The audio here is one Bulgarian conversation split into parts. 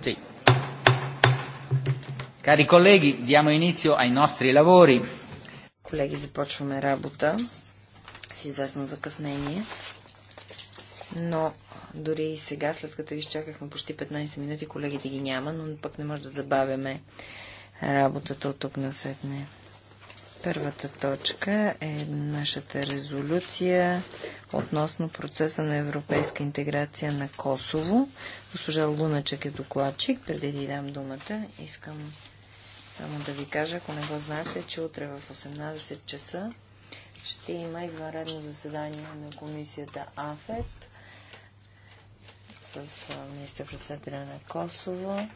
Sì. Cari colleghi, diamo inizio ai nostri lavori. Колеги, започваме работа с известно закъснение, но дори и сега, след като изчакахме почти 15 минути, колегите ги няма, но пък не може да забавяме работата от тук на сетне. Първата точка е нашата резолюция относно процеса на европейска интеграция на Косово. Госпожа Луначек е докладчик. Преди да дам думата, искам само да ви кажа, ако не го знаете, че утре в 18 часа ще има извънредно заседание на комисията АФЕТ с министър-председателя на Косово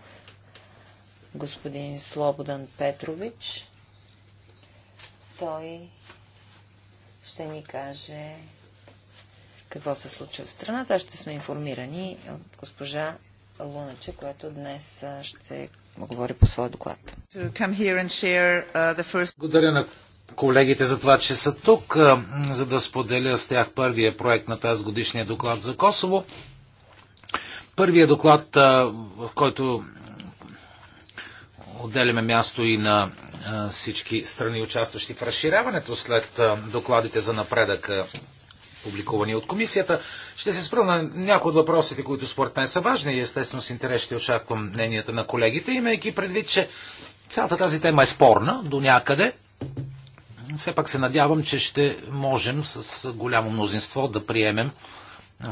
господин Слободан Петрович той ще ни каже какво се случва в страната. Ще сме информирани от госпожа Луначе, която днес ще говори по своя доклад. Uh, Благодаря на колегите за това, че са тук, за да споделя с тях първия проект на тази годишния доклад за Косово. Първия доклад, в който отделяме място и на всички страни, участващи в разширяването след докладите за напредък, публикувани от комисията. Ще се спра на някои от въпросите, които според мен са важни и естествено с интерес ще очаквам мненията на колегите, имайки предвид, че цялата тази тема е спорна до някъде. Все пак се надявам, че ще можем с голямо мнозинство да приемем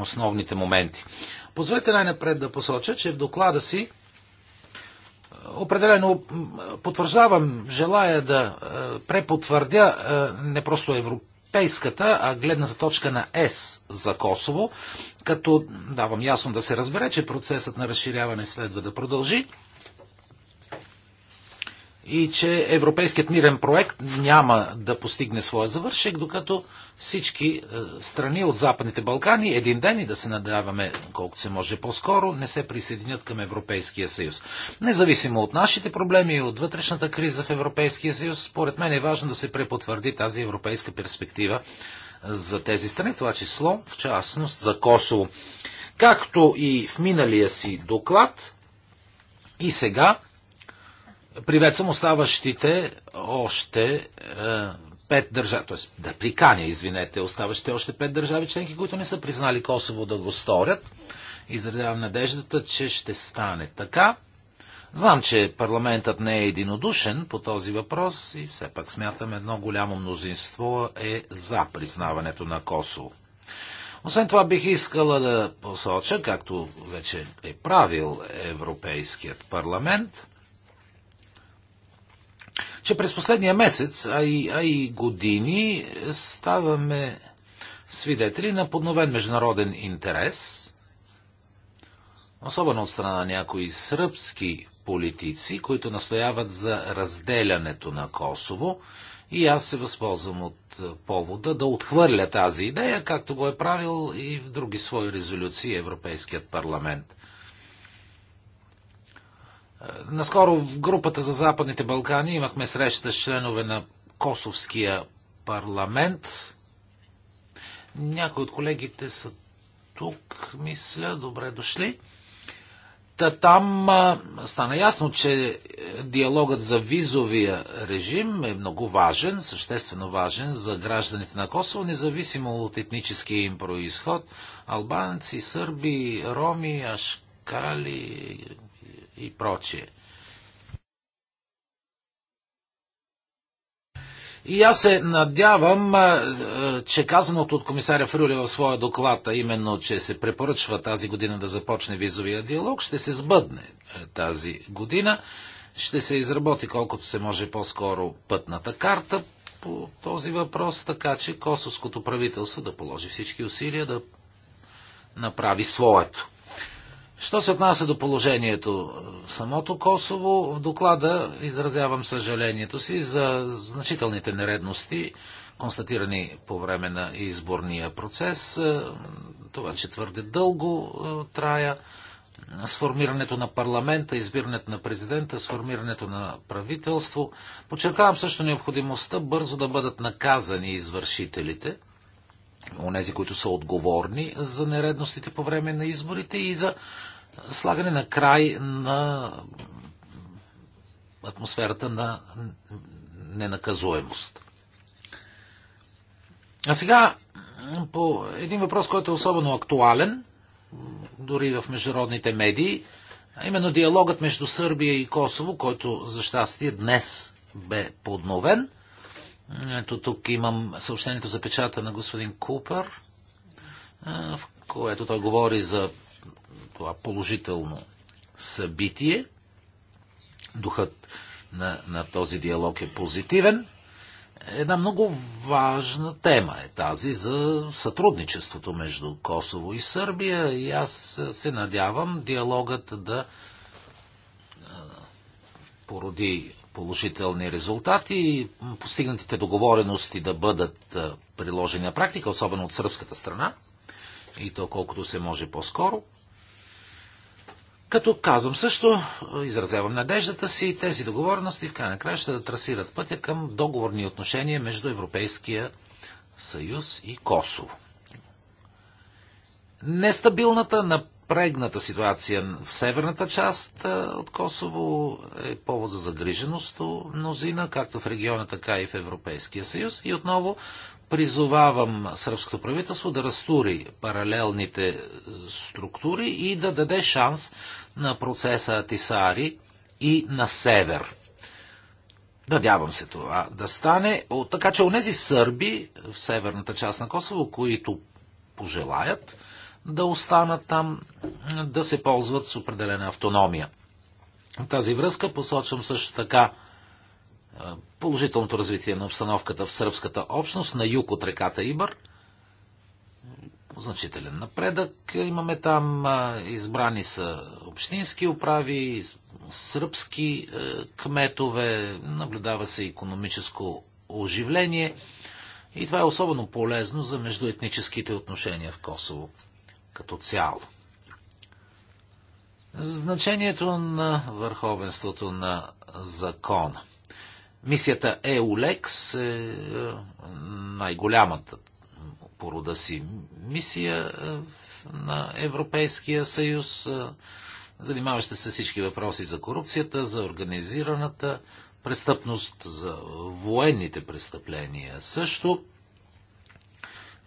основните моменти. Позволете най-напред да посоча, че в доклада си определено потвърждавам, желая да е, препотвърдя е, не просто европейската, а гледната точка на ЕС за Косово, като давам ясно да се разбере, че процесът на разширяване следва да продължи и че европейският мирен проект няма да постигне своя завършек, докато всички е, страни от Западните Балкани един ден и да се надяваме колкото се може по-скоро, не се присъединят към Европейския съюз. Независимо от нашите проблеми и от вътрешната криза в Европейския съюз, според мен е важно да се препотвърди тази европейска перспектива е, за тези страни, това число в частност за Косово. Както и в миналия си доклад, и сега приветствам оставащите още е, пет държави, т.е. да приканя, извинете, оставащите още пет държави членки, които не са признали Косово да го сторят. Изразявам надеждата, че ще стане така. Знам, че парламентът не е единодушен по този въпрос и все пак смятам едно голямо мнозинство е за признаването на Косово. Освен това бих искала да посоча, както вече е правил Европейският парламент, че през последния месец, а и, а и години, ставаме свидетели на подновен международен интерес, особено от страна на някои сръбски политици, които настояват за разделянето на Косово. И аз се възползвам от е, повода да отхвърля тази идея, както го е правил и в други свои резолюции Европейският парламент. Наскоро в групата за Западните Балкани имахме среща с членове на Косовския парламент. Някои от колегите са тук, мисля. Добре дошли. Та там а, стана ясно, че е, диалогът за визовия режим е много важен, съществено важен за гражданите на Косово, независимо от етническия им происход. Албанци, сърби, роми, ашкали, и прочие. И аз се надявам, че казаното от комисаря Фрюли в своя доклад, а именно, че се препоръчва тази година да започне визовия диалог, ще се сбъдне е, тази година. Ще се изработи колкото се може по-скоро пътната карта по този въпрос, така че косовското правителство да положи всички усилия да направи своето. Що се отнася до положението в самото Косово, в доклада изразявам съжалението си за значителните нередности, констатирани по време на изборния процес. Това, че твърде дълго е, трая сформирането на парламента, избирането на президента, сформирането на правителство. Подчертавам също необходимостта бързо да бъдат наказани извършителите – онези, които са отговорни за нередностите по време на изборите и за слагане на край на атмосферата на ненаказуемост. А сега по един въпрос, който е особено актуален, дори в международните медии, а именно диалогът между Сърбия и Косово, който за щастие днес бе подновен – ето тук имам съобщението за печата на господин Купър, в което той говори за това положително събитие. Духът на, на този диалог е позитивен. Една много важна тема е тази за сътрудничеството между Косово и Сърбия и аз се надявам диалогът да породи положителни резултати и постигнатите договорености да бъдат приложени на практика, особено от сръбската страна, и то колкото се може по-скоро. Като казвам също, изразявам надеждата си, и тези договорености в край на края ще да трасират пътя към договорни отношения между Европейския съюз и Косово. Нестабилната, на напрегната ситуация в северната част от Косово е повод за загриженост у мнозина, както в региона, така и в Европейския съюз. И отново призовавам сръбското правителство да разтури паралелните е, структури и да даде шанс на процеса Атисари и на север. Надявам се това да стане. Така че у нези сърби в северната част на Косово, които пожелаят, да останат там, да се ползват с определена автономия. В тази връзка посочвам също така положителното развитие на обстановката в сръбската общност на юг от реката Ибър. Значителен напредък имаме там. Избрани са общински управи, сръбски кметове, наблюдава се економическо оживление. И това е особено полезно за междуетническите отношения в Косово като цяло. Значението на върховенството на закона. Мисията Еулекс е, е най-голямата порода си мисия е, на Европейския съюз, е, занимаваща се всички въпроси за корупцията, за организираната престъпност, за военните престъпления също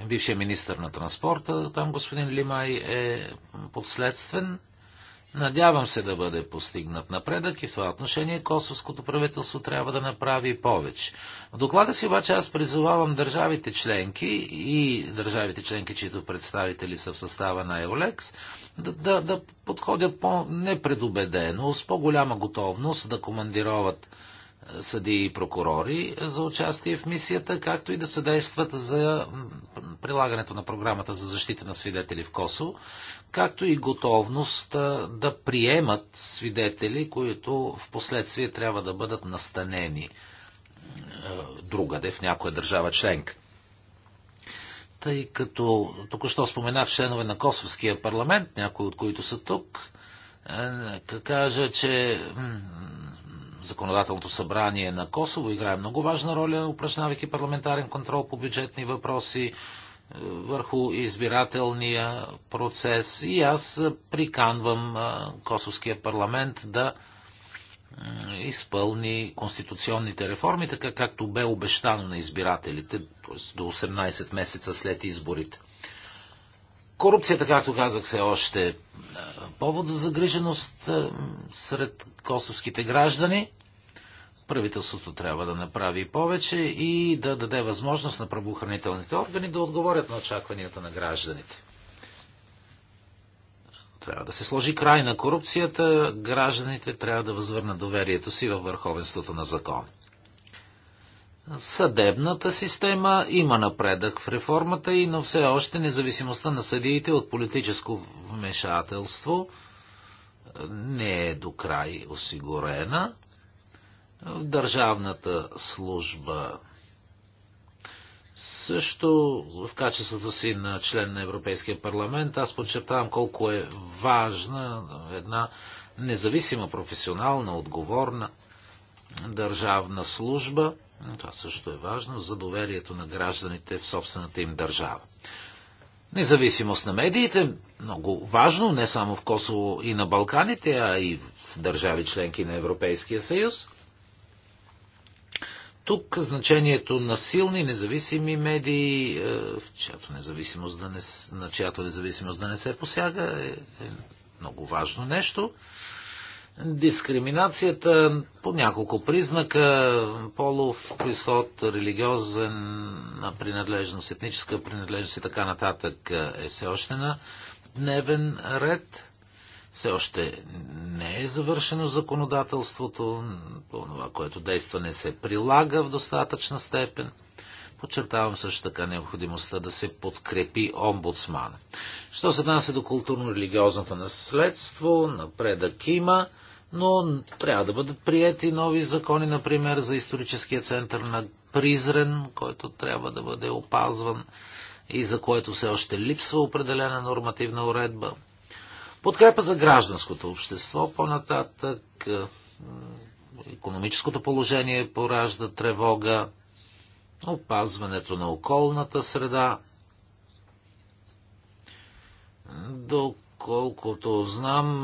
бившия министр на транспорта, там господин Лимай е подследствен. Надявам се да бъде постигнат напредък и в това отношение косовското правителство трябва да направи повече. В доклада си обаче аз призовавам държавите членки и държавите членки, чието представители са в състава на Еолекс, да, да, да подходят по-непредубедено, с по-голяма готовност да командироват Съди и прокурори за участие в мисията, както и да съдействат за прилагането на програмата за защита на свидетели в Косово, както и готовност да приемат свидетели, които в последствие трябва да бъдат настанени другаде в някоя държава членка. Тъй като току-що споменах членове на Косовския парламент, някои от които са тук, е, кажа, че Законодателното събрание на Косово играе много важна роля, упражнявайки парламентарен контрол по бюджетни въпроси е, върху избирателния процес и аз приканвам е, Косовския парламент да е, изпълни конституционните реформи, така както бе обещано на избирателите, т.е. до 18 месеца след изборите. Корупцията, както казах, все още е повод за загриженост е, сред косовските граждани. Правителството трябва да направи повече и да даде възможност на правоохранителните органи да отговорят на очакванията на гражданите. Трябва да се сложи край на корупцията, гражданите трябва да възвърнат доверието си във върховенството на закона съдебната система има напредък в реформата и, но все още независимостта на съдиите от политическо вмешателство не е до край осигурена. В държавната служба също в качеството си на член на Европейския парламент аз подчертавам колко е важна една независима професионална, отговорна държавна служба – това също е важно за доверието на гражданите в собствената им държава. Независимост на медиите, много важно, не само в Косово и на Балканите, а и в държави членки на Европейския съюз. Тук значението на силни независими медии, е, в чиято независимост да не, на чиято независимост да не се посяга, е, е много важно нещо дискриминацията по няколко признака полов происход, религиозен принадлежност, етническа принадлежност и така нататък е все още на дневен ред. Все още не е завършено законодателството, това, което действа не се прилага в достатъчна степен. Подчертавам също така необходимостта да се подкрепи омбудсмана. Що се отнася до културно-религиозното наследство, напредък има но трябва да бъдат приети нови закони, например, за историческия център на Призрен, който трябва да бъде опазван и за което все още липсва определена нормативна уредба. Подкрепа за гражданското общество по-нататък. Економическото положение поражда тревога. Опазването на околната среда. До Доколкото знам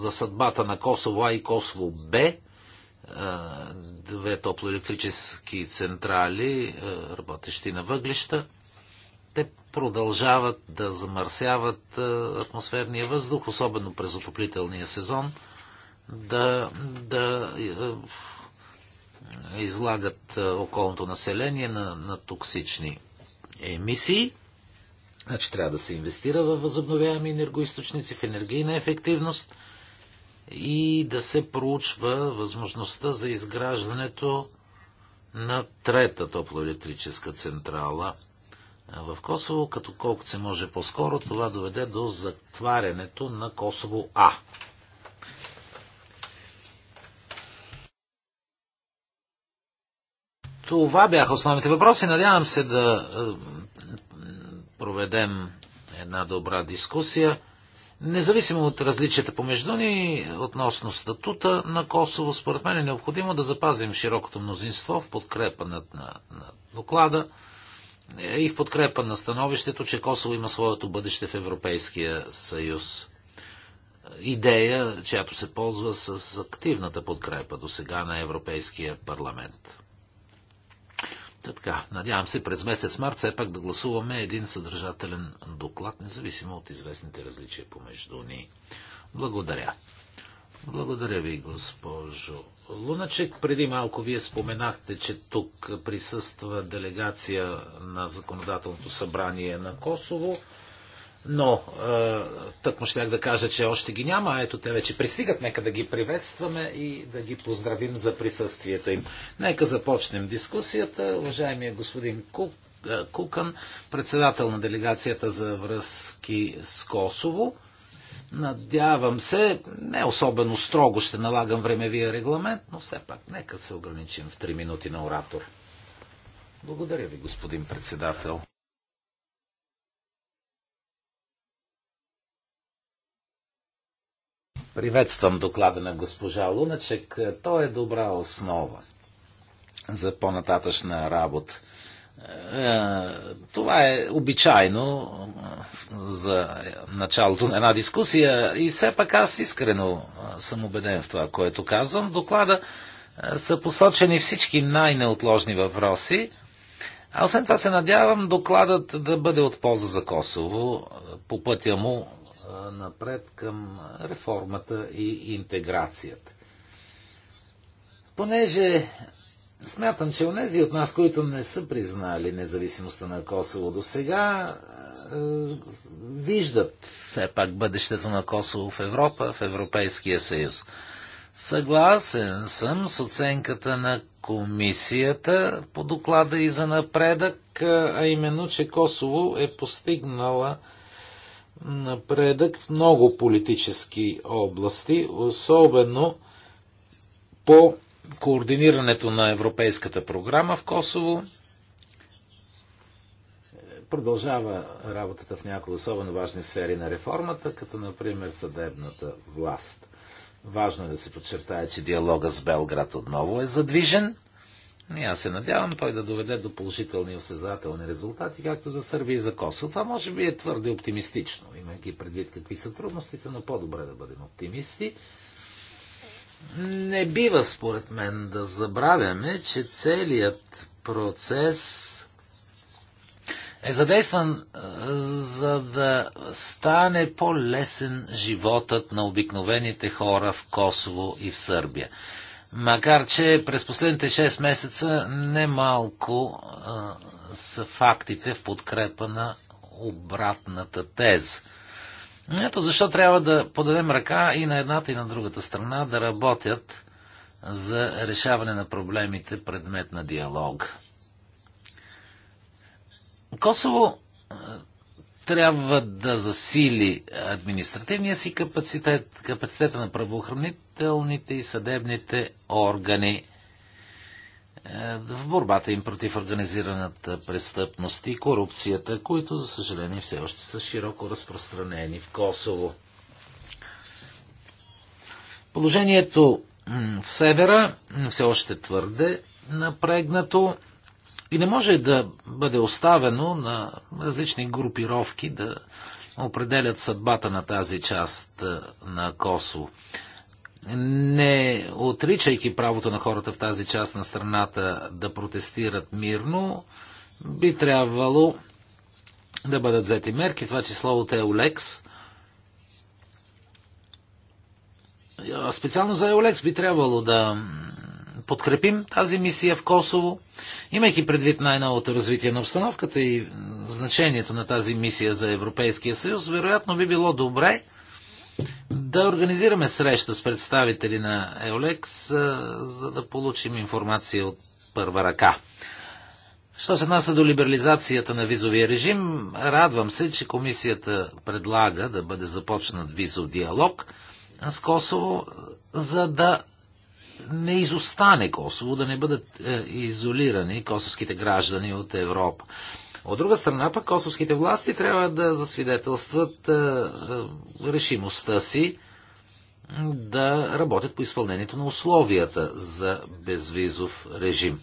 за съдбата на Косово А и Косово Б, две топлоелектрически централи, работещи на въглища, те продължават да замърсяват атмосферния въздух, особено през отоплителния сезон, да, да излагат околното население на, на токсични емисии. Значи трябва да се инвестира в възобновяеми енергоисточници, в енергийна ефективност и да се проучва възможността за изграждането на трета топлоелектрическа централа в Косово, като колкото се може по-скоро това доведе до затварянето на Косово А. Това бяха основните въпроси. Надявам се да е, проведем една добра дискусия. Независимо от различията помежду ни относно статута на Косово, според мен е необходимо да запазим широкото мнозинство в подкрепа на, на, на доклада и в подкрепа на становището, че Косово има своето бъдеще в Европейския съюз. Идея, чиято се ползва с активната подкрепа до сега на Европейския парламент. Та така, надявам се през месец март все пак да гласуваме един съдържателен доклад, независимо от известните различия помежду ни. Благодаря. Благодаря ви, госпожо. Луначек, преди малко вие споменахте, че тук присъства делегация на Законодателното събрание на Косово но е, му щях да кажа, че още ги няма. Ето те вече пристигат. Нека да ги приветстваме и да ги поздравим за присъствието им. Нека започнем дискусията. Уважаемия господин Кук, е, Кукан, председател на делегацията за връзки с Косово. Надявам се, не особено строго ще налагам времевия регламент, но все пак нека се ограничим в 3 минути на оратор. Благодаря ви, господин председател. Приветствам доклада на госпожа Луначек. Той е добра основа за по-нататъчна работа. Е, това е обичайно е, за началото на една дискусия и все пак аз искрено е, съм убеден в това, което казвам. В доклада са посочени всички най-неотложни въпроси. А освен това се надявам докладът да бъде от полза за Косово по пътя му напред към реформата и интеграцията. Понеже смятам, че онези от нас, които не са признали независимостта на Косово до сега, виждат все пак бъдещето на Косово в Европа, в Европейския съюз. Съгласен съм с оценката на комисията по доклада и за напредък, а именно, че Косово е постигнала напредък в много политически области, особено по координирането на Европейската програма в Косово. Продължава работата в някои особено важни сфери на реформата, като например съдебната власт. Важно е да се подчертая, че диалога с Белград отново е задвижен и аз се надявам той да доведе до положителни и осезателни резултати, както за Сърбия и за Косово. Това може би е твърде оптимистично, имайки предвид какви са трудностите, но по-добре да бъдем оптимисти. Не бива, според мен, да забравяме, че целият процес е задействан за да стане по-лесен животът на обикновените хора в Косово и в Сърбия. Макар, че през последните 6 месеца немалко а, са фактите в подкрепа на обратната теза. Ето защо трябва да подадем ръка и на едната и на другата страна да работят за решаване на проблемите предмет на диалог. Косово трябва да засили административния си капацитет, капацитета на правоохранителите правоохранителните и съдебните органи е, в борбата им против организираната престъпност и корупцията, които, за съжаление, все още са широко разпространени в Косово. Положението в севера все още твърде напрегнато и не може да бъде оставено на различни групировки да определят съдбата на тази част е, на Косово не отричайки правото на хората в тази част на страната да протестират мирно, би трябвало да бъдат взети мерки, това число от Еолекс. Специално за Еолекс би трябвало да подкрепим тази мисия в Косово, имайки предвид най-новото развитие на обстановката и значението на тази мисия за Европейския съюз, вероятно би било добре да организираме среща с представители на Еолекс, за да получим информация от първа ръка. Що се отнася до либерализацията на визовия режим, радвам се, че комисията предлага да бъде започнат визов диалог с Косово, за да не изостане Косово, да не бъдат е, изолирани косовските граждани от Европа. От друга страна, пък косовските власти трябва да засвидетелстват е, е, решимостта си да работят по изпълнението на условията за безвизов режим.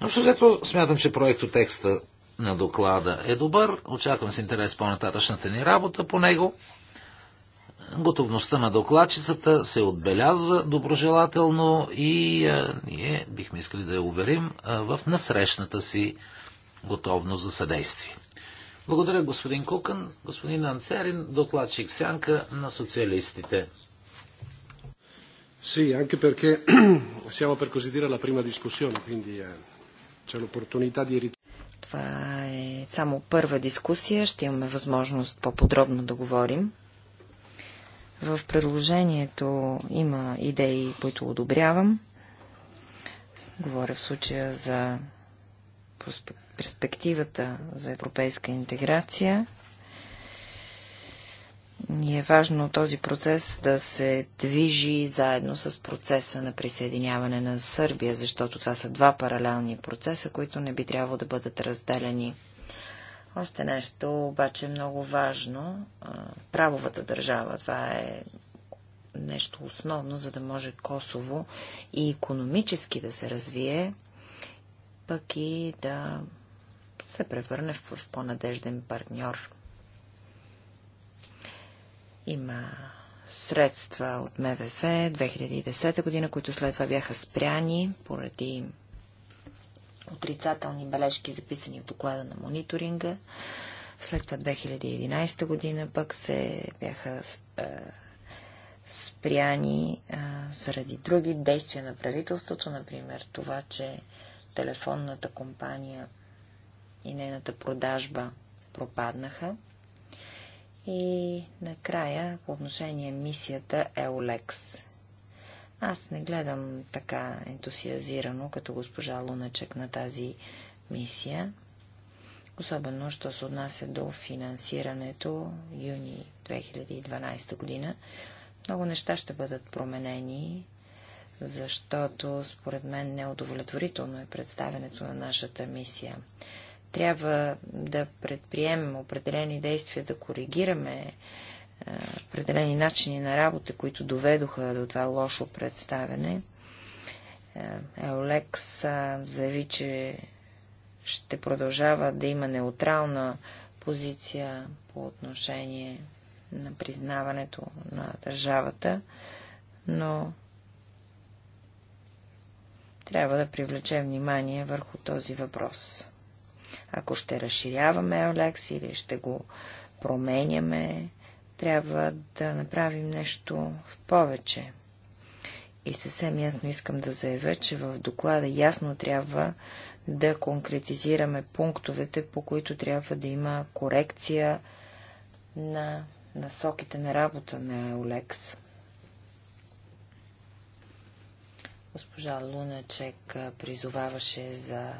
Но взето смятам, че проекто текста на доклада е добър. Очаквам с интерес по-нататъчната ни работа по него. Готовността на докладчицата се отбелязва доброжелателно и а, е, ние бихме искали да я уверим а, в насрещната си готовност за съдействие. Благодаря, господин Кукън. Господин Анцерин, докладчик в сянка на социалистите. Sì, anche perché siamo per così dire alla prima discussione, quindi eh, c'è l'opportunità di Това е само първа дискусия, ще имаме възможност по-подробно да говорим. В предложението има идеи, които одобрявам. Говоря в случая за перспективата за европейска интеграция. И е важно този процес да се движи заедно с процеса на присъединяване на Сърбия, защото това са два паралелни процеса, които не би трябвало да бъдат разделени. Още нещо обаче е много важно. Правовата държава, това е нещо основно, за да може Косово и економически да се развие пък и да се превърне в по-надежден партньор. Има средства от МВФ 2010 година, които след това бяха спряни поради отрицателни бележки, записани в доклада на мониторинга. След това 2011 година пък се бяха е, спряни е, заради други действия на правителството, например това, че телефонната компания и нейната продажба пропаднаха. И накрая, по отношение мисията Олекс. Аз не гледам така ентусиазирано, като госпожа Луначек на тази мисия, особено, що се отнася до финансирането юни 2012 година. Много неща ще бъдат променени защото според мен неудовлетворително е представенето на нашата мисия. Трябва да предприемем определени действия, да коригираме е, определени начини на работа, които доведоха до това лошо представене. Е, Еолекс е, заяви, че ще продължава да има неутрална позиция по отношение на признаването на държавата, но трябва да привлечем внимание върху този въпрос. Ако ще разширяваме Олекс или ще го променяме, трябва да направим нещо в повече. И съвсем ясно искам да заявя, че в доклада ясно трябва да конкретизираме пунктовете, по които трябва да има корекция на насоките на работа на Олекс. Госпожа Луначек призоваваше за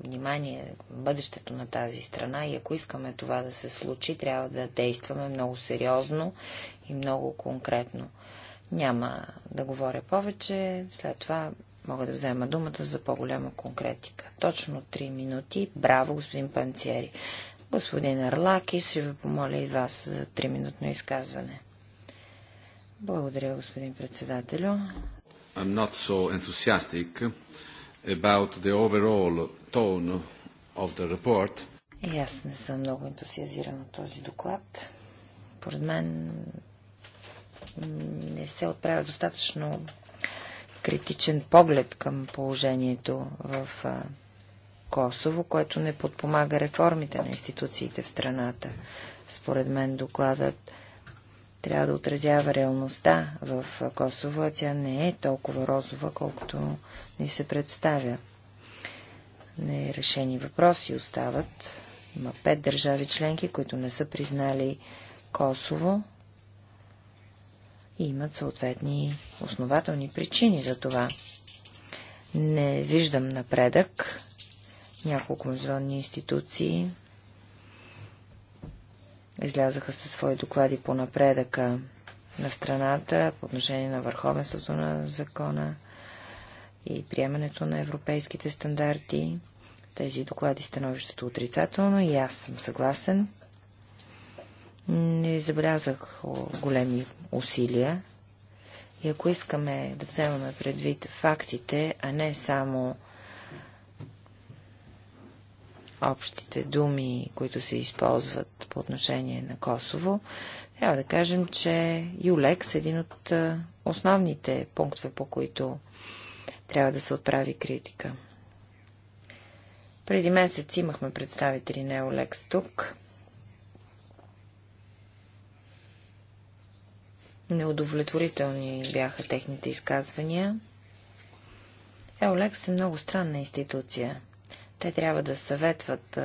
внимание бъдещето на тази страна и ако искаме това да се случи, трябва да действаме много сериозно и много конкретно. Няма да говоря повече, след това мога да взема думата за по-голяма конкретика. Точно 3 минути. Браво, господин Панциери. Господин Арлаки, ще ви помоля и вас за 3-минутно изказване. Благодаря, господин председателю. I'm not so enthusiastic about the overall tone of the report. И аз не съм много ентусиазиран от този доклад. Поред мен не се отправя достатъчно критичен поглед към положението в Косово, което не подпомага реформите на институциите в страната. Според мен докладът трябва да отразява реалността в Косово, а тя не е толкова розова, колкото ни се представя. Нерешени въпроси остават. Има пет държави членки, които не са признали Косово и имат съответни основателни причини за това. Не виждам напредък. Няколко международни институции излязаха със свои доклади по напредъка на страната по отношение на върховенството на закона и приемането на европейските стандарти. Тези доклади становището отрицателно и аз съм съгласен. Не забелязах големи усилия. И ако искаме да вземаме предвид фактите, а не само общите думи, които се използват по отношение на Косово, трябва да кажем, че ЮЛЕКС е един от основните пунктове, по които трябва да се отправи критика. Преди месец имахме представители на ЮЛЕКС тук. Неудовлетворителни бяха техните изказвания. Еолекс е много странна институция. Те трябва да съветват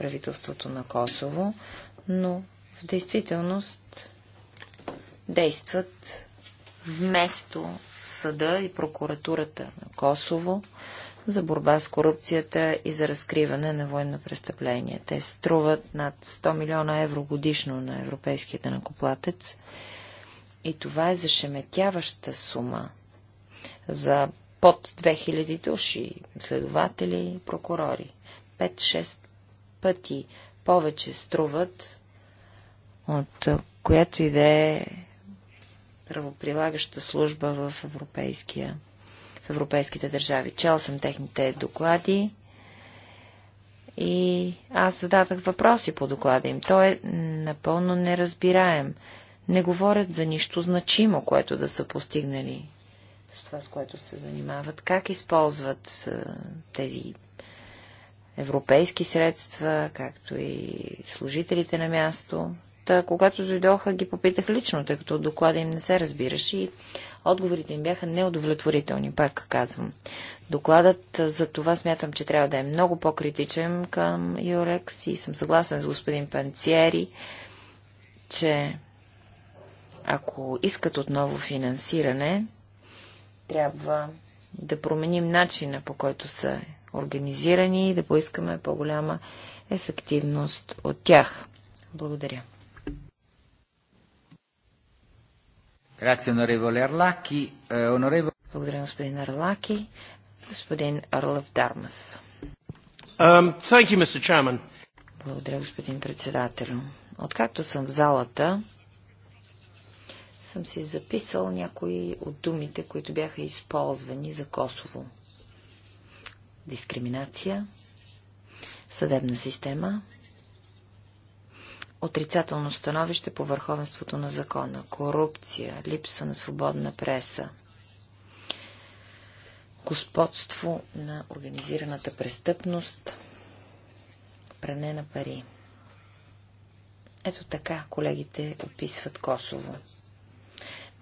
правителството на Косово, но в действителност действат вместо съда и прокуратурата на Косово за борба с корупцията и за разкриване на военно престъпление. Те струват над 100 милиона евро годишно на европейския накоплатец и това е зашеметяваща сума за под 2000 души, следователи и прокурори. 5-6 пъти повече струват от която и да е правоприлагаща служба в, европейския, в европейските държави. Чел съм техните доклади и аз зададах въпроси по доклада им. Той е напълно неразбираем. Не говорят за нищо значимо, което да са постигнали с това, с което се занимават. Как използват тези европейски средства, както и служителите на място. Та, когато дойдоха, ги попитах лично, тъй като от доклада им не се разбираше и отговорите им бяха неудовлетворителни, пак казвам. Докладът за това смятам, че трябва да е много по-критичен към Юрекс и съм съгласен с господин Панциери, че ако искат отново финансиране, трябва да променим начина по който са организирани и да поискаме по-голяма ефективност от тях. Благодаря. Eh, Благодаря, господин Арлаки. Господин Орлов Дармас. Um, Благодаря, господин председател. Откакто съм в залата, съм си записал някои от думите, които бяха използвани за Косово дискриминация, съдебна система, отрицателно становище по върховенството на закона, корупция, липса на свободна преса, господство на организираната престъпност, пране на пари. Ето така колегите описват Косово.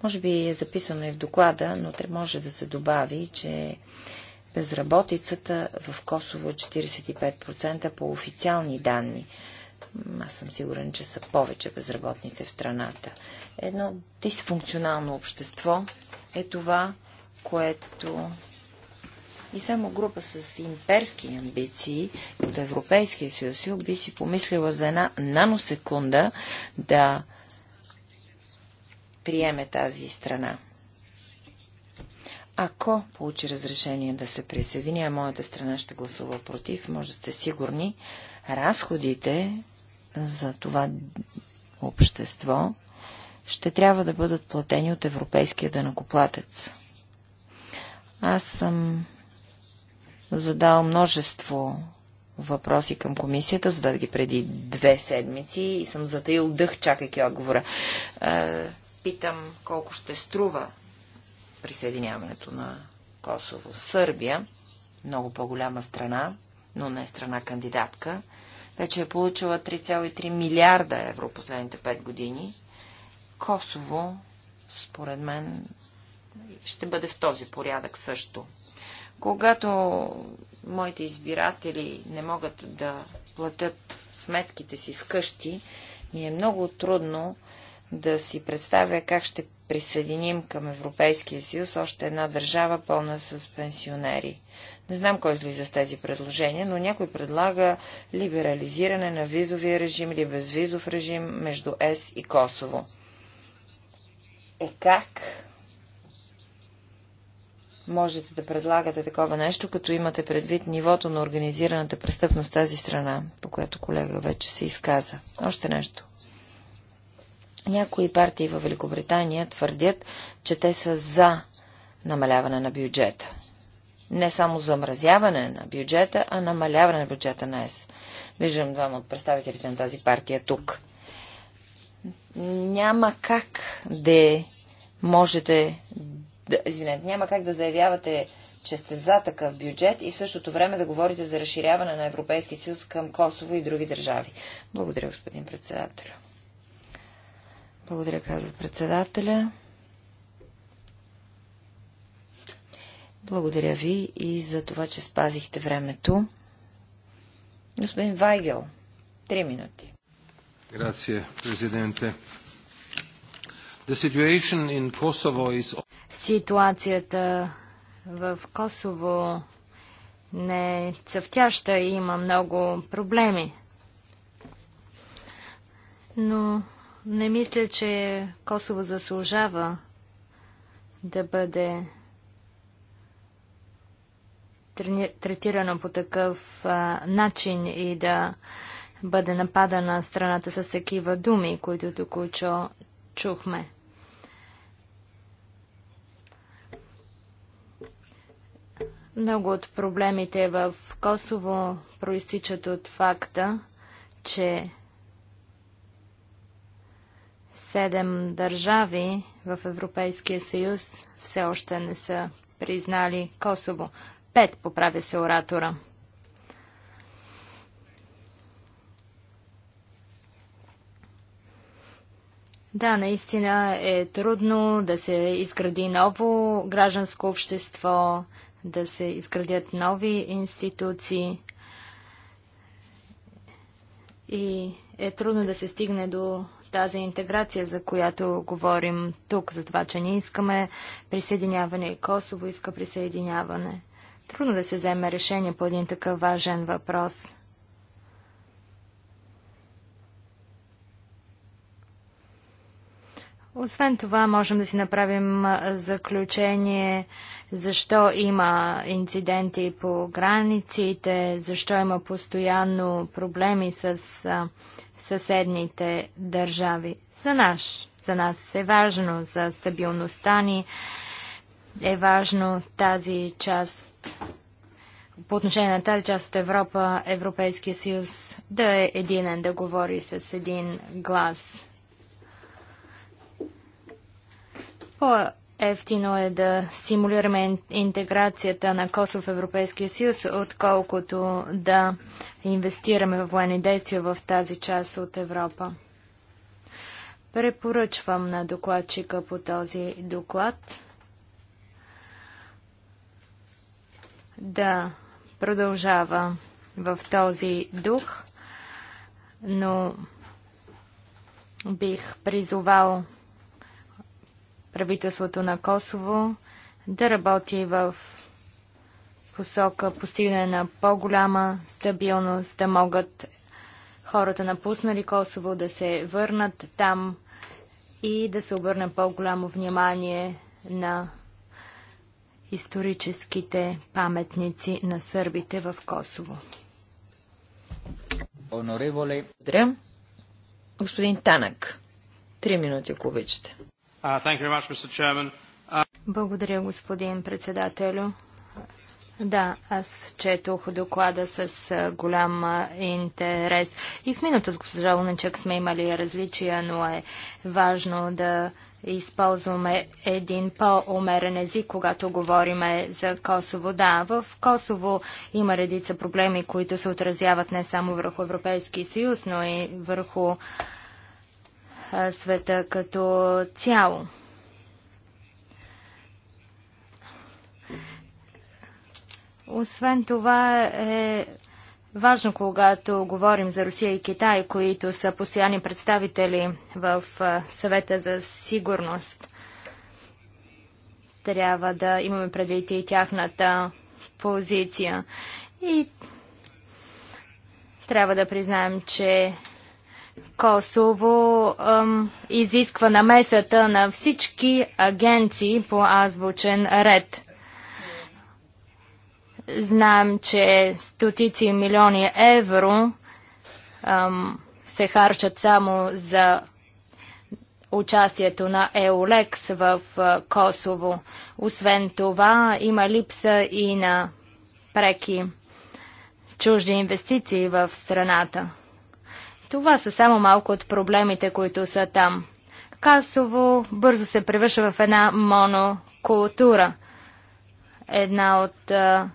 Може би е записано и в доклада, но може да се добави, че Безработицата в Косово е 45% по официални данни. Аз съм сигурен, че са повече безработните в страната. Едно дисфункционално общество е това, което и само група с имперски амбиции от Европейския съюз би си помислила за една наносекунда да приеме тази страна ако получи разрешение да се присъедини, а моята страна ще гласува против, може да сте сигурни, разходите за това общество ще трябва да бъдат платени от европейския дънакоплатец. Аз съм задал множество въпроси към комисията, да ги преди две седмици и съм затаил дъх, чакайки отговора. Е, питам колко ще струва присъединяването на Косово. Сърбия, много по-голяма страна, но не страна кандидатка, вече е получила 3,3 милиарда евро последните 5 години. Косово, според мен, ще бъде в този порядък също. Когато моите избиратели не могат да платят сметките си вкъщи, ми е много трудно да си представя как ще присъединим към Европейския съюз още една държава пълна с пенсионери. Не знам кой излиза с тези предложения, но някой предлага либерализиране на визовия режим или безвизов режим между ЕС и Косово. Е как можете да предлагате такова нещо, като имате предвид нивото на организираната престъпност тази страна, по която колега вече се изказа? Още нещо. Някои партии в Великобритания твърдят, че те са за намаляване на бюджета. Не само замразяване на бюджета, а намаляване на бюджета на ЕС. Виждам двама от представителите на тази партия тук. Няма как да можете да, извинете, няма как да заявявате, че сте за такъв бюджет и в същото време да говорите за разширяване на Европейския съюз към Косово и други държави. Благодаря, господин председател. Благодаря, казва председателя. Благодаря ви и за това, че спазихте времето. Господин Вайгел, три минути. Грация, президенте. Is... Ситуацията в Косово не е цъфтяща и има много проблеми. Но не мисля, че Косово заслужава да бъде третирано по такъв а, начин и да бъде нападана страната с такива думи, които тук чухме. Много от проблемите в Косово проистичат от факта, че Седем държави в Европейския съюз все още не са признали Косово. Пет, поправя се оратора. Да, наистина е трудно да се изгради ново гражданско общество, да се изградят нови институции и е трудно да се стигне до тази интеграция, за която говорим тук, за това, че ние искаме присъединяване и Косово иска присъединяване. Трудно да се вземе решение по един такъв важен въпрос. Освен това, можем да си направим заключение защо има инциденти по границите, защо има постоянно проблеми с съседните държави. За, наш, за нас е важно, за стабилността ни е важно тази част, по отношение на тази част от Европа, Европейския съюз да е единен, да говори с един глас. По-ефтино е да стимулираме интеграцията на Косово в Европейския съюз, отколкото да инвестираме в военни действия в тази част от Европа. Препоръчвам на докладчика по този доклад да продължава в този дух, но бих призовал правителството на Косово да работи в посока постигане на по-голяма стабилност, да могат хората напуснали Косово да се върнат там и да се обърне по-голямо внимание на историческите паметници на сърбите в Косово. Благодаря. Господин Танък, три минути, ако обичате. Uh, Благодаря, господин председателю. Да, аз четох доклада с голям интерес. И в миналото с госпожа Луначек сме имали различия, но е важно да използваме един по-умерен език, когато говориме за Косово. Да, в Косово има редица проблеми, които се отразяват не само върху Европейски съюз, но и върху света като цяло. Освен това е важно, когато говорим за Русия и Китай, които са постоянни представители в съвета за сигурност. Трябва да имаме предвид и тяхната позиция. И трябва да признаем, че Косово ем, изисква намесата на всички агенции по азбучен ред. Знаем, че стотици милиони евро ем, се харчат само за участието на Еолекс в Косово. Освен това, има липса и на преки чужди инвестиции в страната. Това са само малко от проблемите, които са там. Касово бързо се превръща в една монокултура. Една от а,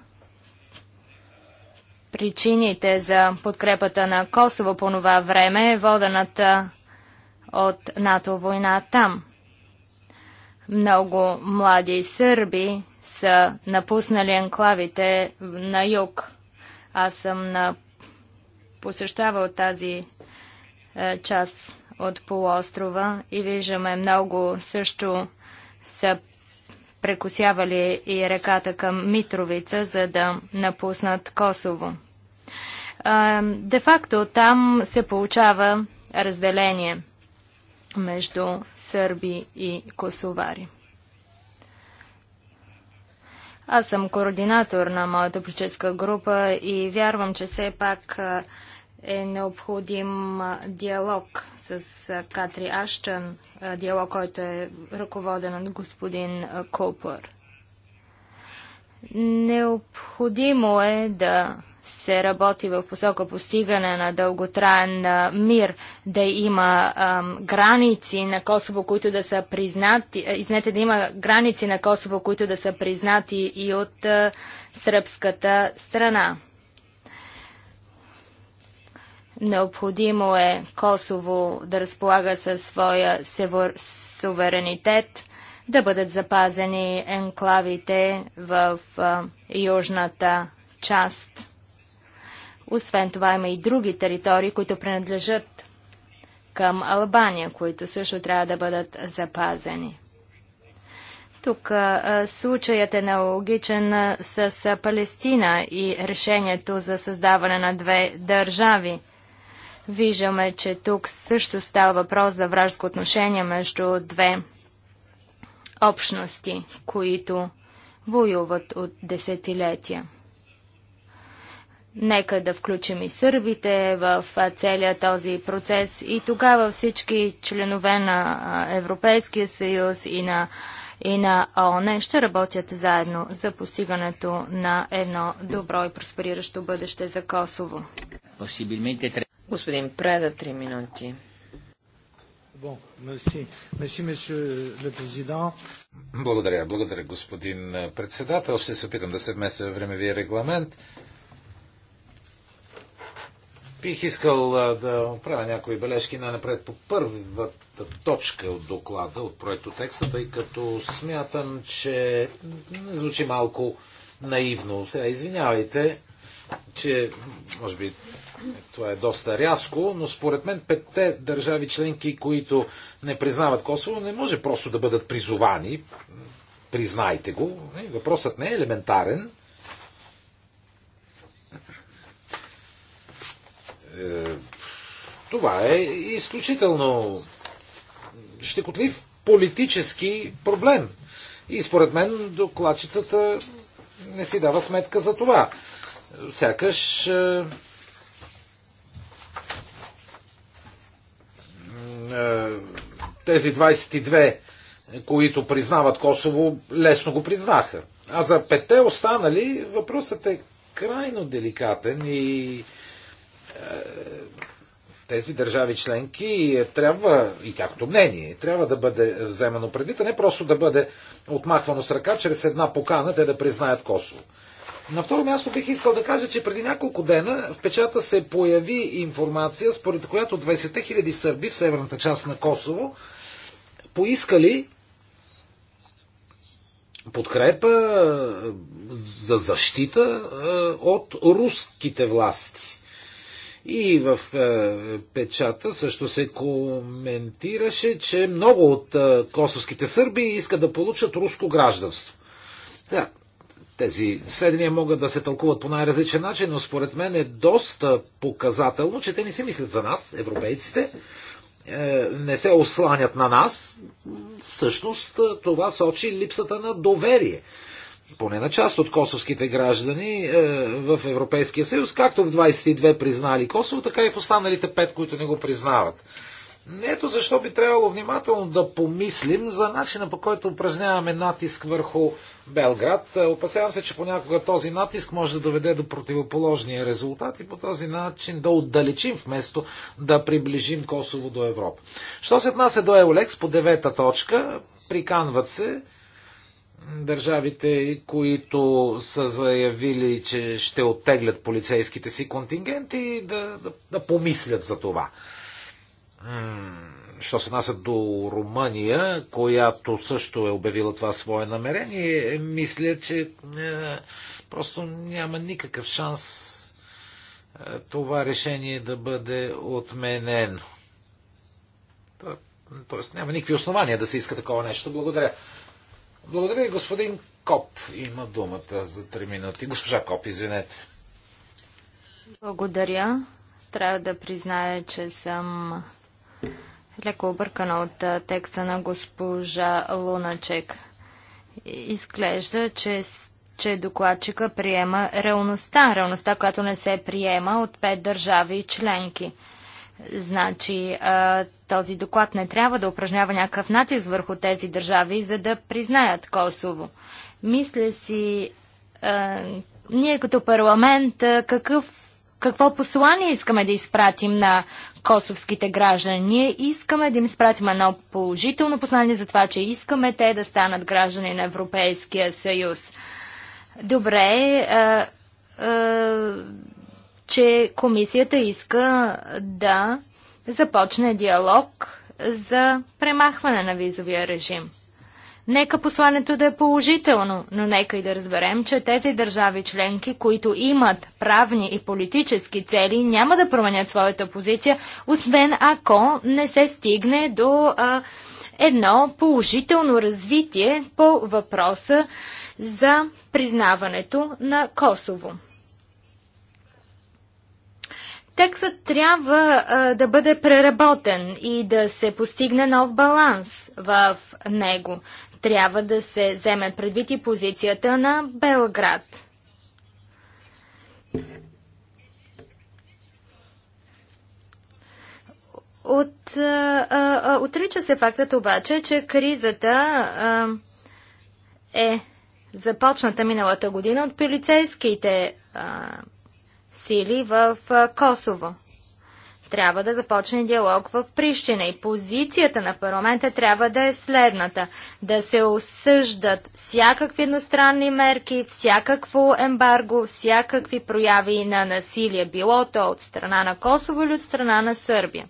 причините за подкрепата на Косово по това време е водената от НАТО война там. Много млади сърби са напуснали анклавите на юг. Аз съм на... посещавал тази е, част от полуострова и виждаме много също са прекусявали и реката към Митровица, за да напуснат Косово. Е, Де-факто там се получава разделение между сърби и косовари. Аз съм координатор на моята политическа група и вярвам, че все пак е, е необходим диалог с Катри Аштън, диалог, който е ръководен от господин Купър. Необходимо е да се работи в посока постигане на дълготраен мир, да има ам, граници на Косово, които да са признати, изнете да има граници на Косово, които да са признати и от а, сръбската страна. Необходимо е Косово да разполага със своя суверенитет, да бъдат запазени енклавите в а, южната част. Освен това има и други територии, които принадлежат към Албания, които също трябва да бъдат запазени. Тук а, случаят е аналогичен с а, Палестина и решението за създаване на две държави. Виждаме, че тук също става въпрос за вражеско отношение между две общности, които воюват от десетилетия. Нека да включим и сърбите в целия този процес и тогава всички членове на Европейския съюз и на, и на ООН ще работят заедно за постигането на едно добро и проспериращо бъдеще за Косово. Господин Преда, три минути. Благодаря, благодаря, господин председател. Ще се опитам да се вместя във времевия регламент. Бих искал да правя някои бележки най-напред по първата точка от доклада, от проекто текста, тъй като смятам, че звучи малко наивно. Сега извинявайте, че може би това е доста рязко, но според мен петте държави членки, които не признават Косово, не може просто да бъдат призовани. Признайте го. Въпросът не е елементарен. Е, това е изключително щекотлив политически проблем. И според мен докладчицата не си дава сметка за това. Сякаш е, Е, тези 22, които признават Косово, лесно го признаха. А за пете останали въпросът е крайно деликатен и е, тези държави членки трябва, и тяхното мнение, трябва да бъде вземано преди, а не просто да бъде отмахвано с ръка чрез една покана те да признаят Косово. На второ място бих искал да кажа, че преди няколко дена в печата се появи информация, според която 20 000 сърби в северната част на Косово поискали подкрепа е, за защита е, от руските власти. И в е, печата също се коментираше, че много от косовските сърби искат да получат руско гражданство. Да, тези сведения могат да се тълкуват по най-различен начин, но според мен е доста показателно, че те не си мислят за нас, европейците, е, не се осланят на нас. Всъщност е, това сочи липсата на доверие поне на част от косовските граждани е, в Европейския съюз, както в 22 признали Косово, така и в останалите 5, които не го признават. Ето защо би трябвало внимателно да помислим за начина по който упражняваме натиск върху Белград. Е, опасявам се, че понякога този натиск може да доведе до противоположния резултат и по този начин да отдалечим вместо да приближим Косово до Европа. Що се отнася до Еолекс по девета точка, приканват се държавите, които са заявили, че ще оттеглят полицейските си контингенти, да, да, да помислят за това. Що се насят до Румъния, която също е обявила това свое намерение, мисля, че е, просто няма никакъв шанс е, това решение да бъде отменено. То, тоест няма никакви основания да се иска такова нещо. Благодаря. Благодаря и господин Коп има думата за 3 минути. Госпожа Коп, извинете. Благодаря. Трябва да призная, че съм леко объркана от текста на госпожа Луначек. Изглежда, че, че докладчика приема реалността, реалността, която не се приема от пет държави и членки. Значи този доклад не трябва да упражнява някакъв натиск върху тези държави, за да признаят Косово. Мисля си, ние като парламент, какъв какво послание искаме да изпратим на косовските граждани. Ние искаме да им изпратим едно положително послание за това, че искаме те да станат граждани на Европейския съюз. Добре, е, е, че комисията иска да започне диалог за премахване на визовия режим. Нека посланието да е положително, но нека и да разберем, че тези държави членки, които имат правни и политически цели, няма да променят своята позиция, освен ако не се стигне до а, едно положително развитие по въпроса за признаването на Косово. Текстът трябва а, да бъде преработен и да се постигне нов баланс в него трябва да се вземе предвид и позицията на Белград. От, а, а, отрича се фактът обаче, че кризата а, е започната миналата година от полицейските а, сили в а, Косово трябва да започне диалог в Прищина и позицията на парламента трябва да е следната. Да се осъждат всякакви едностранни мерки, всякакво ембарго, всякакви прояви на насилие, било то от страна на Косово или от страна на Сърбия.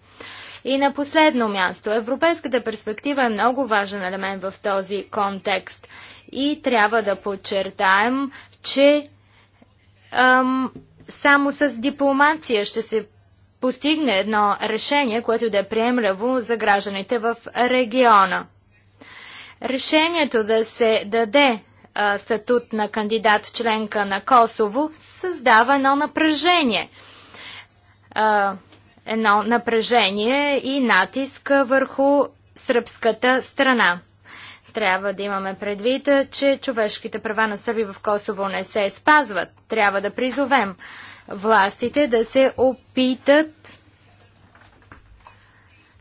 И на последно място, европейската перспектива е много важен елемент в този контекст и трябва да подчертаем, че ам, само с дипломация ще се постигне едно решение, което да е приемливо за гражданите в региона. Решението да се даде а, статут на кандидат членка на Косово създава едно напрежение. А, едно напрежение и натиск върху сръбската страна. Трябва да имаме предвид, че човешките права на сърби в Косово не се спазват. Трябва да призовем властите да се опитат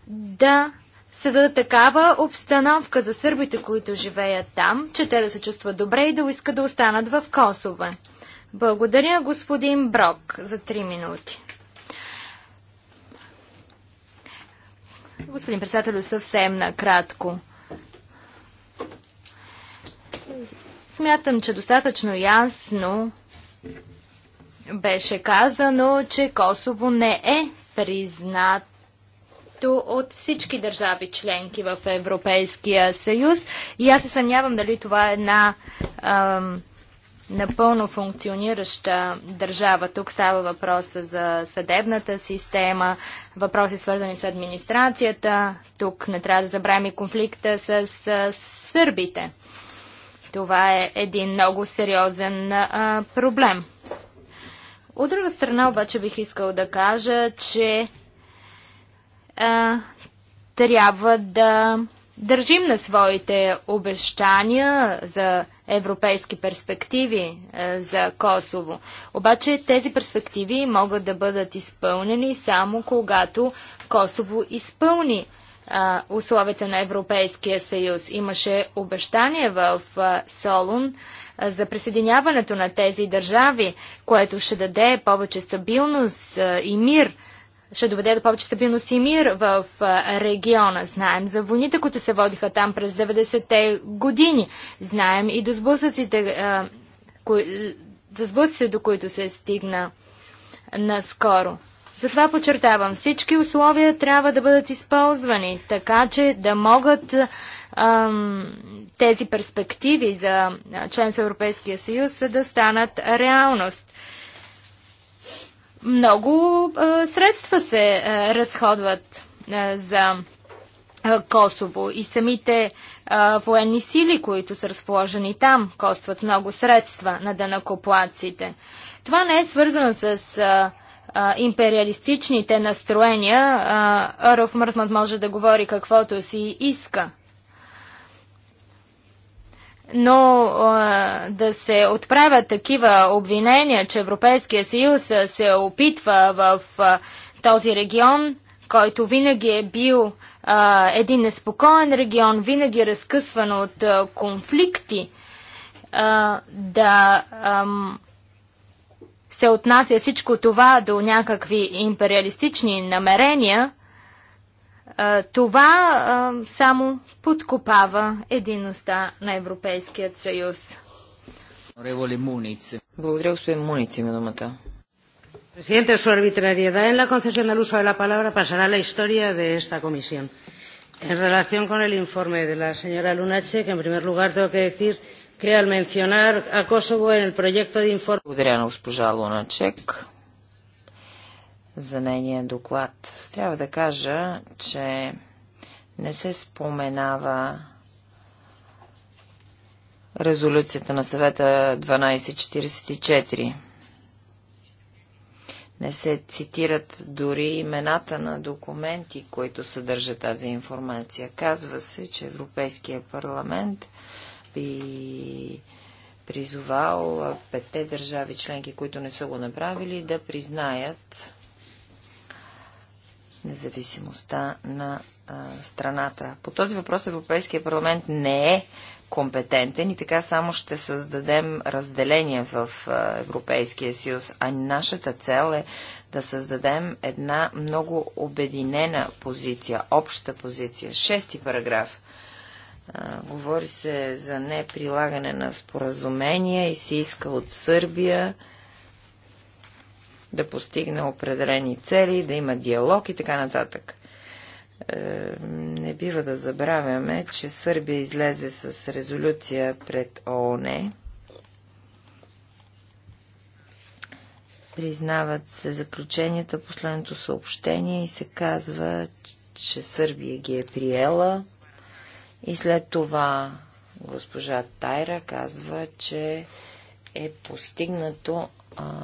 да създадат такава обстановка за сърбите, които живеят там, че те да се чувстват добре и да искат да останат в Косове. Благодаря, господин Брок, за 3 минути. Господин председател, съвсем накратко. Смятам, че достатъчно ясно беше казано, че Косово не е признат от всички държави членки в Европейския съюз. И аз се съмнявам дали това е една ам, напълно функционираща държава. Тук става въпроса за съдебната система, въпроси свързани с администрацията. Тук не трябва да забравим и конфликта с, с сърбите. Това е един много сериозен а, проблем. От друга страна обаче бих искал да кажа, че а, трябва да държим на своите обещания за европейски перспективи а, за Косово. Обаче тези перспективи могат да бъдат изпълнени само когато Косово изпълни условията на Европейския съюз. Имаше обещание в Солун за присъединяването на тези държави, което ще даде повече стабилност и мир ще доведе до повече стабилност и мир в региона. Знаем за войните, които се водиха там през 90-те години. Знаем и до сблъсъците, за сблъсъците, до които се стигна наскоро. Затова подчертавам, всички условия трябва да бъдат използвани, така че да могат тези перспективи за член с Европейския съюз да станат реалност. Много средства се разходват за Косово и самите военни сили, които са разположени там, костват много средства на дънакоплаците. Това не е свързано с империалистичните настроения. Ров Мъртмът може да говори каквото си иска но а, да се отправят такива обвинения, че Европейския съюз се опитва в а, този регион, който винаги е бил а, един неспокоен регион, винаги е разкъсван от а, конфликти, а, да ам, се отнася всичко това до някакви империалистични намерения – това само подкопава единността на Европейският съюз. Благодаря, господин Муниц, има думата. Presidente, su arbitrariedad en la concesión del uso de la palabra pasará a la historia de esta comisión. En relación con el informe de la señora Lunacek, en primer lugar tengo que decir que al mencionar a Kosovo en el proyecto de informe. Благодаря на госпожа Луначек за нейния доклад. Трябва да кажа, че не се споменава резолюцията на съвета 1244. Не се цитират дори имената на документи, които съдържат тази информация. Казва се, че Европейския парламент би призовал петте държави членки, които не са го направили, да признаят независимостта на а, страната. По този въпрос Европейския парламент не е компетентен и така само ще създадем разделение в а, Европейския съюз. А нашата цел е да създадем една много обединена позиция, обща позиция. Шести параграф. А, говори се за неприлагане на споразумения и се иска от Сърбия да постигне определени цели, да има диалог и така нататък. Е, не бива да забравяме, че Сърбия излезе с резолюция пред ООН. Признават се заключенията, последното съобщение и се казва, че Сърбия ги е приела. И след това госпожа Тайра казва, че е постигнато а,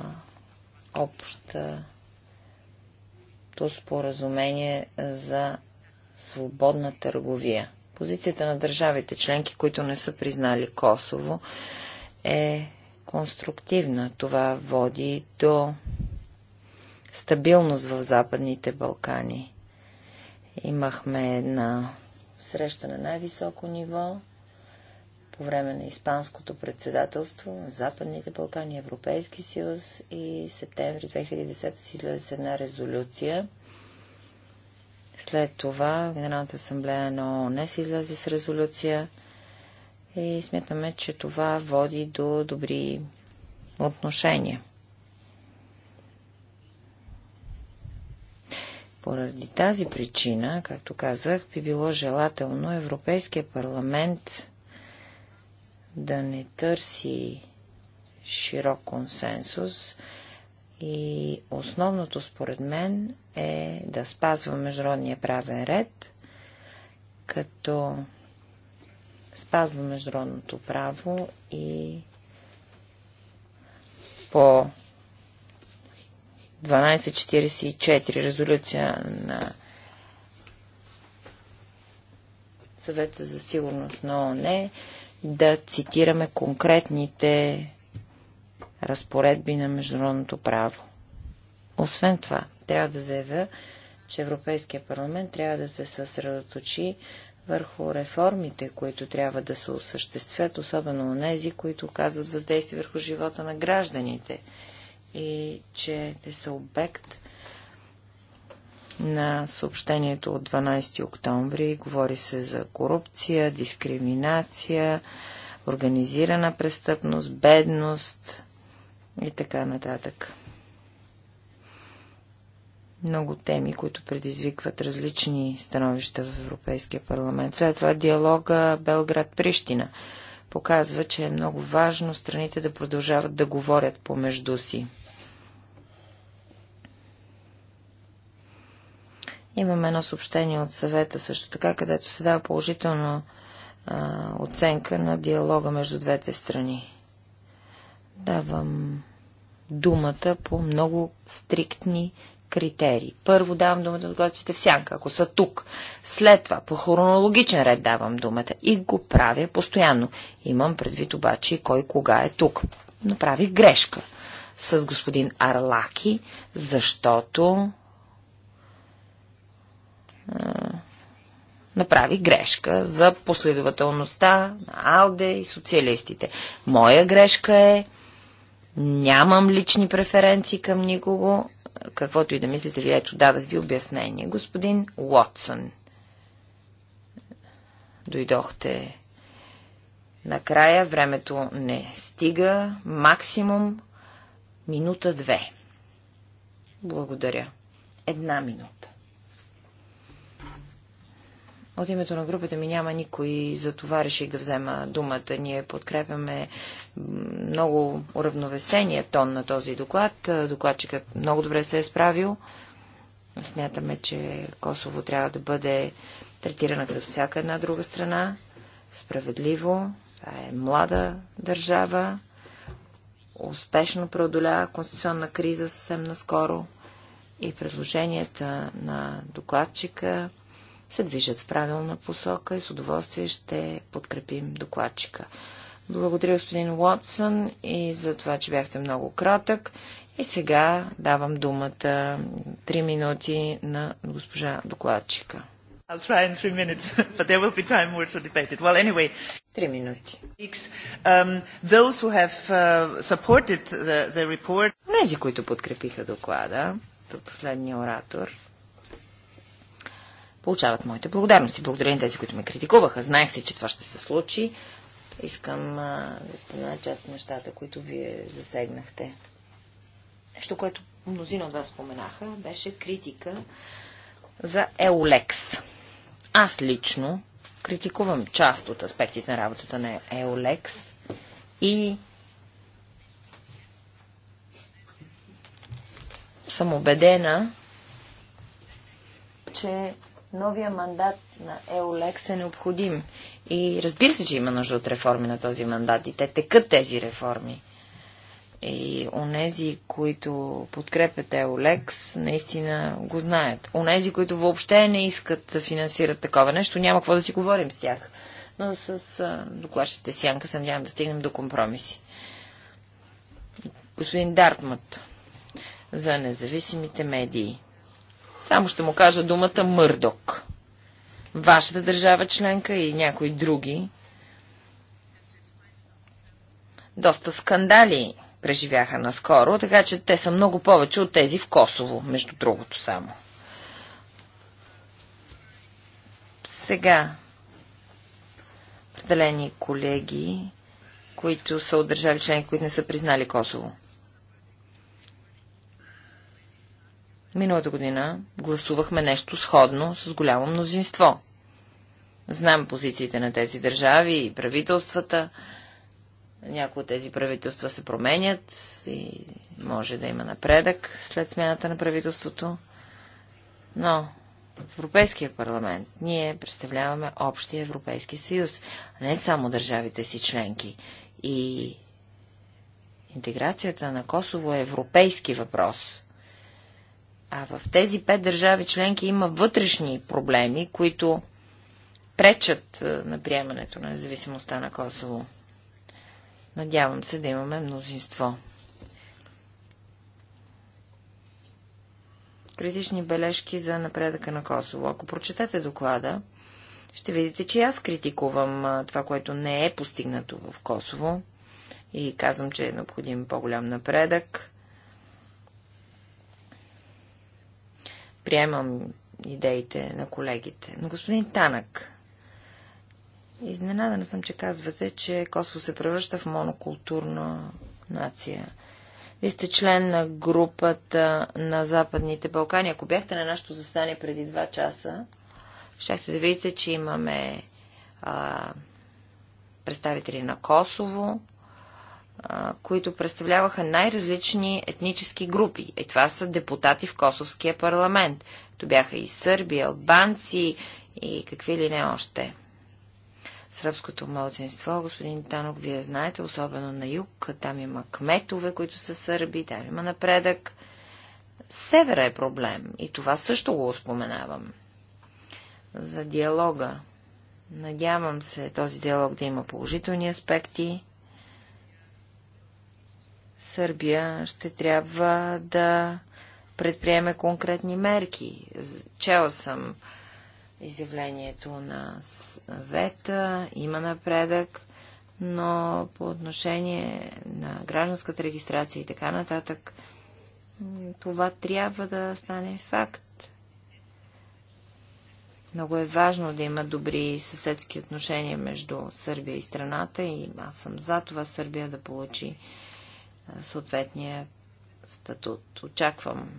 общото споразумение за свободна търговия. Позицията на държавите членки, които не са признали Косово, е конструктивна. Това води до стабилност в Западните Балкани. Имахме една среща на най-високо ниво по време на Испанското председателство на Западните Балкани, Европейски съюз и септември 2010 си излезе с една резолюция. След това Генералната асамблея на ООН се излезе с резолюция и смятаме, че това води до добри отношения. Поради тази причина, както казах, би било желателно Европейския парламент да не търси широк консенсус и основното според мен е да спазва международния правен ред, като спазва международното право и по 1244 резолюция на съвета за сигурност на ОНЕ да цитираме конкретните разпоредби на международното право. Освен това, трябва да заявя, че Европейския парламент трябва да се съсредоточи върху реформите, които трябва да се осъществят, особено у нези, които оказват въздействие върху живота на гражданите и че те са обект на съобщението от 12 октомври. Говори се за корупция, дискриминация, организирана престъпност, бедност и така нататък. Много теми, които предизвикват различни становища в Европейския парламент. След това диалога Белград-Прищина показва, че е много важно страните да продължават да говорят помежду си. Имаме едно съобщение от съвета също така, където се дава положителна а, оценка на диалога между двете страни. Давам думата по много стриктни критерии. Първо давам думата на гладците в сянка, ако са тук. След това по хронологичен ред давам думата и го правя постоянно. Имам предвид обаче и кой кога е тук. Направих грешка с господин Арлаки, защото направи грешка за последователността на Алде и социалистите. Моя грешка е, нямам лични преференции към никого, каквото и да мислите, ви ето дадах ви обяснение. Господин Уотсън, дойдохте накрая, времето не стига, максимум минута-две. Благодаря. Една минута. От името на групата ми няма никой, за това реших да взема думата. Ние подкрепяме много уравновесения тон на този доклад. Докладчикът много добре се е справил. Смятаме, че Косово трябва да бъде третирана като всяка една друга страна. Справедливо. Това е млада държава. Успешно преодоля конституционна криза съвсем наскоро. И предложенията на докладчика се движат в правилна посока и с удоволствие ще подкрепим докладчика. Благодаря, господин Уотсън, и за това, че бяхте много кратък. И сега давам думата 3 минути на госпожа докладчика. I'll try in three minutes, but there will be time more to debate it. Well, anyway, three minutes. Um, those who have uh, supported the, the report. Тези, които подкрепиха доклада, до последния оратор, получават моите благодарности. Благодаря на тези, които ме критикуваха. Знаех си, че това ще се случи. Искам а, да спомена част от нещата, които вие засегнахте. Нещо, което мнозина от вас споменаха, беше критика за Еолекс. Аз лично критикувам част от аспектите на работата на Еолекс и съм убедена, че Новия мандат на ЕОЛЕКС е необходим. И разбира се, че има нужда от реформи на този мандат. И те текат тези реформи. И онези, които подкрепят Еолекс, наистина го знаят. Онези, които въобще не искат да финансират такова нещо, няма какво да си говорим с тях. Но с докладчите Сянка се надявам да стигнем до компромиси. Господин Дартмът за независимите медии. Само ще му кажа думата Мърдок. Вашата държава членка и някои други. Доста скандали преживяха наскоро, така че те са много повече от тези в Косово, между другото само. Сега, определени колеги, които са от държави членки, които не са признали Косово. Миналата година гласувахме нещо сходно с голямо мнозинство. Знам позициите на тези държави и правителствата. Някои от тези правителства се променят и може да има напредък след смяната на правителството. Но в Европейския парламент ние представляваме Общия Европейски съюз, а не само държавите си членки. И интеграцията на Косово е европейски въпрос. А в тези пет държави членки има вътрешни проблеми, които пречат е, на приемането на независимостта на Косово. Надявам се да имаме мнозинство. Критични бележки за напредъка на Косово. Ако прочетете доклада, ще видите, че аз критикувам е, това, което не е постигнато в Косово и казвам, че е необходим по-голям напредък. приемам идеите на колегите. Но господин Танък, изненадана съм, че казвате, че Косово се превръща в монокултурна нация. Вие сте член на групата на Западните Балкани. Ако бяхте на нашето застане преди два часа, щяхте да видите, че имаме а, представители на Косово, които представляваха най-различни етнически групи. И е, това са депутати в Косовския парламент. То бяха и сърби, албанци и какви ли не още. Сръбското младсинство, господин Танок, вие знаете, особено на юг, там има кметове, които са сърби, там има напредък. Севера е проблем и това също го споменавам. За диалога. Надявам се този диалог да има положителни аспекти Сърбия ще трябва да предприеме конкретни мерки. Чел съм изявлението на Вета, има напредък, но по отношение на гражданската регистрация и така нататък, това трябва да стане факт. Много е важно да има добри съседски отношения между Сърбия и страната и аз съм за това Сърбия да получи съответния статут. Очаквам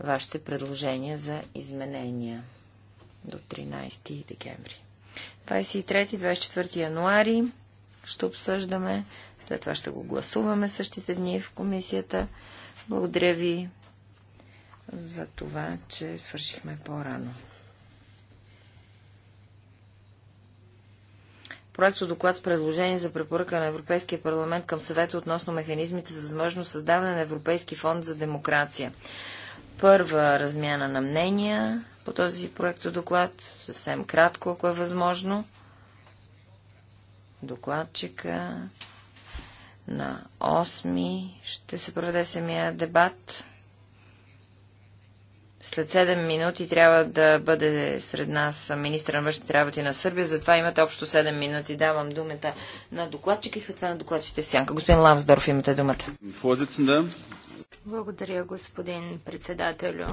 вашите предложения за изменения до 13 декември. 23-24 януари ще обсъждаме. След това ще го гласуваме същите дни в комисията. Благодаря ви за това, че свършихме по-рано. проекто доклад с предложение за препоръка на Европейския парламент към съвета относно механизмите за възможно създаване на Европейски фонд за демокрация. Първа размяна на мнения по този проекто доклад, съвсем кратко, ако е възможно. Докладчика на 8 ще се проведе самия дебат. След 7 минути трябва да бъде сред нас министър на външните работи на Сърбия, затова имате общо 7 минути. Давам думата на докладчик и след това на докладчите в сянка. Господин Лавсдорф, имате думата. Благодаря, господин председателю.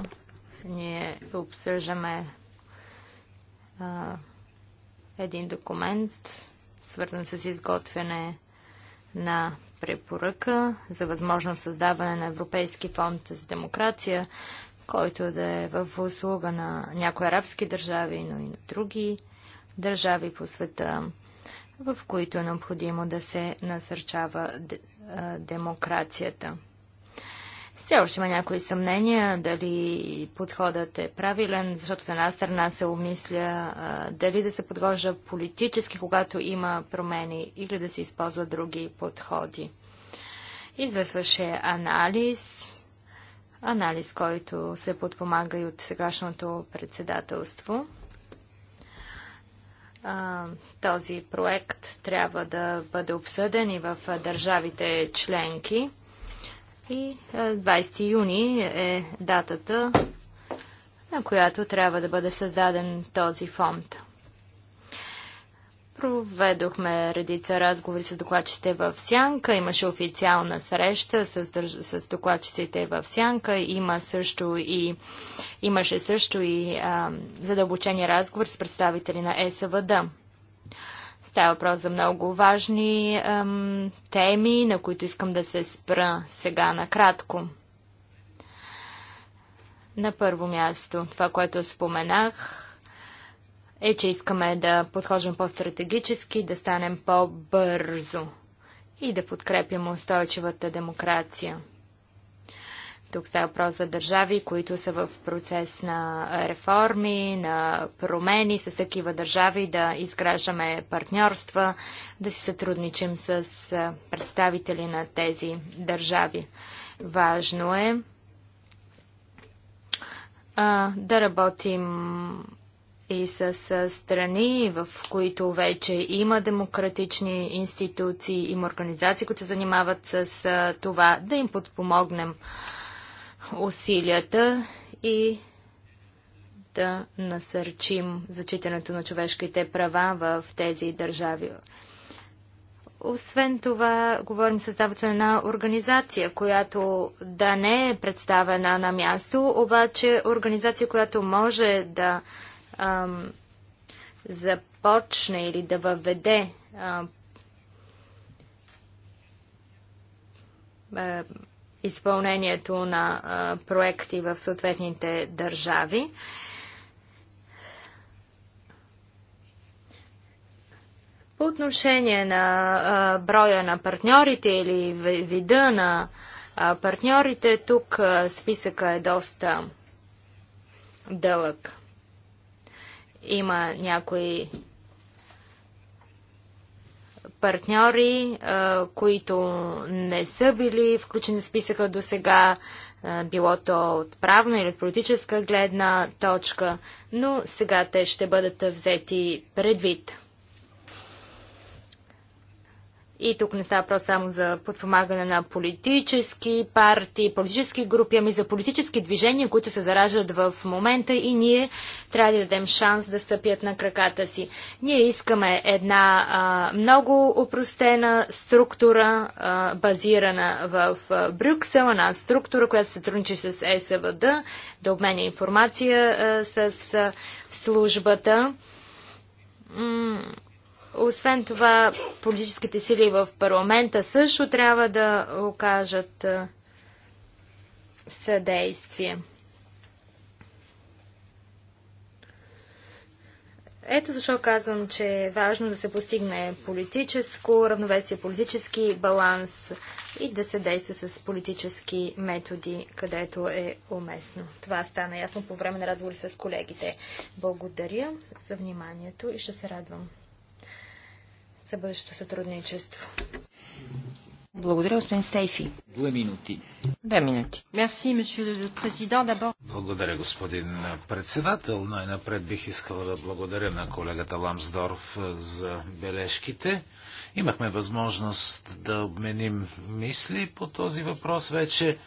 Ние обсъждаме а, един документ, свързан с изготвяне на препоръка за възможно създаване на Европейски фонд за демокрация който да е в услуга на някои арабски държави, но и на други държави по света, в които е необходимо да се насърчава демокрацията. Все още има някои съмнения дали подходът е правилен, защото от една страна се умисля дали да се подгожда политически, когато има промени, или да се използват други подходи. Извършваше анализ анализ, който се подпомага и от сегашното председателство. Този проект трябва да бъде обсъден и в държавите членки. И 20 юни е датата, на която трябва да бъде създаден този фонд. Проведохме редица разговори с докладчите в Сянка. Имаше официална среща с, с докладчиците в Сянка. Има също и, имаше също и а, задълбочени разговори с представители на СВД. Става въпрос за много важни ам, теми, на които искам да се спра сега накратко. На първо място, това, което споменах, е, че искаме да подхождам по-стратегически, да станем по-бързо и да подкрепим устойчивата демокрация. Тук става въпрос за държави, които са в процес на реформи, на промени. С такива държави да изграждаме партньорства, да си сътрудничим с представители на тези държави. Важно е а, да работим и с страни, в които вече има демократични институции, има организации, които се занимават с това, да им подпомогнем усилията и да насърчим зачитането на човешките права в тези държави. Освен това, говорим създаването на една организация, която да не е представена на място, обаче организация, която може да ам, започне или да въведе ам, изпълнението на а, проекти в съответните държави. По отношение на а, броя на партньорите или вида на а, партньорите, тук списъка е доста дълъг. Има някои партньори, които не са били включени в списъка до сега, било то от правна или от политическа гледна точка, но сега те ще бъдат взети предвид. И тук не става просто само за подпомагане на политически партии, политически групи, ами за политически движения, които се зараждат в момента и ние трябва да дадем шанс да стъпят на краката си. Ние искаме една а, много упростена структура, а, базирана в Брюксел, една структура, която се сътрудничи с СВД, да обменя информация а, с а, службата освен това, политическите сили в парламента също трябва да окажат съдействие. Ето защо казвам, че е важно да се постигне политическо равновесие, политически баланс и да се действа с политически методи, където е уместно. Това стана ясно по време на разговори с колегите. Благодаря за вниманието и ще се радвам за бъдещето сътрудничество. Благодаря, господин Сейфи. Две минути. Две минути. Мерси, президент. Благодаря, господин председател. Най-напред бих искал да благодаря на колегата Ламсдорф за бележките. Имахме възможност да обменим мисли по този въпрос вече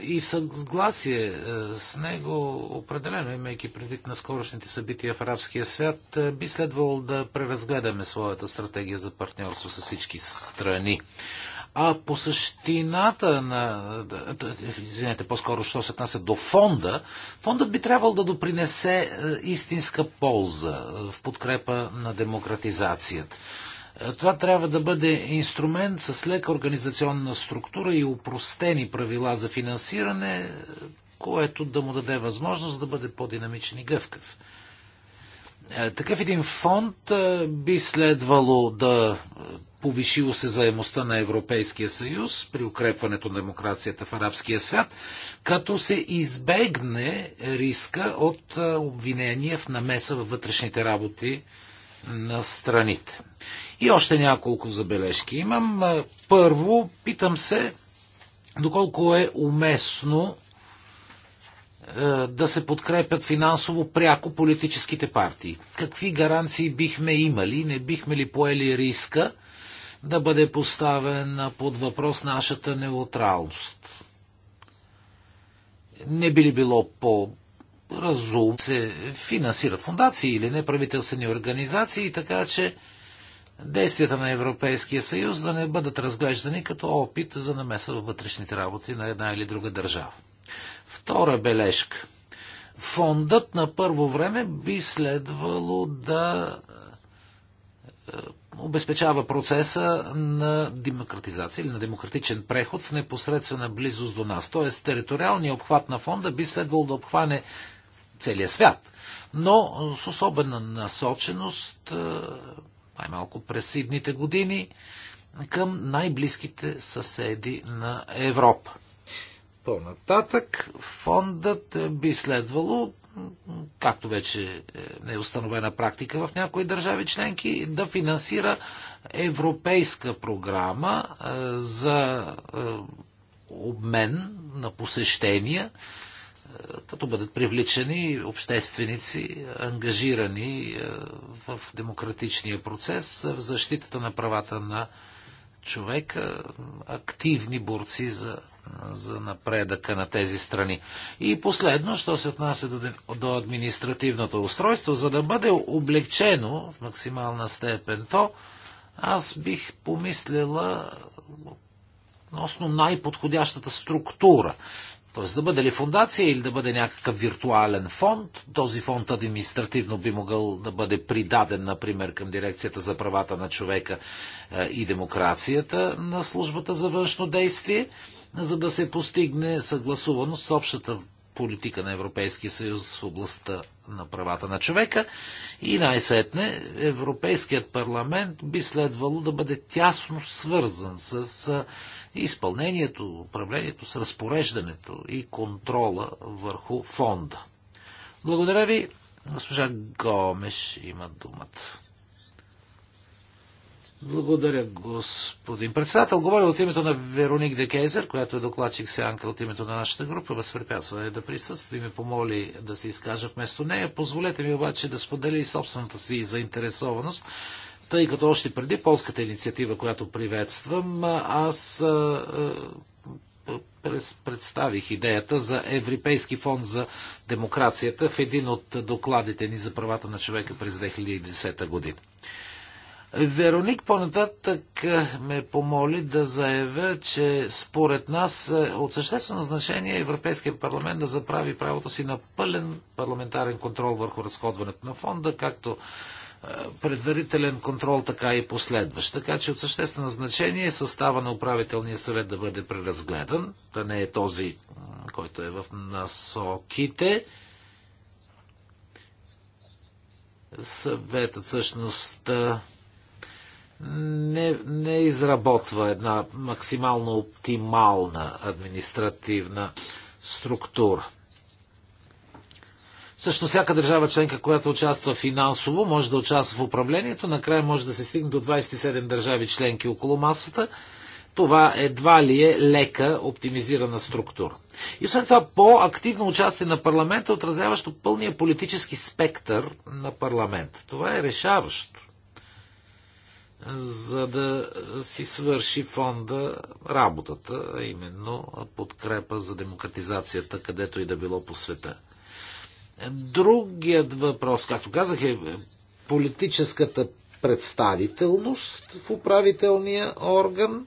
и в съгласие е, с него, определено имайки предвид на скорошните събития в арабския свят, е, би следвало да преразгледаме своята стратегия за партньорство с всички страни. А по същината на... Извинете, по-скоро, що се отнася до фонда, фондът би трябвал да допринесе е, истинска полза в подкрепа на демократизацията. Е, това трябва да бъде инструмент с лека организационна структура и упростени правила за финансиране, е, което да му даде възможност да бъде по-динамичен и гъвкав. Е, такъв един фонд би следвало да повиши осезаемостта на Европейския съюз при укрепването на демокрацията в арабския свят, като се избегне риска от обвинения в намеса във вътрешните работи на страните. И още няколко забележки имам. Първо, питам се доколко е уместно да се подкрепят финансово пряко политическите партии. Какви гаранции бихме имали, не бихме ли поели риска да бъде поставена под въпрос нашата неутралност? Не би ли било по разум се финансират фундации или неправителствени организации, така че действията на Европейския съюз да не бъдат разглеждани като опит за намеса във вътрешните работи на една или друга държава. Втора бележка. Фондът на първо време би следвало да е, обезпечава процеса на демократизация или на демократичен преход в непосредствена близост до нас. Т.е. териториалният обхват на фонда би следвало да обхване целия свят, но с особена насоченост, най-малко през идните години, към най-близките съседи на Европа. По-нататък фондът би следвало, както вече е, не е установена практика в някои държави членки, да финансира европейска програма за обмен на посещения като бъдат привличани общественици, ангажирани е, в демократичния процес, в защитата на правата на човека, активни борци за, за напредъка на тези страни. И последно, що се отнася до, до административното устройство, за да бъде облегчено в максимална степен то, аз бих помислила относно най-подходящата структура Тоест да бъде ли фундация или да бъде някакъв виртуален фонд, този фонд административно би могъл да бъде придаден, например, към Дирекцията за правата на човека е, и демокрацията на службата за външно действие, за да се постигне съгласуваност с общата политика на Европейския съюз в областта на правата на човека. И най-сетне, Европейският парламент би следвало да бъде тясно свързан с е, изпълнението, управлението с разпореждането и контрола върху фонда. Благодаря ви. Госпожа Гомеш има думата. Благодаря, господин председател. Говоря от името на Вероник Декезер, която е докладчик сянка от името на нашата група. Възпрепятства е да присъства и ме помоли да се изкажа вместо нея. Позволете ми обаче да сподели и собствената си заинтересованост тъй като още преди полската инициатива, която приветствам, аз представих идеята за Европейски фонд за демокрацията в един от докладите ни за правата на човека през 2010 година. Вероник по-нататък ме помоли да заявя, че според нас от съществено значение е Европейския парламент да заправи правото си на пълен парламентарен контрол върху разходването на фонда, както предварителен контрол, така и последващ. Така че от съществено значение е състава на управителния съвет да бъде преразгледан, да не е този, който е в насоките. Съветът всъщност не, не изработва една максимално оптимална административна структура. Също всяка държава членка, която участва финансово, може да участва в управлението. Накрая може да се стигне до 27 държави членки около масата. Това едва ли е лека оптимизирана структура. И освен това, по-активно участие на парламента, отразяващо пълния политически спектър на парламента. Това е решаващо за да си свърши фонда работата, а именно подкрепа за демократизацията, където и да било по света. Другият въпрос, както казах, е политическата представителност в управителния орган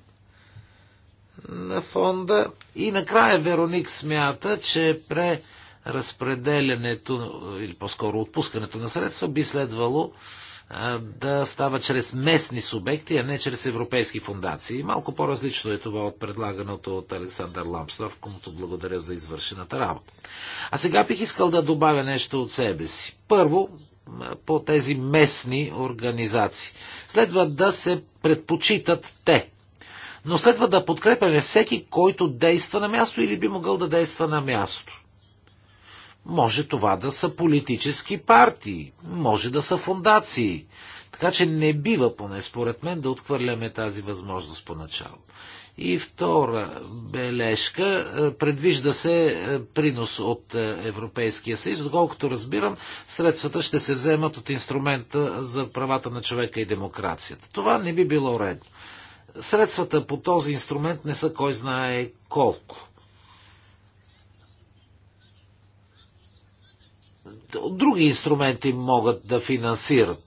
на фонда. И накрая Вероник смята, че пре разпределянето или по-скоро отпускането на средства би следвало да става чрез местни субекти, а не чрез европейски фундации. Малко по-различно е това от предлаганото от Александър Ламстов, комуто благодаря за извършената работа. А сега бих искал да добавя нещо от себе си. Първо, по тези местни организации. Следва да се предпочитат те. Но следва да подкрепяме всеки, който действа на място или би могъл да действа на място. Може това да са политически партии, може да са фундации. Така че не бива, поне според мен, да отхвърляме тази възможност поначало. И втора бележка, е, предвижда се е, принос от е, Европейския съюз. Доколкото разбирам, средствата ще се вземат от инструмента за правата на човека и демокрацията. Това не би било редно. Средствата по този инструмент не са кой знае колко. други инструменти могат да финансират.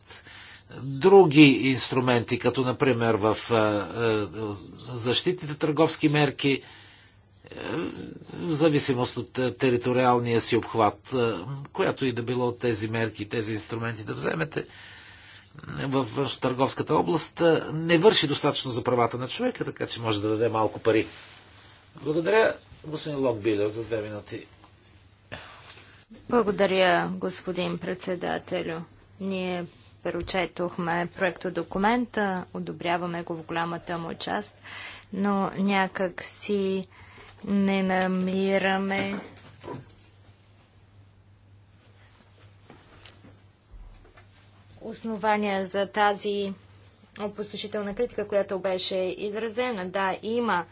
Други инструменти, като например в защитните търговски мерки, в зависимост от териториалния си обхват, която и да било от тези мерки, тези инструменти да вземете в търговската област, не върши достатъчно за правата на човека, така че може да даде малко пари. Благодаря, господин Локбилер, за две минути. Благодаря, господин председателю. Ние прочетохме проекто документа, одобряваме го в голямата му част, но някак си не намираме основания за тази опустошителна критика, която беше изразена. Да, има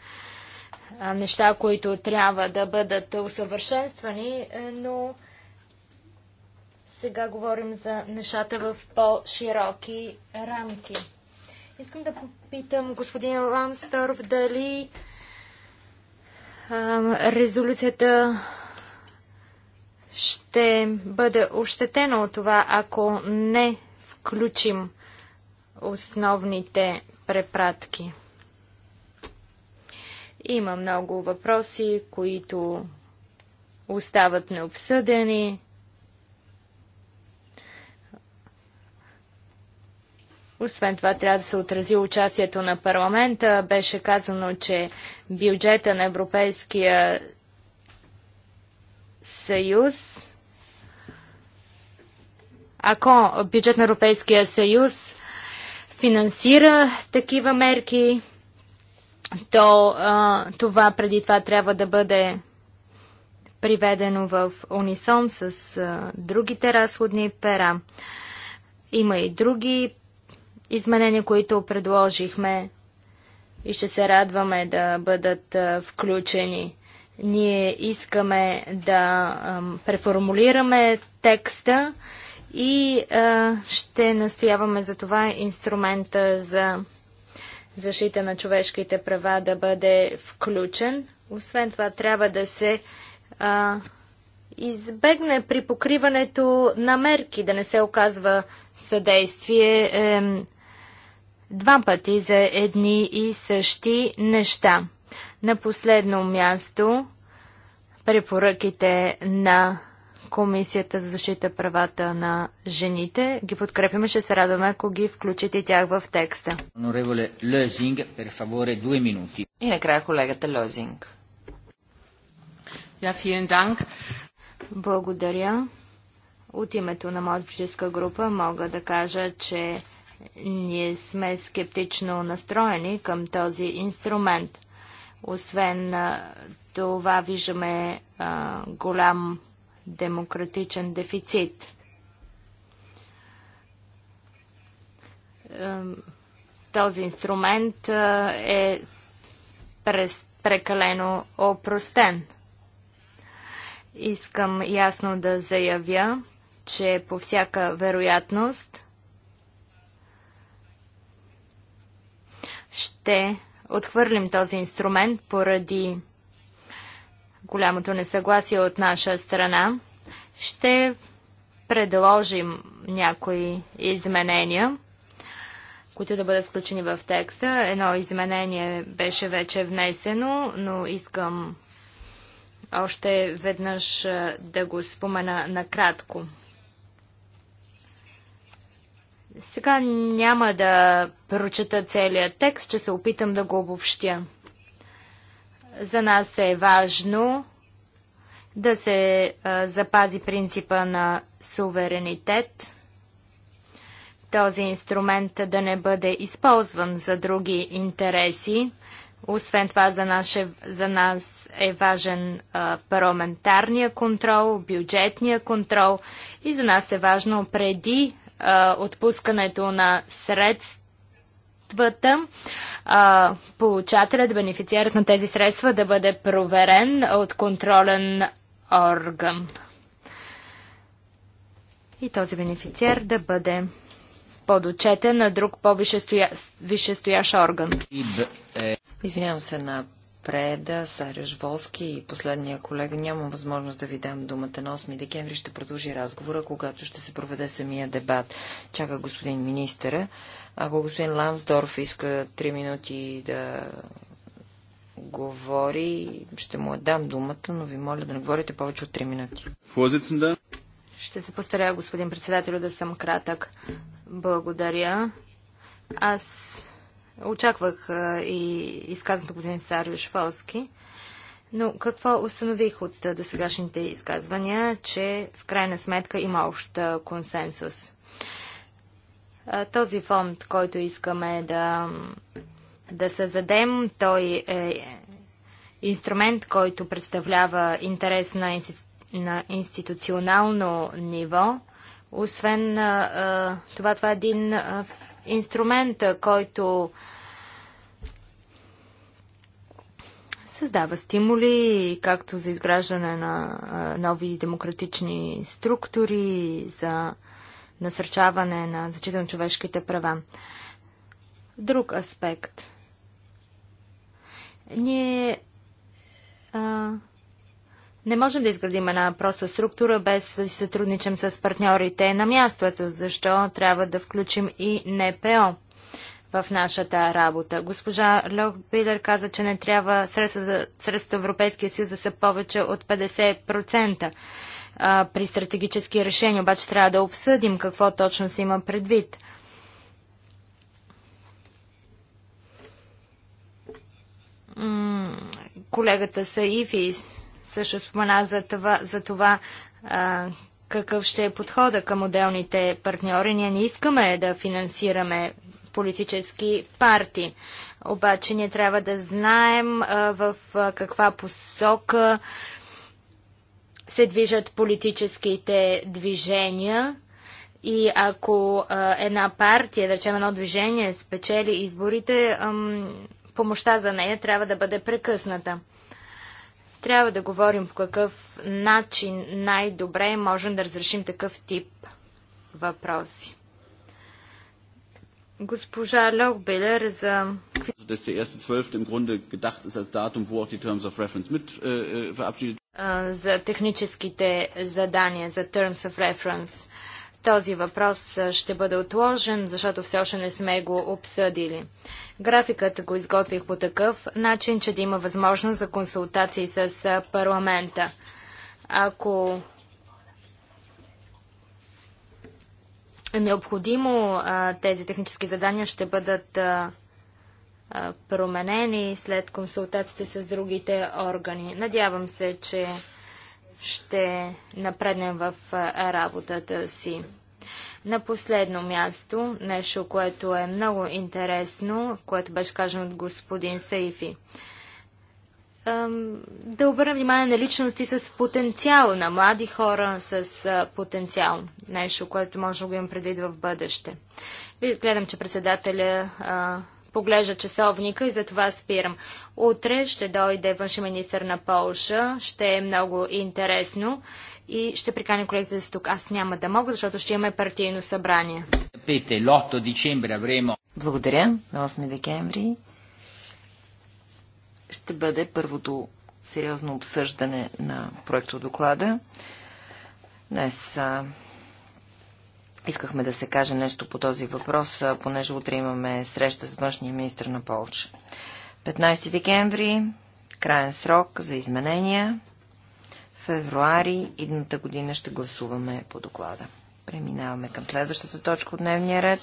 неща, които трябва да бъдат усъвършенствани, е, но сега говорим за нещата в по-широки рамки. Искам да попитам господин Ланстърв дали а, резолюцията ще бъде ощетена от това, ако не включим основните препратки. Има много въпроси, които остават необсъдени Освен това трябва да се отрази участието на парламента. Беше казано, че бюджета на Европейския съюз ако бюджет на Европейския съюз финансира такива мерки, то а, това преди това трябва да бъде приведено в унисон с а, другите разходни пера. Има и други изменения, които предложихме и ще се радваме да бъдат включени. Ние искаме да преформулираме текста и ще настояваме за това инструмента за защита на човешките права да бъде включен. Освен това, трябва да се а, избегне при покриването на мерки, да не се оказва съдействие. Е, два пъти за едни и същи неща. На последно място препоръките на Комисията за защита правата на жените. Ги подкрепяме, ще се радваме, ако ги включите тях в текста. И накрая колегата Лозинг. Dank. Благодаря. От името на моята група мога да кажа, че ние сме скептично настроени към този инструмент. Освен това виждаме голям демократичен дефицит. Този инструмент е прекалено опростен. Искам ясно да заявя, че по всяка вероятност ще отхвърлим този инструмент поради голямото несъгласие от наша страна. Ще предложим някои изменения, които да бъдат включени в текста. Едно изменение беше вече внесено, но искам още веднъж да го спомена накратко. Сега няма да прочета целият текст, ще се опитам да го обобщя. За нас е важно да се а, запази принципа на суверенитет. Този инструмент да не бъде използван за други интереси. Освен това, за, наше, за нас е важен а, парламентарния контрол, бюджетния контрол и за нас е важно преди отпускането на средствата, получателят, бенефициарът на тези средства да бъде проверен от контролен орган. И този бенефициар да бъде подочетен на друг по-висшестоящ орган. Е- Извинявам се на Преда, Сареш Волски и последния колега. Нямам възможност да ви дам думата. На 8 декември ще продължи разговора, когато ще се проведе самия дебат. Чака господин министъра. Ако господин Лансдорф иска 3 минути да говори, ще му дам думата, но ви моля да не говорите повече от 3 минути. Ще се постаря, господин председател, да съм кратък. Благодаря. Аз Очаквах и изказаното господин Сариуш Фолски. Но какво установих от досегашните изказвания, че в крайна сметка има общ консенсус. Този фонд, който искаме да, да създадем, той е инструмент, който представлява интерес на, институ... на институционално ниво. Освен това, това е един инструмента, който създава стимули, както за изграждане на нови демократични структури, за насърчаване на зачитане на човешките права. Друг аспект. Ние а, не можем да изградим една проста структура без да си сътрудничим с партньорите на мястото, защо трябва да включим и НПО в нашата работа. Госпожа Льохбилер каза, че не трябва средствата средства Европейския съюз да са повече от 50% при стратегически решения, обаче трябва да обсъдим какво точно се има предвид. Колегата Саифис също спомена за това, за това а, какъв ще е подхода към отделните партньори. Ние не искаме да финансираме политически партии. Обаче ние трябва да знаем а, в а, каква посока се движат политическите движения. И ако а, една партия, да речем едно движение, спечели изборите, помощта за нея трябва да бъде прекъсната. Трябва да говорим по какъв начин най-добре можем да разрешим такъв тип въпроси. Госпожа Лохбелер за... Dass der 1.12. im Grunde gedacht ist als Datum, wo auch die Terms of Reference mit äh, äh verabschiedet за техническите задания, за Terms of Reference. Този въпрос ще бъде отложен, защото все още не сме го обсъдили. Графикът го изготвих по такъв начин, че да има възможност за консултации с парламента. Ако е необходимо, тези технически задания ще бъдат променени след консултациите с другите органи. Надявам се, че ще напреднем в работата си. На последно място, нещо, което е много интересно, което беше кажено от господин Сейфи. Да обърна внимание на личности с потенциал, на млади хора с потенциал. Нещо, което може да го имам предвид в бъдеще. Гледам, че председателя поглежда часовника и затова спирам. Утре ще дойде външен министр на Полша. Ще е много интересно и ще приканя колегите си тук. Аз няма да мога, защото ще имаме партийно събрание. Благодаря. 8 декември ще бъде първото сериозно обсъждане на проекто доклада. Днес Искахме да се каже нещо по този въпрос, понеже утре имаме среща с външния министр на Полша. 15 декември, краен срок за изменения. Февруари, идната година ще гласуваме по доклада. Преминаваме към следващата точка от дневния ред.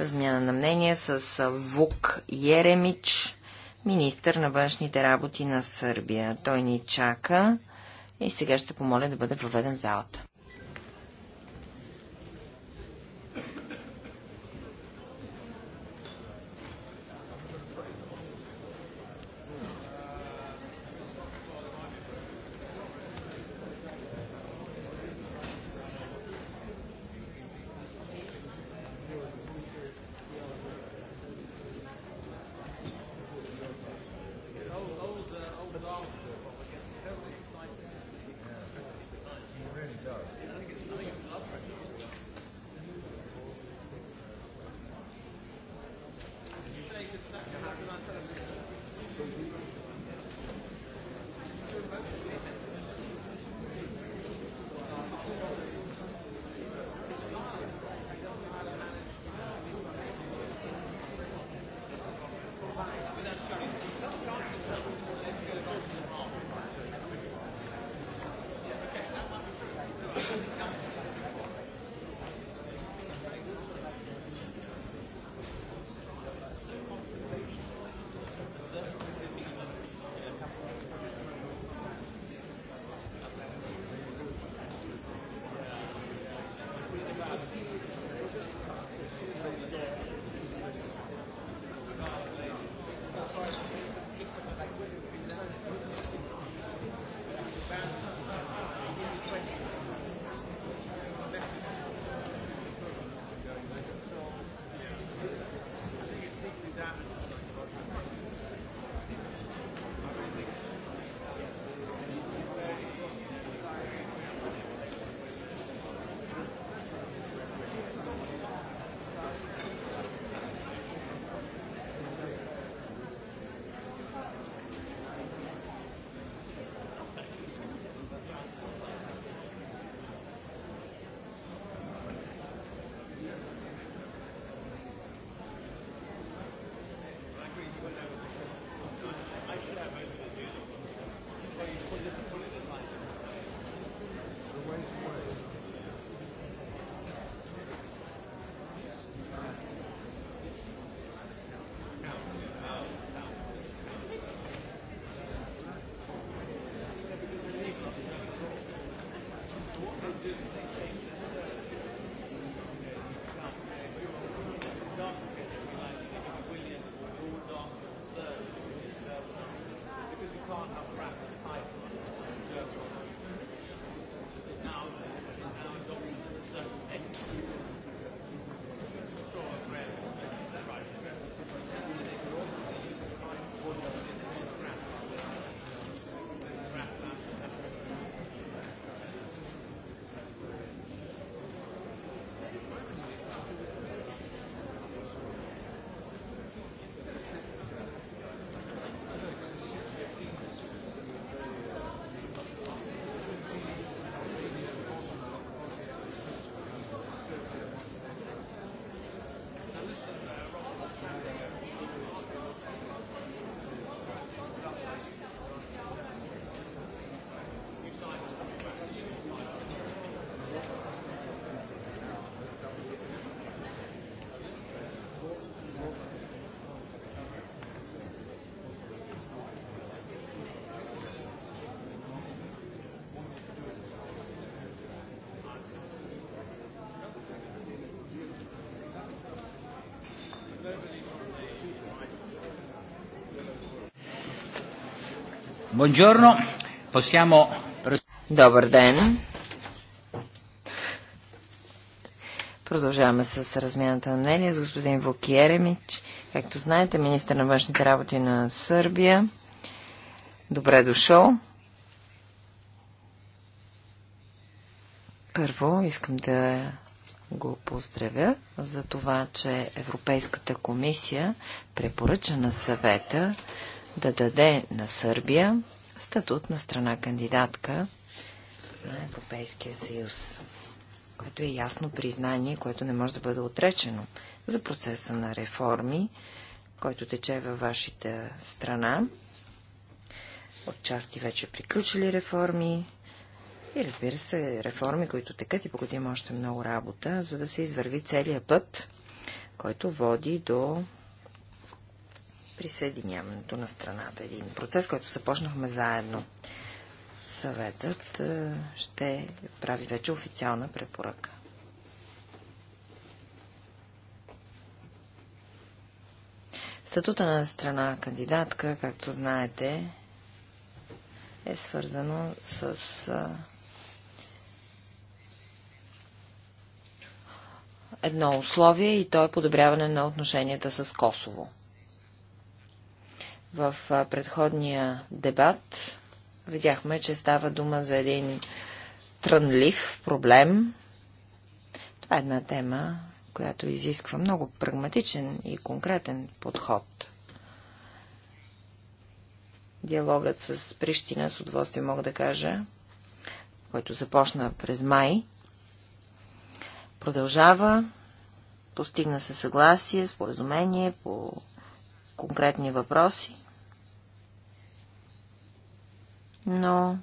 Размяна на мнение с Вук Еремич, министър на външните работи на Сърбия. Той ни чака и сега ще помоля да бъде въведен в залата. Buongiorno. Possiamo... Добър ден. Продължаваме с размяната на мнение с господин Вокиеремич. Както знаете, министър на външните работи на Сърбия. Добре дошъл. Първо искам да го поздравя за това, че Европейската комисия препоръча на съвета да даде на Сърбия статут на страна кандидатка на Европейския съюз, което е ясно признание, което не може да бъде отречено за процеса на реформи, който тече във вашата страна. Отчасти вече приключили реформи и разбира се, реформи, които текат и по които има още много работа, за да се извърви целият път, който води до присъединяването на страната. Един процес, който започнахме заедно. Съветът е, ще прави вече официална препоръка. Статута на страна кандидатка, както знаете, е свързано с е, едно условие и то е подобряване на отношенията с Косово. В предходния дебат видяхме, че става дума за един трънлив проблем. Това е една тема, която изисква много прагматичен и конкретен подход. Диалогът с Прищина, с удоволствие мога да кажа, който започна през май, продължава. Постигна се съгласие, споразумение по конкретни въпроси но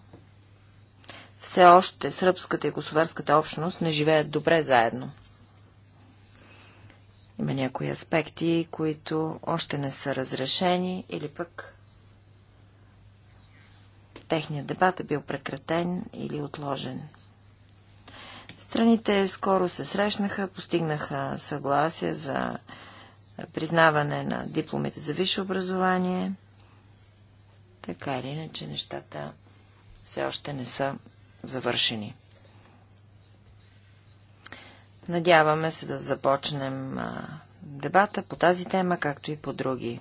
все още сръбската и косоверската общност не живеят добре заедно. Има някои аспекти, които още не са разрешени или пък техният дебат е бил прекратен или отложен. Страните скоро се срещнаха, постигнаха съгласие за признаване на дипломите за висше образование – така или иначе нещата все още не са завършени. Надяваме се да започнем дебата по тази тема, както и по други.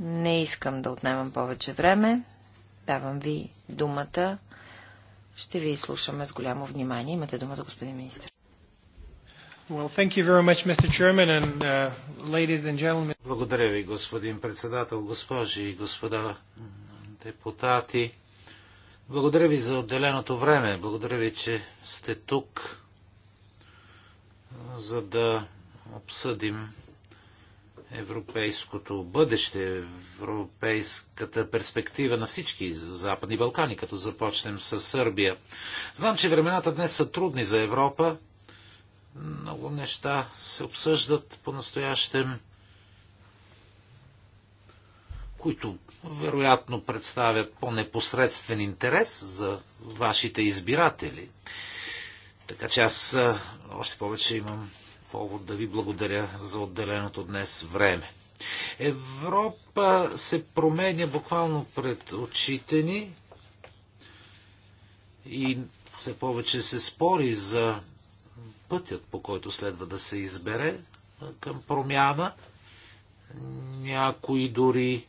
Не искам да отнемам повече време. Давам ви думата. Ще ви изслушаме с голямо внимание. Имате думата, господин министр. Uh, Благодаря ви, господин председател, госпожи и господа депутати. Благодаря ви за отделеното време. Благодаря ви, че сте тук, за да обсъдим европейското бъдеще, европейската перспектива на всички Западни Балкани, като започнем с Сърбия. Знам, че времената днес са трудни за Европа, много неща се обсъждат по-настоящем, които вероятно представят по-непосредствен интерес за вашите избиратели. Така че аз още повече имам повод да ви благодаря за отделеното днес време. Европа се променя буквално пред очите ни и все повече се спори за пътят, по който следва да се избере към промяна. Някои дори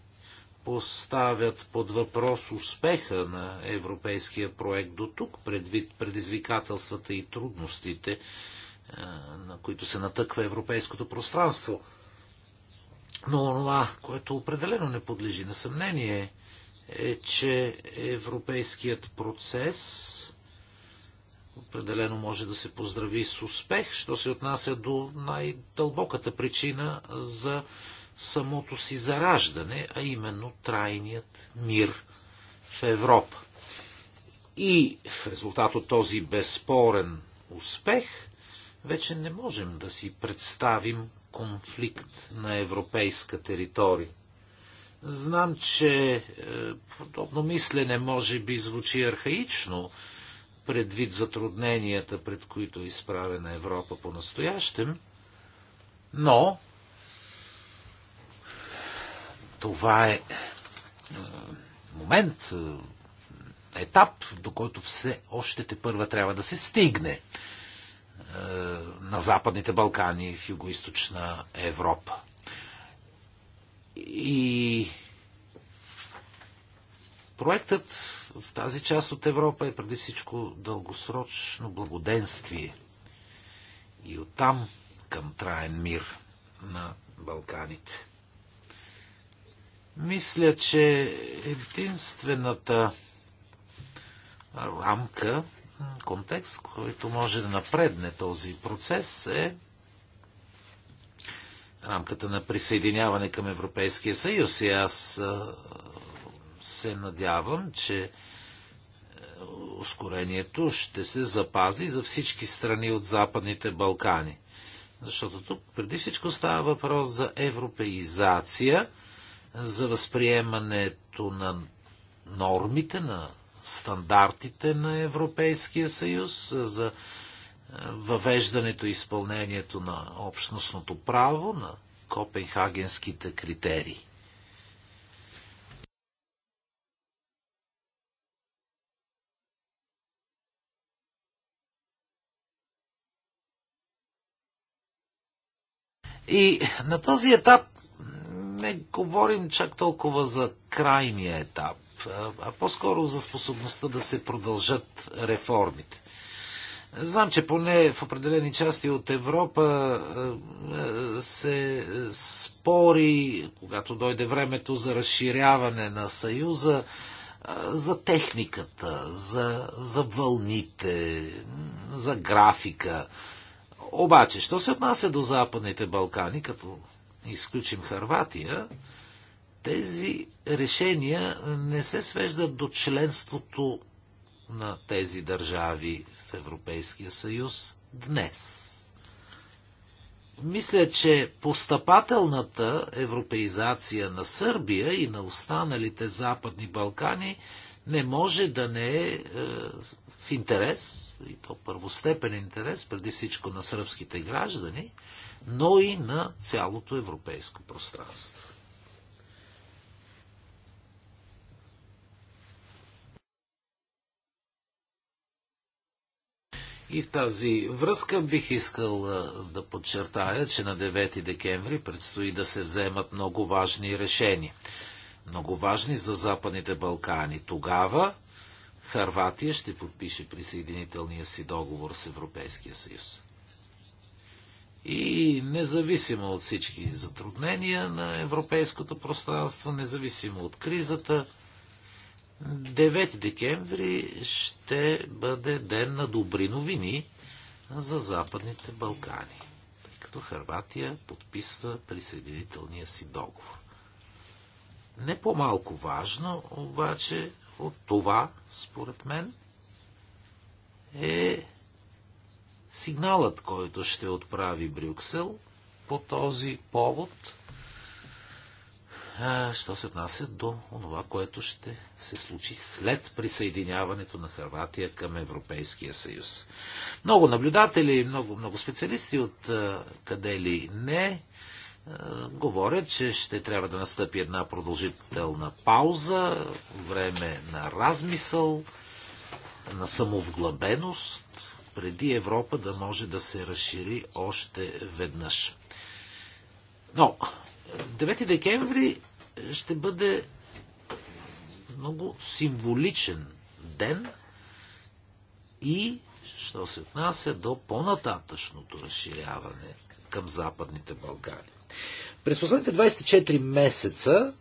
поставят под въпрос успеха на европейския проект до тук, предвид предизвикателствата и трудностите, на които се натъква европейското пространство. Но това, което определено не подлежи на съмнение, е, че европейският процес определено може да се поздрави с успех, що се отнася до най-дълбоката причина за самото си зараждане, а именно трайният мир в Европа. И в резултат от този безспорен успех, вече не можем да си представим конфликт на европейска територия. Знам, че е, подобно мислене може би звучи архаично, предвид затрудненията, пред които е изправена Европа по-настоящем, но това е, е момент, е, етап, до който все още те първа трябва да се стигне е, на Западните Балкани и в Юго-Источна Европа. И проектът в тази част от Европа е преди всичко дългосрочно благоденствие и оттам към траен мир на Балканите. Мисля, че единствената рамка, контекст, който може да напредне този процес е рамката на присъединяване към Европейския съюз. И аз се надявам, че е, ускорението ще се запази за всички страни от Западните Балкани. Защото тук преди всичко става въпрос за европеизация, за възприемането на нормите, на стандартите на Европейския съюз, за е, въвеждането и изпълнението на общностното право, на копенхагенските критерии. И на този етап не говорим чак толкова за крайния етап, а по-скоро за способността да се продължат реформите. Знам, че поне в определени части от Европа се спори, когато дойде времето за разширяване на Съюза, за техниката, за, за вълните, за графика. Обаче, що се отнася до Западните Балкани, като изключим Харватия, тези решения не се свеждат до членството на тези държави в Европейския съюз днес. Мисля, че постъпателната европеизация на Сърбия и на останалите Западни Балкани – не може да не е, е в интерес, и то първостепен интерес, преди всичко на сръбските граждани, но и на цялото европейско пространство. И в тази връзка бих искал е, да подчертая, че на 9 декември предстои да се вземат много важни решения много важни за Западните Балкани. Тогава Харватия ще подпише присъединителния си договор с Европейския съюз. И независимо от всички затруднения на европейското пространство, независимо от кризата, 9 декември ще бъде ден на добри новини за Западните Балкани, тъй като Харватия подписва присъединителния си договор. Не по-малко важно, обаче, от това, според мен, е сигналът, който ще отправи Брюксел по този повод, що се отнася до това, което ще се случи след присъединяването на Харватия към Европейския съюз. Много наблюдатели, много, много специалисти от къде ли не, говоря, че ще трябва да настъпи една продължителна пауза, време на размисъл, на самовглъбеност, преди Европа да може да се разшири още веднъж. Но 9 декември ще бъде много символичен ден и, що се отнася до по-нататъчното разширяване към Западните Балкани. През последните 24 месеца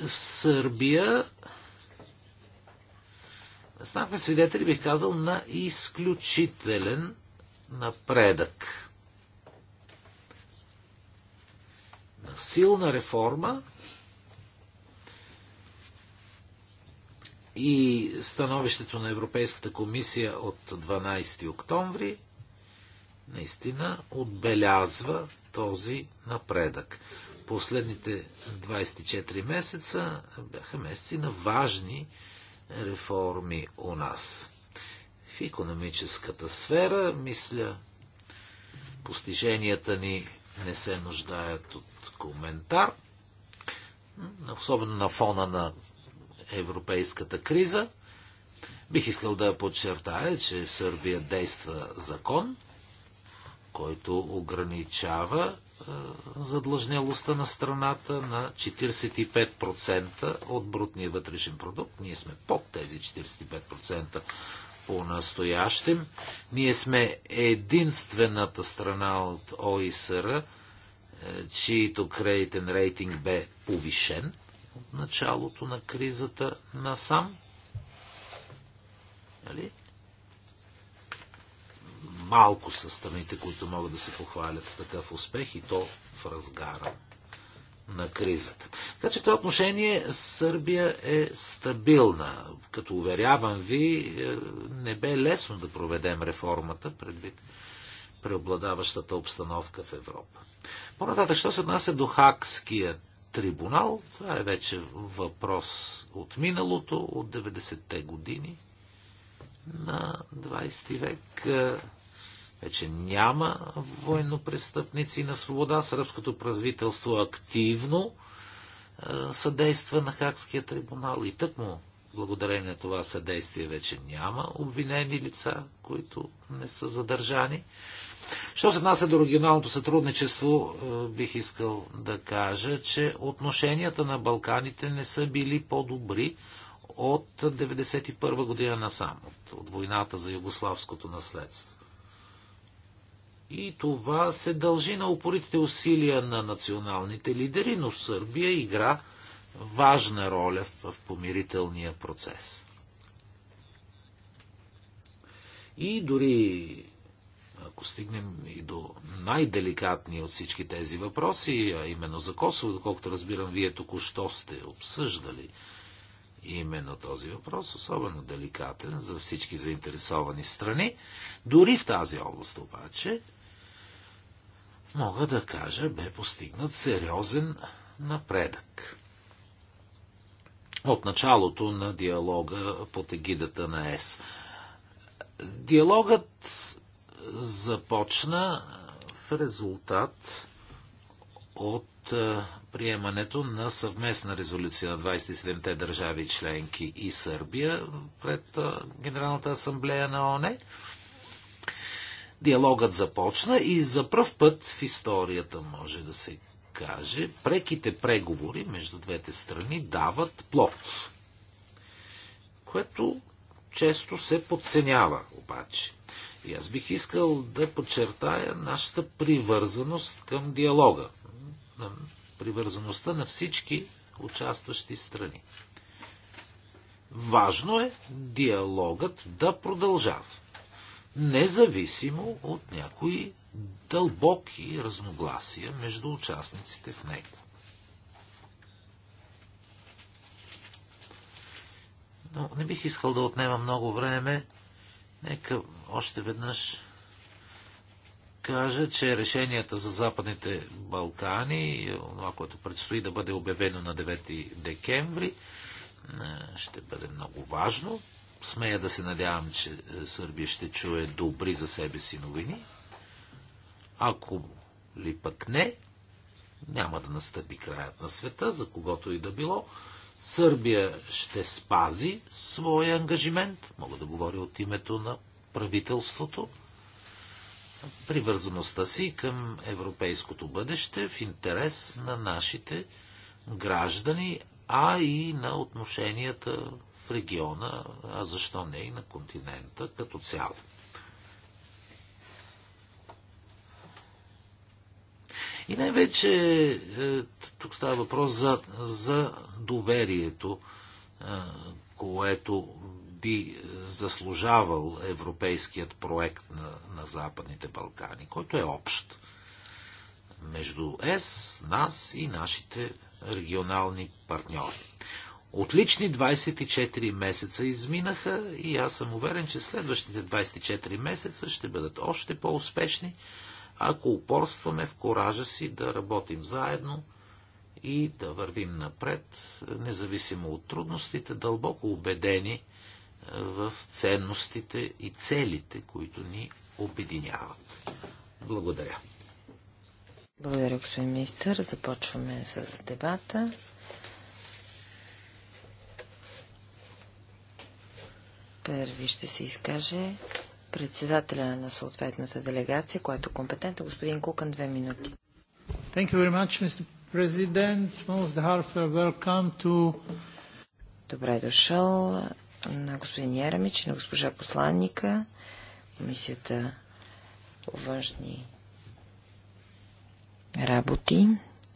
в Сърбия станахме свидетели, бих казал, на изключителен напредък. На силна реформа и становището на Европейската комисия от 12 октомври – наистина отбелязва този напредък. Последните 24 месеца бяха месеци на важни реформи у нас. В економическата сфера, мисля, постиженията ни не се нуждаят от коментар, особено на фона на европейската криза. Бих искал да подчертая, че в Сърбия действа закон – който ограничава е, задлъжнялостта на страната на 45% от брутния вътрешен продукт. Ние сме под тези 45% по-настоящем. Ние сме единствената страна от ОИСР, е, чието кредитен рейтинг бе повишен от началото на кризата насам. Нали? малко са страните, които могат да се похвалят с такъв успех и то в разгара на кризата. Така че в това отношение Сърбия е стабилна. Като уверявам ви, е, не бе лесно да проведем реформата предвид преобладаващата обстановка в Европа. По-нататък, що се отнася до Хакския трибунал, това е вече въпрос от миналото, от 90-те години на 20 век. Е, вече няма военнопрестъпници на свобода. Сръбското правителство активно е, съдейства на Хакския трибунал и тъкмо благодарение на това съдействие вече няма обвинени лица, които не са задържани. Що се отнася до регионалното сътрудничество, е, бих искал да кажа, че отношенията на Балканите не са били по-добри от 1991 година насам, от, от войната за югославското наследство. И това се дължи на упоритите усилия на националните лидери, но Сърбия игра важна роля в помирителния процес. И дори ако стигнем и до най-деликатни от всички тези въпроси, а именно за Косово, доколкото разбирам, вие току-що сте обсъждали именно този въпрос, особено деликатен за всички заинтересовани страни. Дори в тази област обаче, мога да кажа, бе постигнат сериозен напредък. От началото на диалога под егидата на ЕС. Диалогът започна в резултат от е, приемането на съвместна резолюция на 27-те държави членки и Сърбия пред е, Генералната асамблея на ОНЕ. Диалогът започна и за пръв път в историята, може да се каже, преките преговори между двете страни дават плод, което често се подценява обаче. И аз бих искал да подчертая нашата привързаност към диалога, на привързаността на всички участващи страни. Важно е диалогът да продължава независимо от някои дълбоки разногласия между участниците в него. Но не бих искал да отнема много време. Нека още веднъж кажа, че решенията за Западните Балкани, това, което предстои да бъде обявено на 9 декември, е, ще бъде много важно смея да се надявам, че е, Сърбия ще чуе добри за себе си новини. Ако ли пък не, няма да настъпи краят на света, за когото и да било. Сърбия ще спази своя ангажимент, мога да говоря от името на правителството, привързаността си към европейското бъдеще в интерес на нашите граждани, а и на отношенията региона, а защо не и на континента като цяло. И най-вече е, тук става въпрос за, за доверието, е, което би заслужавал европейският проект на, на Западните Балкани, който е общ между ЕС, нас и нашите регионални партньори. Отлични 24 месеца изминаха и аз съм уверен, че следващите 24 месеца ще бъдат още по-успешни, ако упорстваме в коража си да работим заедно и да вървим напред, независимо от трудностите, дълбоко убедени е, в ценностите и целите, които ни обединяват. Благодаря. Благодаря, господин министър. Започваме с дебата. Първи ще се изкаже председателя на съответната делегация, която е компетентен, господин Кукан, две минути. Much, to... Добре дошъл на господин Ярамич и на госпожа посланника, комисията по външни работи.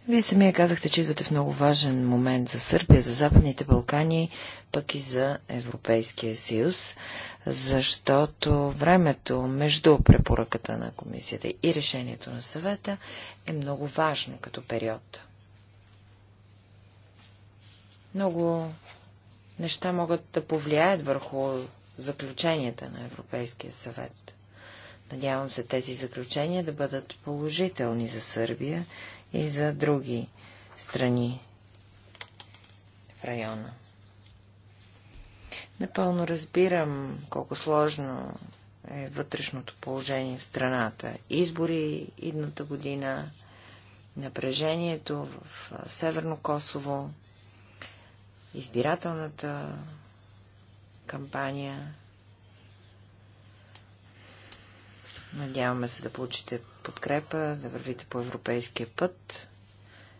Вие самия казахте, че идвате в много важен момент за Сърбия, за Западните Балкани, пък и за Европейския съюз, защото времето между препоръката на комисията и решението на съвета е много важно като период. Много неща могат да повлияят върху заключенията на Европейския съвет. Надявам се тези заключения да бъдат положителни за Сърбия и за други страни в района. Напълно разбирам колко сложно е вътрешното положение в страната. Избори идната година, напрежението в Северно Косово, избирателната кампания. Надяваме се да получите подкрепа, да вървите по европейския път.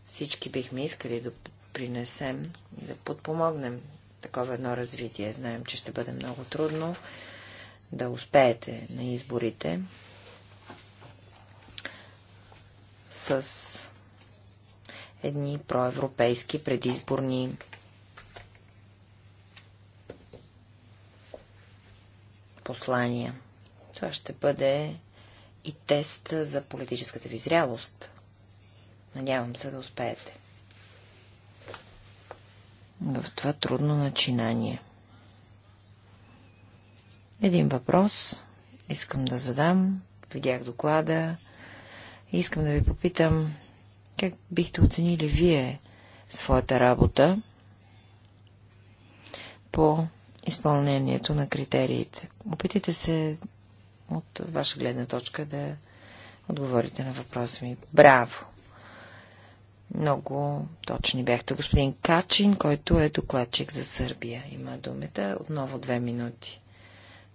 Всички бихме искали да принесем и да подпомогнем такова едно развитие. Знаем, че ще бъде много трудно да успеете на изборите с едни проевропейски предизборни послания. Това ще бъде и тест за политическата ви зрялост. Надявам се да успеете в това трудно начинание. Един въпрос искам да задам. Видях доклада. и Искам да ви попитам, как бихте оценили вие своята работа по изпълнението на критериите? Опитайте се от ваша гледна точка да отговорите на въпроса ми. Браво! Много точни бяхте. Господин Качин, който е докладчик за Сърбия, има думата. Отново две минути.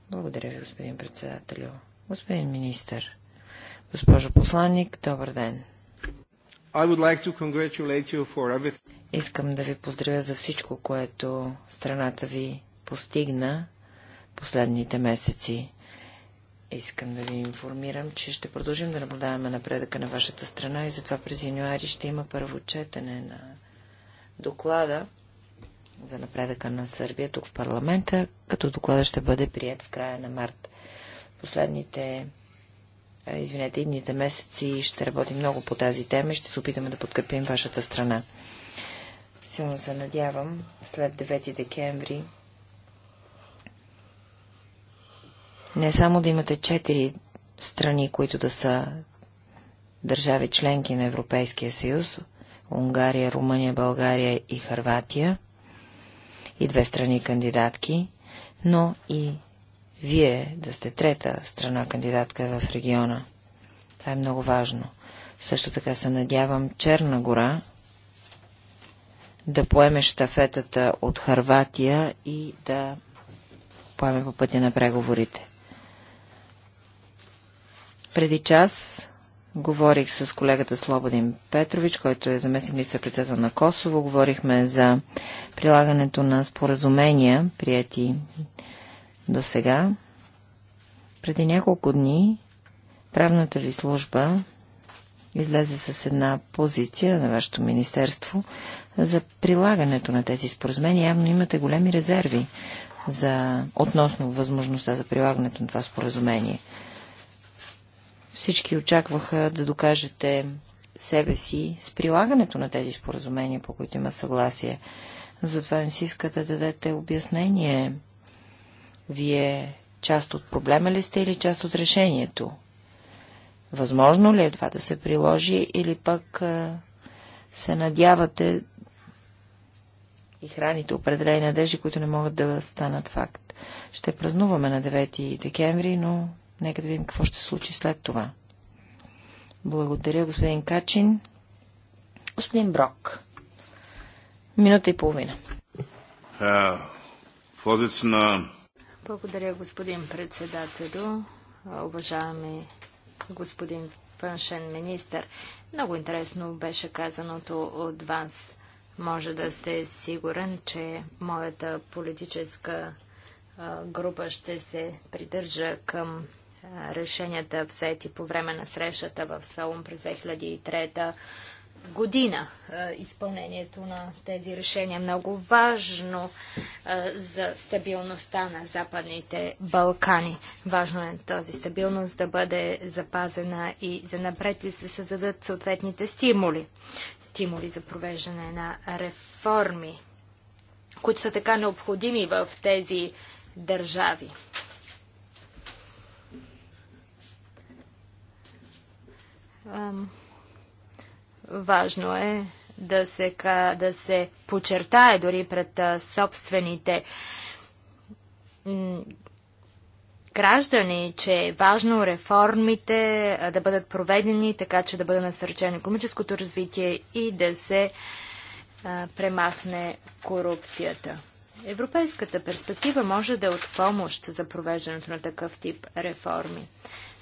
Благодаря ви, господин председателю. Господин министър, госпожо посланник, добър ден. Like Искам да ви поздравя за всичко, което страната ви постигна последните месеци. Искам да ви информирам, че ще продължим да наблюдаваме напредъка на вашата страна и затова през януари ще има първо четене на доклада за напредъка на Сърбия тук в парламента, като доклада ще бъде прият в края на март. Последните, извинете, идните месеци ще работим много по тази тема и ще се опитаме да подкрепим вашата страна. Силно се надявам след 9 декември Не само да имате четири страни, които да са държави членки на Европейския съюз, Унгария, Румъния, България и Харватия, и две страни кандидатки, но и вие да сте трета страна кандидатка в региона. Това е много важно. Също така се надявам Черна гора да поеме штафетата от Харватия и да поеме по пътя на преговорите. Преди час говорих с колегата Слободин Петрович, който е заместник министър председател на Косово. Говорихме за прилагането на споразумения, прияти до сега. Преди няколко дни правната ви служба излезе с една позиция на вашето министерство за прилагането на тези споразумения. Явно имате големи резерви за... относно възможността за прилагането на това споразумение. Всички очакваха да докажете себе си с прилагането на тези споразумения, по които има съгласие. Затова не си искате да дадете обяснение. Вие част от проблема ли сте или част от решението? Възможно ли е това да се приложи или пък се надявате и храните определени надежди, които не могат да станат факт? Ще празнуваме на 9 декември, но Нека да видим какво ще случи след това. Благодаря, господин Качин. Господин Брок. Минута и половина. Благодаря, господин председателю. Уважаеми господин външен министр. Много интересно беше казаното от вас. Може да сте сигурен, че моята политическа група ще се придържа към решенията взети по време на срещата в Салон през 2003 година. Изпълнението на тези решения е много важно за стабилността на Западните Балкани. Важно е тази стабилност да бъде запазена и за напред да се създадат съответните стимули. Стимули за провеждане на реформи, които са така необходими в тези държави. важно е да се, да се почертае дори пред собствените граждани, че е важно реформите да бъдат проведени, така че да бъде насърчено економическото развитие и да се премахне корупцията. Европейската перспектива може да е от помощ за провеждането на такъв тип реформи.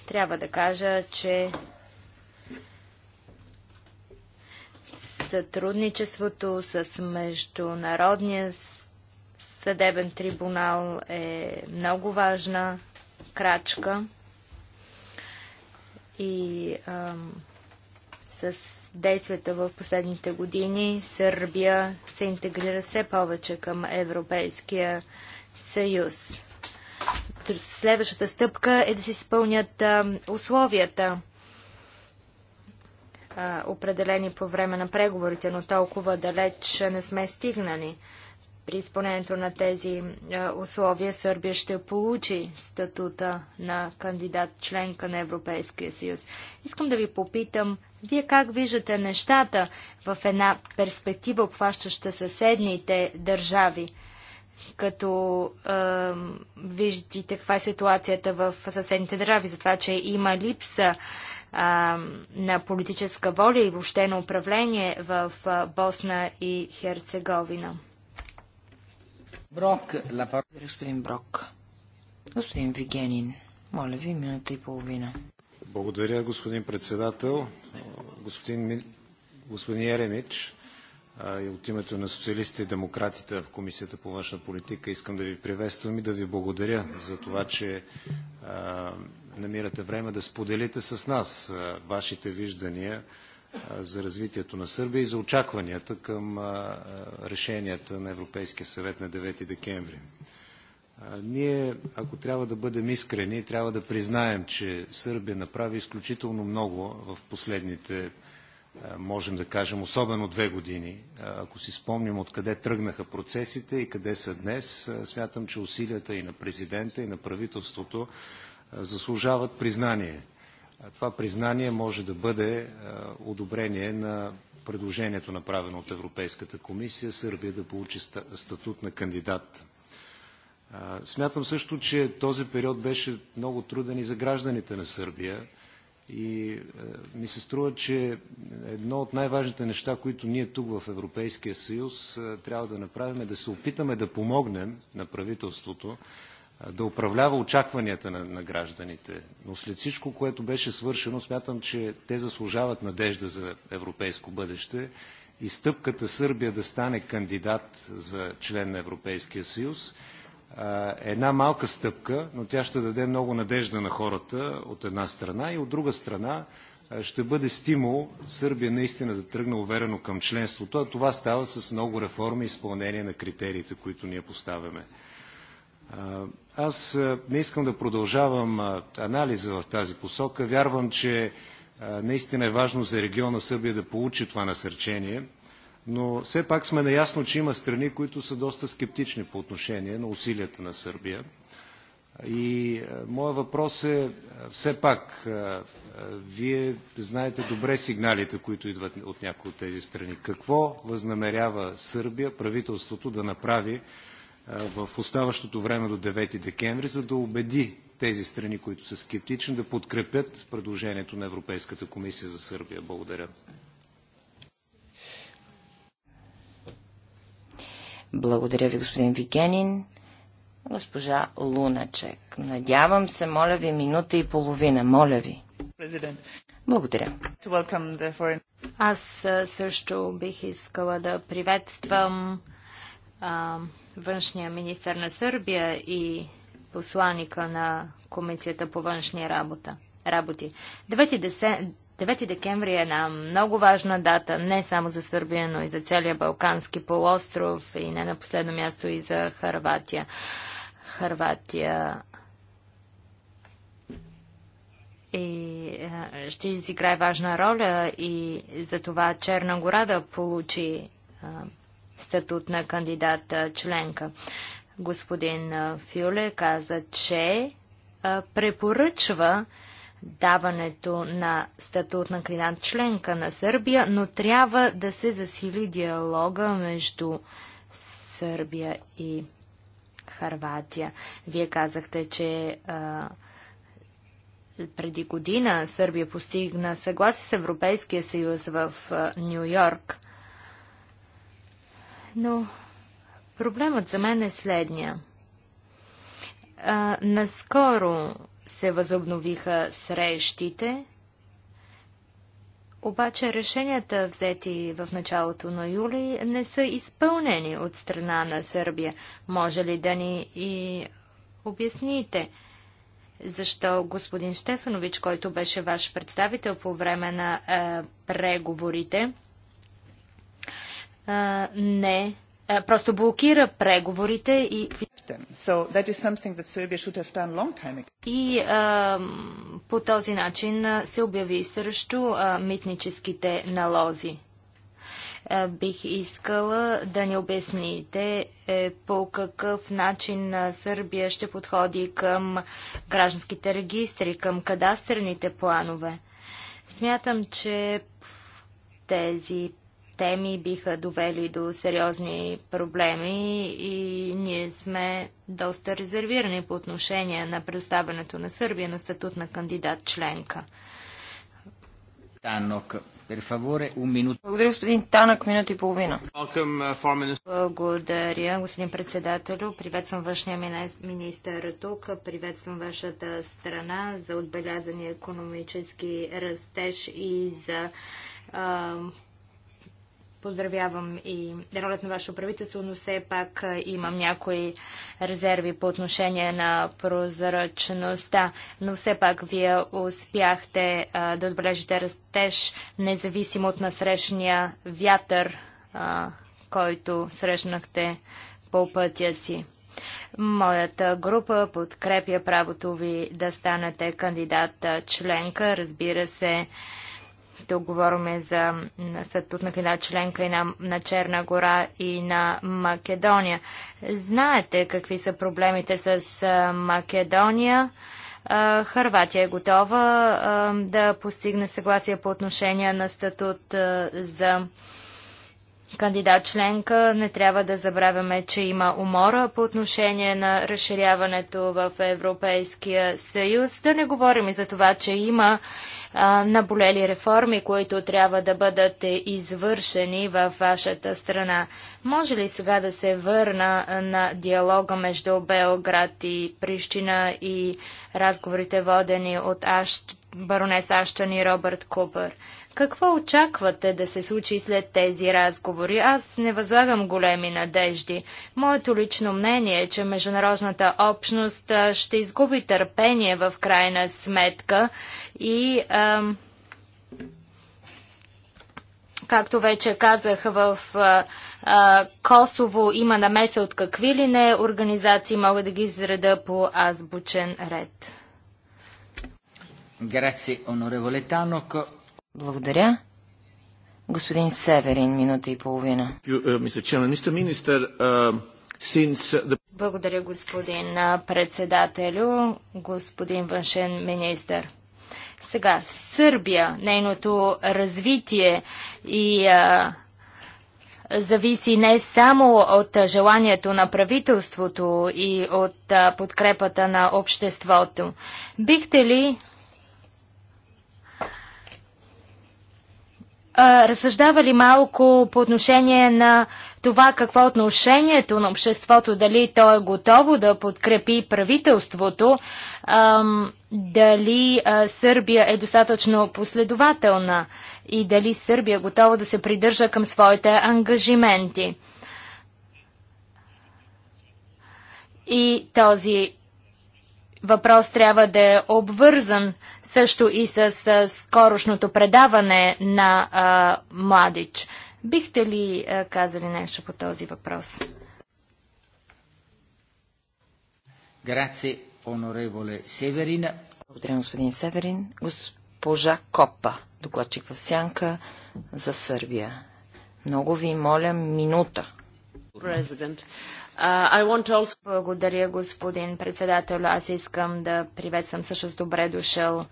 Трябва да кажа, че Сътрудничеството с Международния съдебен трибунал е много важна крачка и а, с действията в последните години Сърбия се интегрира все повече към Европейския съюз. Следващата стъпка е да се изпълнят а, условията определени по време на преговорите, но толкова далеч не сме стигнали. При изпълнението на тези условия Сърбия ще получи статута на кандидат членка на Европейския съюз. Искам да ви попитам, вие как виждате нещата в една перспектива, обхващаща съседните държави? като е, виждате каква е ситуацията в съседните държави, за това, че има липса е, на политическа воля и въобще на управление в Босна и Херцеговина. Брок, лапар... господин Брок. Господин Вигенин, моля ви, минута и половина. Благодаря, господин председател. Господин, господин Еремич, и от името на социалистите и демократите в Комисията по външна политика искам да ви приветствам и да ви благодаря за това, че намирате време да споделите с нас вашите виждания за развитието на Сърбия и за очакванията към решенията на Европейския съвет на 9 декември. Ние, ако трябва да бъдем искрени, трябва да признаем, че Сърбия направи изключително много в последните години е, можем да кажем, особено две години. Е, ако си спомним откъде тръгнаха процесите и къде са днес, е, смятам, че усилията и на президента, и на правителството заслужават признание. Това признание може да бъде одобрение на предложението, направено от Европейската комисия, Сърбия да получи статут на кандидат. Смятам също, че този период беше много труден и за гражданите на Сърбия и е, ми се струва, че едно от най-важните неща, които ние тук в Европейския съюз е, трябва да направим е да се опитаме да помогнем на правителството е, да управлява очакванията на, на гражданите. Но след всичко, което беше свършено, смятам, че те заслужават надежда за европейско бъдеще и стъпката Сърбия да стане кандидат за член на Европейския съюз – една малка стъпка, но тя ще даде много надежда на хората от една страна и от друга страна ще бъде стимул Сърбия наистина да тръгне уверено към членството, а това става с много реформи и изпълнение на критериите, които ние поставяме. Аз не искам да продължавам анализа в тази посока. Вярвам, че наистина е важно за региона Сърбия да получи това насърчение – но все пак сме наясно, че има страни, които са доста скептични по отношение на усилията на Сърбия. И е, моят въпрос е, е все пак, е, вие знаете добре сигналите, които идват от някои от тези страни. Какво възнамерява Сърбия, правителството да направи в оставащото време до 9 декември, за да убеди тези страни, които са скептични, да подкрепят предложението на Европейската комисия за Сърбия? Благодаря. Благодаря ви, господин Вигенин. Госпожа Луначек, надявам се, моля ви, минута и половина, моля ви. Благодаря. Аз също бих искала да приветствам а, външния министр на Сърбия и посланика на Комисията по външни работа, работи. 9 декември е една много важна дата, не само за Сърбия, но и за целия Балкански полуостров и не на последно място и за Харватия. Харватия и е, ще изиграе важна роля и за това Черна гора да получи е, статут на кандидата е, членка. Господин Фюле каза, че препоръчва даването на статут на кандидат членка на Сърбия, но трябва да се засили диалога между Сърбия и Харватия. Вие казахте, че а, преди година Сърбия постигна съгласие с Европейския съюз в Нью Йорк. Но проблемът за мен е следния. А, наскоро се възобновиха срещите. Обаче решенията, взети в началото на юли, не са изпълнени от страна на Сърбия. Може ли да ни и обясните? защо господин Штефанович, който беше ваш представител по време на е, преговорите, е, не е, просто блокира преговорите и... So и а, по този начин се обяви срещу а, митническите налози. А, е, бих искала да ни обясните е, по какъв начин Сърбия ще подходи към гражданските регистри, към кадастрените планове. Смятам, че тези теми биха довели до сериозни проблеми и ние сме доста резервирани по отношение на предоставянето на Сърбия на статут на кандидат членка. Танок, Благодаря, господин Танък, минута и половина. Uh, Благодаря, господин председателю. Приветствам външния министър тук. Приветствам вашата страна за отбелязани економически растеж и за поздравявам и ролята на вашето правителство, но все пак имам някои резерви по отношение на прозрачността. Но все пак вие успяхте а, да отбележите растеж, независимо от насрещния вятър, а, който срещнахте по пътя си. Моята група подкрепя правото ви да станете кандидат членка. Разбира се, тук говориме за статут на една членка и на, на Черна гора и на Македония. Знаете какви са проблемите с Македония. Харватия е готова да постигне съгласие по отношение на статут за кандидат членка. Не трябва да забравяме, че има умора по отношение на разширяването в Европейския съюз. Да не говорим и за това, че има наболели реформи, които трябва да бъдат извършени в вашата страна. Може ли сега да се върна на диалога между Белград и Прищина и разговорите водени от Ашт баронес Аштън и Робърт Купър. Какво очаквате да се случи след тези разговори? Аз не възлагам големи надежди. Моето лично мнение е, че международната общност ще изгуби търпение в крайна сметка и... Ам, както вече казах, в а, а, Косово има намеса от какви ли не организации, мога да ги изреда по азбучен ред онореволе Танок. Благодаря. Господин Северин, минута и половина. Министър, uh, uh, благодаря, господин председателю, господин външен министр. Сега, Сърбия, нейното развитие и а, зависи не само от желанието на правителството и от а, подкрепата на обществото. Бихте ли разсъждава ли малко по отношение на това какво е отношението на обществото, дали то е готово да подкрепи правителството, дали Сърбия е достатъчно последователна и дали Сърбия е готова да се придържа към своите ангажименти. И този въпрос трябва да е обвързан също и с скорошното предаване на а, Младич. Бихте ли а, казали нещо по този въпрос? онореволе Северин. Благодаря, господин Северин. Госпожа Копа, докладчик в Сянка за Сърбия. Много ви моля, минута. Президент. Uh, Благодаря, господин председател. Аз искам да приветствам също с добре дошъл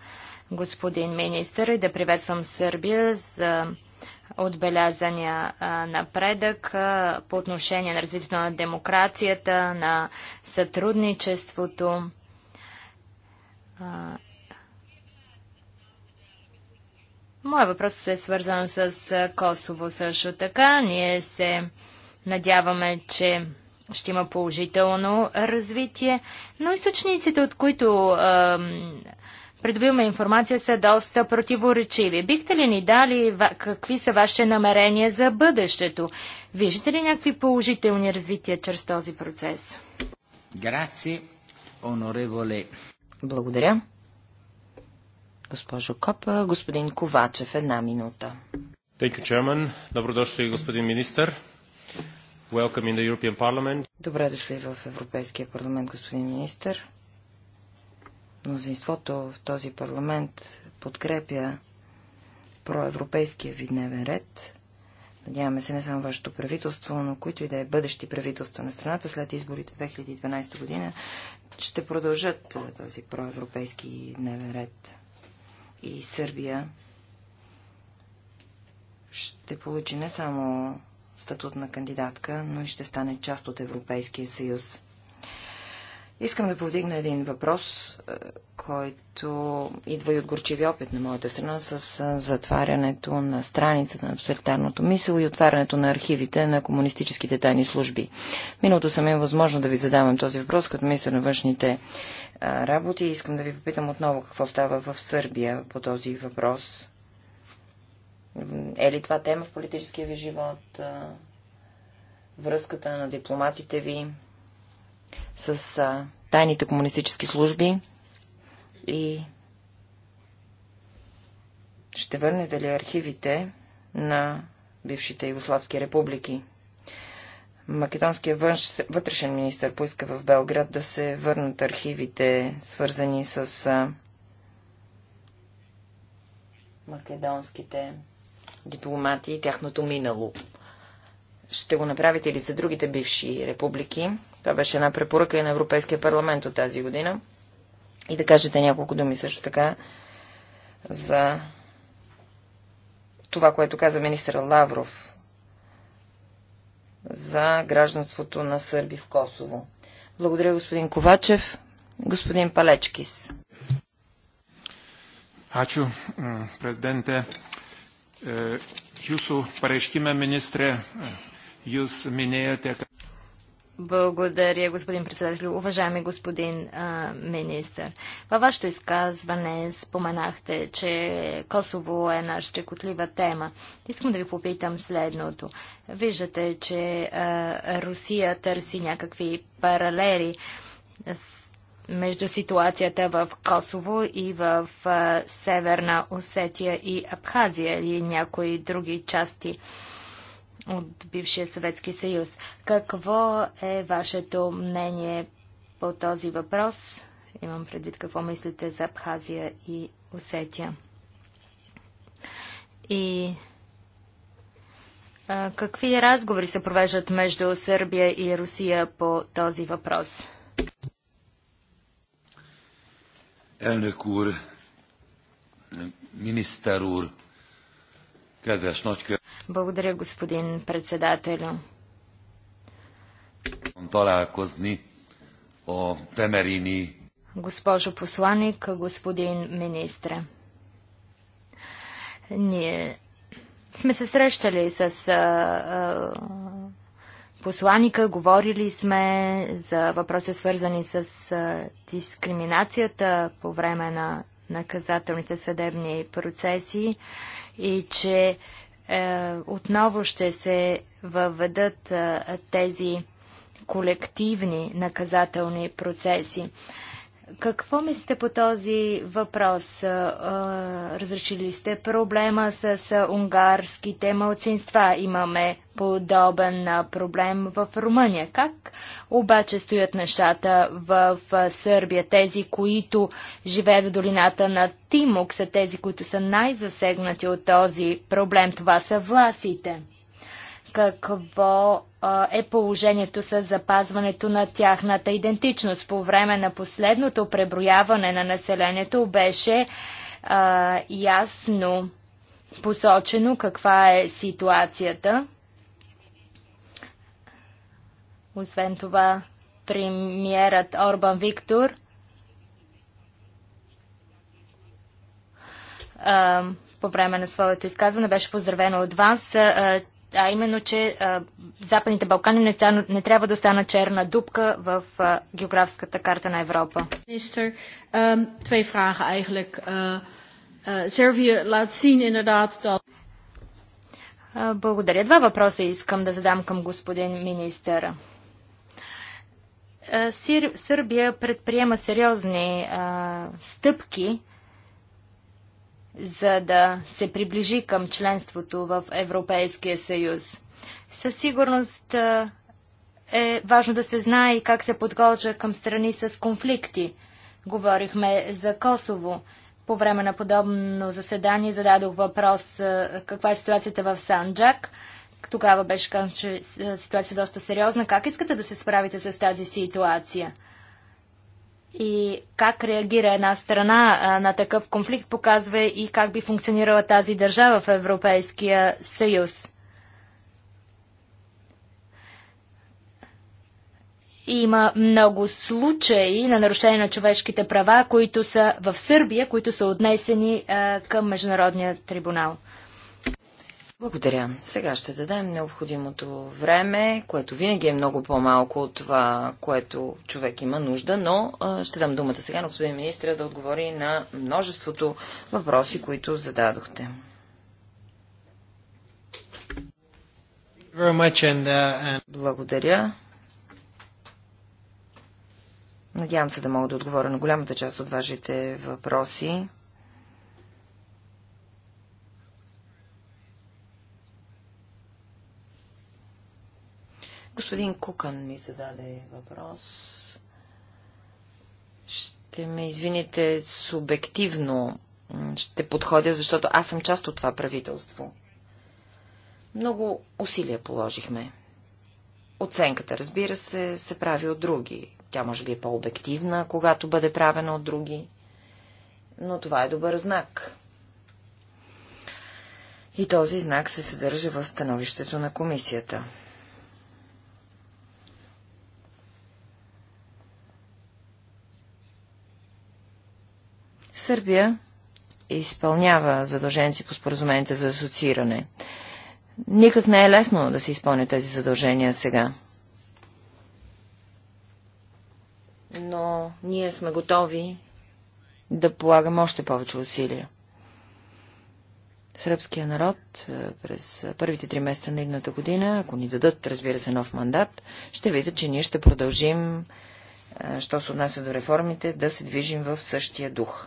господин министър и да приветствам Сърбия за отбелязания напредък по отношение на развитието на демокрацията, на сътрудничеството. Моя въпрос е свързан с Косово също така. Ние се надяваме, че ще има положително развитие, но източниците, от които а, придобиваме информация, са доста противоречиви. Бихте ли ни дали какви са вашите намерения за бъдещето? Виждате ли някакви положителни развития чрез този процес? Граци, онореволе. Благодаря. Госпожо Копа, господин Ковачев, една минута. Thank you, Chairman. Добро дошли, господин министър. Welcome in the European Parliament. Добре дошли в Европейския парламент, господин министр. Мнозинството в този парламент подкрепя проевропейския ви дневен ред. Надяваме се не само вашето правителство, но които и да е бъдещи правителства на страната след изборите 2012 година, ще продължат този проевропейски дневен ред. И Сърбия ще получи не само статут на кандидатка, но и ще стане част от Европейския съюз. Искам да повдигна един въпрос, е, който идва и от горчеви опит на моята страна с е, затварянето на страницата на тоталитарното мисъл и отварянето на архивите на комунистическите тайни служби. Миналото съм имал възможно да ви задавам този въпрос като министър на външните е, работи и искам да ви попитам отново какво става в Сърбия по този въпрос е ли това тема в политическия ви живот? Връзката на дипломатите ви с тайните комунистически служби? И ще върнете ли архивите на бившите югославски републики? Македонският вътрешен министр поиска в Белград да се върнат архивите, свързани с македонските дипломати и тяхното минало. Ще го направите ли за другите бивши републики? Това беше една препоръка и на Европейския парламент от тази година. И да кажете няколко думи също така за това, което каза министър Лавров за гражданството на сърби в Косово. Благодаря, господин Ковачев. Господин Палечкис. Ačiū, президенте, Jūsų pareiškime, Jūs minėjote, kad... Благодаря, господин председател. Уважаеми господин а, министр, във вашето изказване споменахте, че Косово е една щекотлива тема. Искам да ви попитам следното. Виждате, че а, Русия търси някакви паралели между ситуацията в Косово и в а, Северна Осетия и Абхазия или някои други части от бившия Съветски съюз. Какво е вашето мнение по този въпрос? Имам предвид какво мислите за Абхазия и Осетия. И а, какви разговори се провеждат между Сърбия и Русия по този въпрос? Elnök úr, министър ур, kedves nagykövet. Благодаря, господин председателю. Találkozni a Temerini. Госпожо посланик, господин министре. Ние сме се срещали с а, а, посланика, говорили сме за въпроси свързани с дискриминацията по време на наказателните съдебни процеси и че е, отново ще се въведат е, тези колективни наказателни процеси. Какво мислите по този въпрос? Разрешили сте проблема с унгарските малцинства? Имаме подобен проблем в Румъния. Как обаче стоят нещата в Сърбия? Тези, които живеят в долината на Тимок, са тези, които са най-засегнати от този проблем. Това са власите. Какво е положението с запазването на тяхната идентичност. По време на последното преброяване на населението беше а, ясно посочено каква е ситуацията. Освен това, премиерът Орбан Виктор а, по време на своето изказване беше поздравено от вас, а, а именно, че а, Западните Балкани не, ця, не трябва да стана черна дупка в а, географската карта на Европа. Министър, две vragen eigenlijk. Uh, uh, Servië laat zien inderdaad dat... Благодаря. Два въпроса искам да задам към господин министъра. Сърбия предприема сериозни а, стъпки за да се приближи към членството в Европейския съюз. Със сигурност е важно да се знае и как се подготвя към страни с конфликти. Говорихме за Косово. По време на подобно заседание зададох въпрос каква е ситуацията в Санджак. Тогава беше казано, че ситуация е доста сериозна. Как искате да се справите с тази ситуация? И как реагира една страна на такъв конфликт показва и как би функционирала тази държава в Европейския съюз. Има много случаи на нарушение на човешките права, които са в Сърбия, които са отнесени към Международния трибунал. Благодаря. Сега ще дадем необходимото време, което винаги е много по-малко от това, което човек има нужда, но ще дам думата сега на господин министра да отговори на множеството въпроси, които зададохте. Uh, Благодаря. Надявам се да мога да отговоря на голямата част от вашите въпроси. Господин Кукан ми зададе въпрос. Ще ме извините субективно. Ще подходя, защото аз съм част от това правителство. Много усилия положихме. Оценката, разбира се, се прави от други. Тя може би е по-обективна, когато бъде правена от други. Но това е добър знак. И този знак се съдържа в становището на комисията. Сърбия изпълнява задълженията си по споразумените за асоцииране. Никак не е лесно да се изпълня тези задължения сега. Но ние сме готови да полагаме още повече усилия. Сръбския народ е, през първите три месеца на едната година, ако ни дадат, разбира се, нов мандат, ще видят, че ние ще продължим, е, що се отнася до реформите, да се движим в същия дух.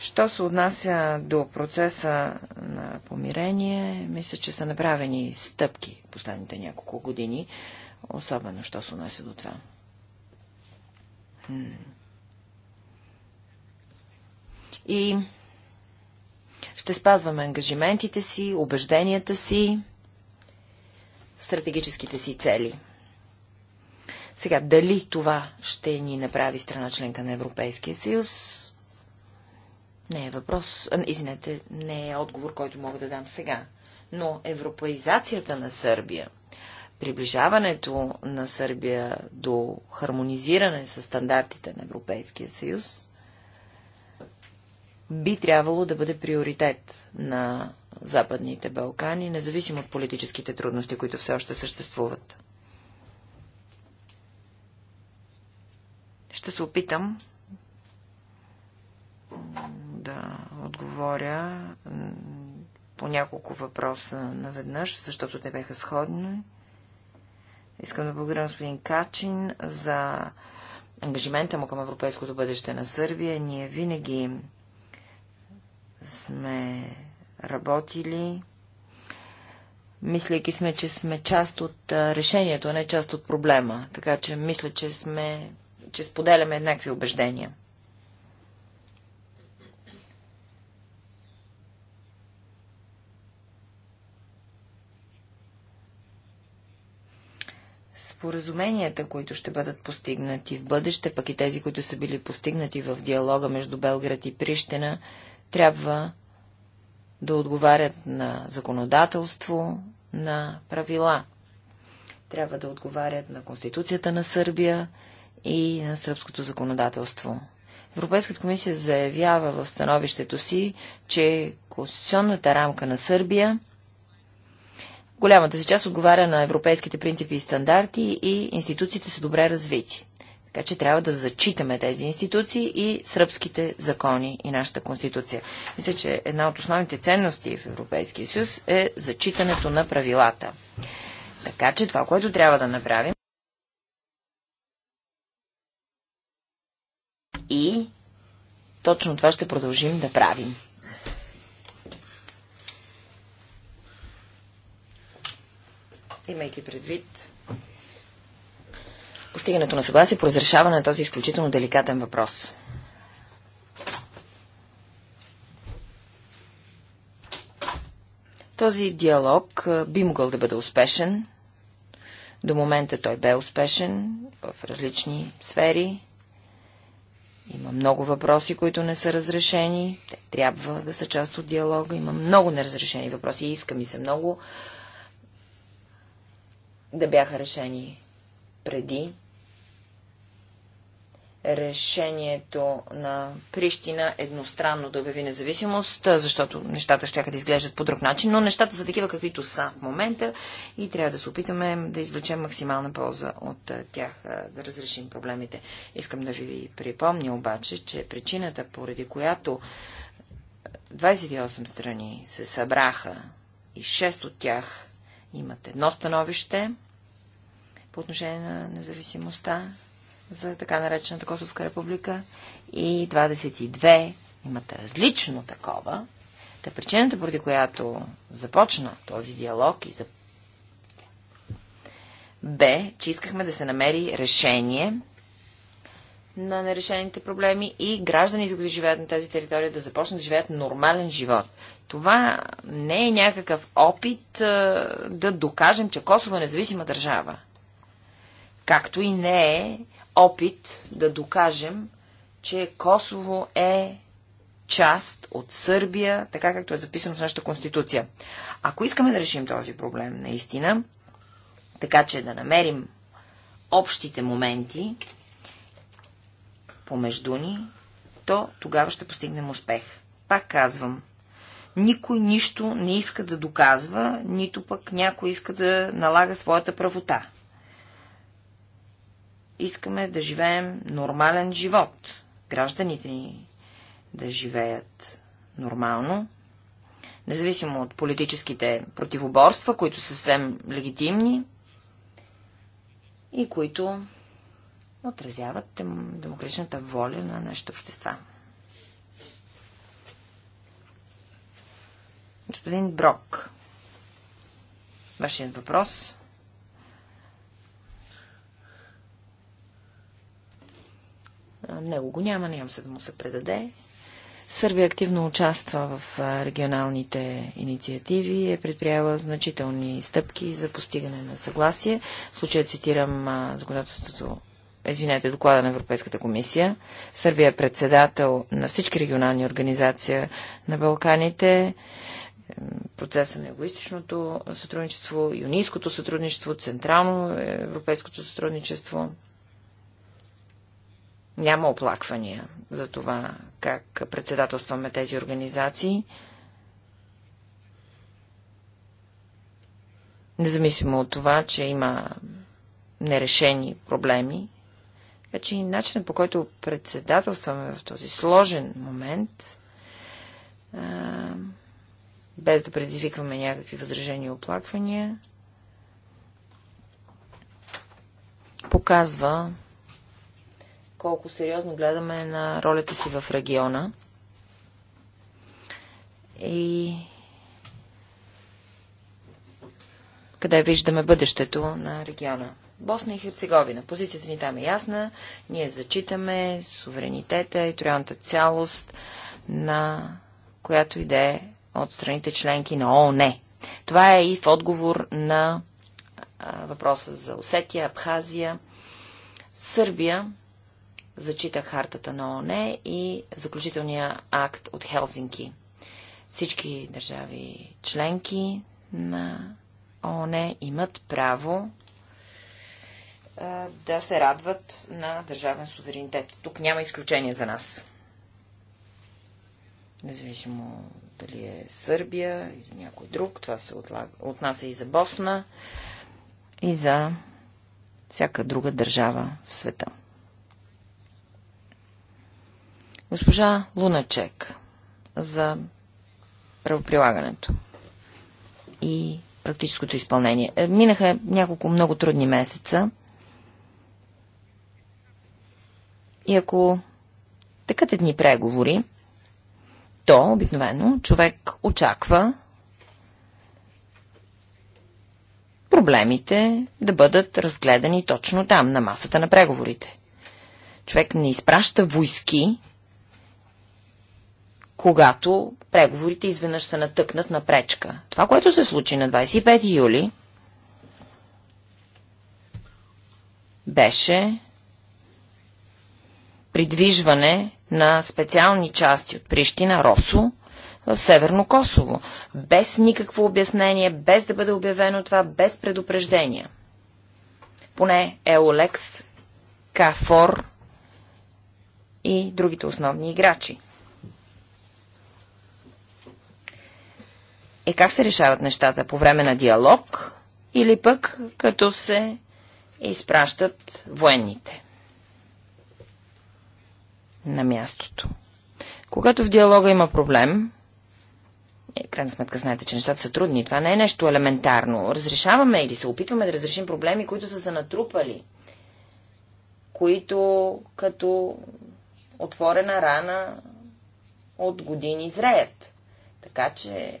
Що се отнася до процеса на помирение, мисля, че са направени стъпки последните няколко години, особено що се отнася до това. И ще спазваме ангажиментите си, убежденията си, стратегическите си цели. Сега, дали това ще ни направи страна членка на Европейския съюз, не е въпрос, извинете, не е отговор, който мога да дам сега. Но европеизацията на Сърбия, приближаването на Сърбия до хармонизиране с стандартите на Европейския съюз, би трябвало да бъде приоритет на Западните Балкани, независимо от политическите трудности, които все още съществуват. Ще се опитам да отговоря по няколко въпроса наведнъж, защото те бяха сходни. Искам да благодаря господин Качин за ангажимента му към европейското бъдеще на Сърбия. Ние винаги сме работили, мислейки сме, че сме част от решението, а не част от проблема. Така че мисля, че сме, че споделяме еднакви убеждения. споразуменията, които ще бъдат постигнати в бъдеще, пък и тези, които са били постигнати в диалога между Белград и Прищина, трябва да отговарят на законодателство, на правила. Трябва да отговарят на Конституцията на Сърбия и на сръбското законодателство. Европейската комисия заявява в становището си, че конституционната рамка на Сърбия – голямата си част отговаря на европейските принципи и стандарти и институциите са добре развити. Така че трябва да зачитаме тези институции и сръбските закони и нашата конституция. Мисля, че една от основните ценности в Европейския съюз е зачитането на правилата. Така че това, което трябва да направим и точно това ще продължим да правим. имайки предвид постигането на съгласие по разрешаване на този изключително деликатен въпрос. Този диалог би могъл да бъде успешен. До момента той бе успешен в различни сфери. Има много въпроси, които не са разрешени. Те трябва да са част от диалога. Има много неразрешени въпроси. Иска ми се много да бяха решени преди решението на Прищина едностранно да обяви независимост, защото нещата ще да изглеждат по друг начин, но нещата са такива каквито са в момента и трябва да се опитаме да извлечем максимална полза от тях, да разрешим проблемите. Искам да ви припомня обаче, че причината, поради която 28 страни се събраха и 6 от тях имат едно становище по отношение на независимостта за така наречената Косовска република и 22 имат различно такова. Та причината, поради която започна този диалог и за... Б, че искахме да се намери решение на нерешените проблеми и гражданите, които живеят на тази територия, да започнат да живеят нормален живот. Това не е някакъв опит а, да докажем, че Косово е независима държава. Както и не е опит да докажем, че Косово е част от Сърбия, така както е записано в нашата конституция. Ако искаме да решим този проблем наистина, така че да намерим общите моменти помежду ни, то тогава ще постигнем успех. Пак казвам, никой нищо не иска да доказва, нито пък някой иска да налага своята правота. Искаме да живеем нормален живот. Гражданите ни да живеят нормално, независимо от политическите противоборства, които са съвсем легитимни и които отразяват демократичната воля на нашите общества. Господин Брок, вашият въпрос. Него го няма, нямам се да му се предаде. Сърбия активно участва в регионалните инициативи и е предприява значителни стъпки за постигане на съгласие. В случая цитирам законодателството извинете, доклада на Европейската комисия. Сърбия е председател на всички регионални организации на Балканите процеса на егоистичното сътрудничество, юнийското сътрудничество, централно европейското сътрудничество. Няма оплаквания за това как председателстваме тези организации. Независимо от това, че има нерешени проблеми, така че начинът по който председателстваме в този сложен момент без да предизвикваме някакви възражения и оплаквания, показва колко сериозно гледаме на ролята си в региона и къде виждаме бъдещето на региона. Босна и Херцеговина. Позицията ни там е ясна. Ние зачитаме суверенитета и троянната цялост на която и да е от страните членки на ООН. Това е и в отговор на въпроса за Осетия, Абхазия. Сърбия зачита хартата на ООН и заключителния акт от Хелзинки. Всички държави членки на ООН имат право да се радват на държавен суверенитет. Тук няма изключение за нас. Независимо дали е Сърбия или някой друг. Това се отлага, отнася и за Босна, и за всяка друга държава в света. Госпожа Луначек за правоприлагането и практическото изпълнение. Е, минаха няколко много трудни месеца. И ако такът едни преговори, то обикновено човек очаква проблемите да бъдат разгледани точно там, на масата на преговорите. Човек не изпраща войски, когато преговорите изведнъж се натъкнат на пречка. Това, което се случи на 25 юли, беше придвижване на специални части от Прищина, Росо, в Северно Косово, без никакво обяснение, без да бъде обявено това, без предупреждения. Поне Еолекс, Кафор и другите основни играчи. Е как се решават нещата? По време на диалог или пък като се изпращат военните? на мястото. Когато в диалога има проблем, е, крайна сметка знаете, че нещата са трудни. Това не е нещо елементарно. Разрешаваме или се опитваме да разрешим проблеми, които са се натрупали, които като отворена рана от години зреят. Така че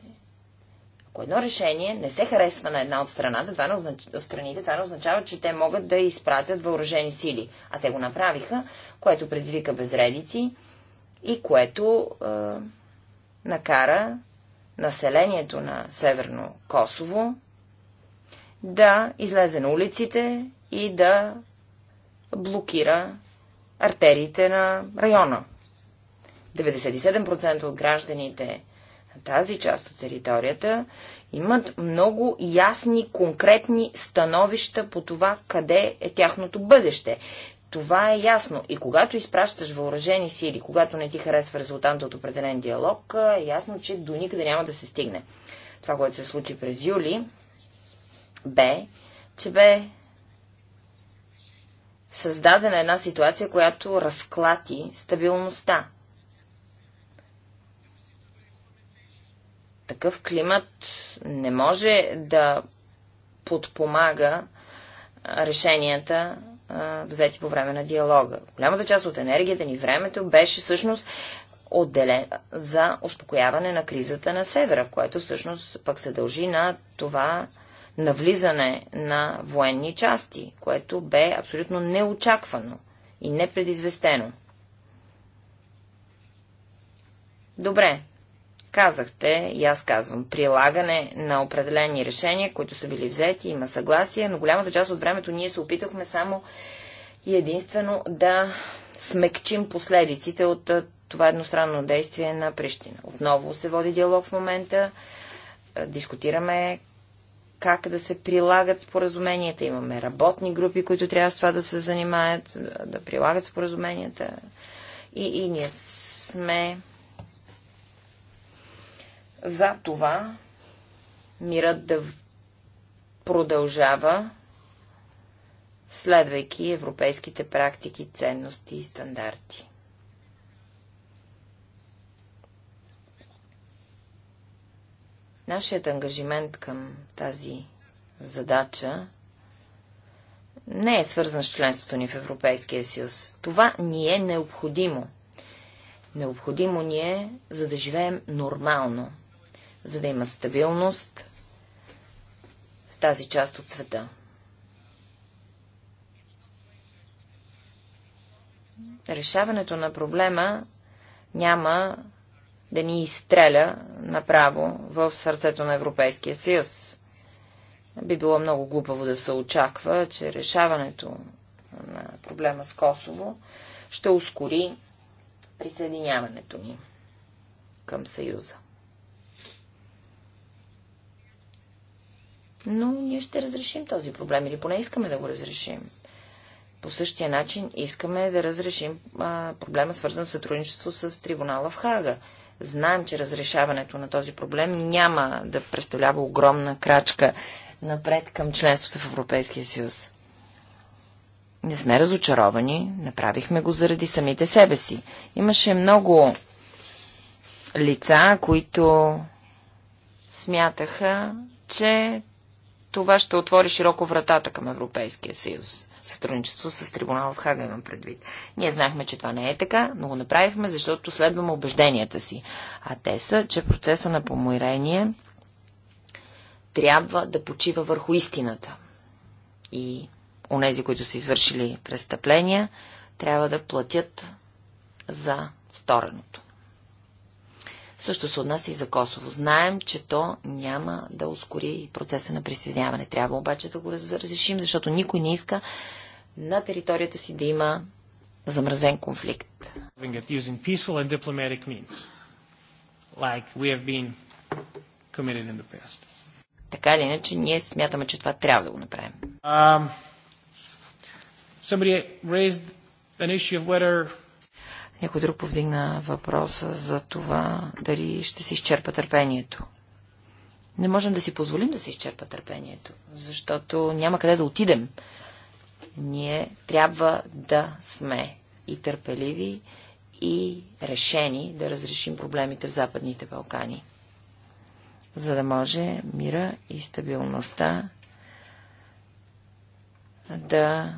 ако едно решение не се харесва на една от страната, това не означ... страните, това не означава, че те могат да изпратят въоръжени сили. А те го направиха, което предизвика безредици и което е, накара населението на Северно Косово да излезе на улиците и да блокира артериите на района. 97% от гражданите на тази част от територията, имат много ясни, конкретни становища по това къде е тяхното бъдеще. Това е ясно. И когато изпращаш въоръжени сили, когато не ти харесва резултанта от определен диалог, е ясно, че до никъде няма да се стигне. Това, което се случи през юли, бе, че бе създадена една ситуация, която разклати стабилността. Такъв климат не може да подпомага решенията взети по време на диалога. Голямата част от енергията ни, времето беше всъщност отделен за успокояване на кризата на севера, което всъщност пък се дължи на това навлизане на военни части, което бе абсолютно неочаквано и непредизвестено. Добре, Казахте, и аз казвам, прилагане на определени решения, които са били взети, има съгласие, но голямата част от времето ние се опитахме само и единствено да смекчим последиците от това едностранно действие на Прищина. Отново се води диалог в момента, дискутираме как да се прилагат споразуменията. Имаме работни групи, които трябва с това да се занимаят, да прилагат споразуменията. И, и ние сме за това мирът да продължава, следвайки европейските практики, ценности и стандарти. Нашият ангажимент към тази задача не е свързан с членството ни в Европейския съюз. Това ни е необходимо. Необходимо ни е, за да живеем нормално, за да има стабилност в тази част от света. Решаването на проблема няма да ни изстреля направо в сърцето на Европейския съюз. Би било много глупаво да се очаква, че решаването на проблема с Косово ще ускори присъединяването ни към Съюза. но ние ще разрешим този проблем или поне искаме да го разрешим. По същия начин искаме да разрешим а, проблема, свързан с сътрудничество с трибунала в Хага. Знаем, че разрешаването на този проблем няма да представлява огромна крачка напред към членството в Европейския съюз. Не сме разочаровани, направихме го заради самите себе си. Имаше много лица, които смятаха, че това ще отвори широко вратата към Европейския съюз. Сътрудничество с трибунала в Хага имам предвид. Ние знахме, че това не е така, но го направихме, защото следваме убежденията си. А те са, че процеса на помирение трябва да почива върху истината. И онези, които са извършили престъпления, трябва да платят за стореното. Също се отнася и за Косово. Знаем, че то няма да ускори процеса на присъединяване. Трябва обаче да го разрешим, защото никой не иска на територията си да има замразен конфликт. Така или иначе, ние смятаме, че това трябва да го направим. Um, някой друг повдигна въпроса за това, дали ще се изчерпа търпението. Не можем да си позволим да се изчерпа търпението, защото няма къде да отидем. Ние трябва да сме и търпеливи, и решени да разрешим проблемите в Западните Балкани, за да може мира и стабилността да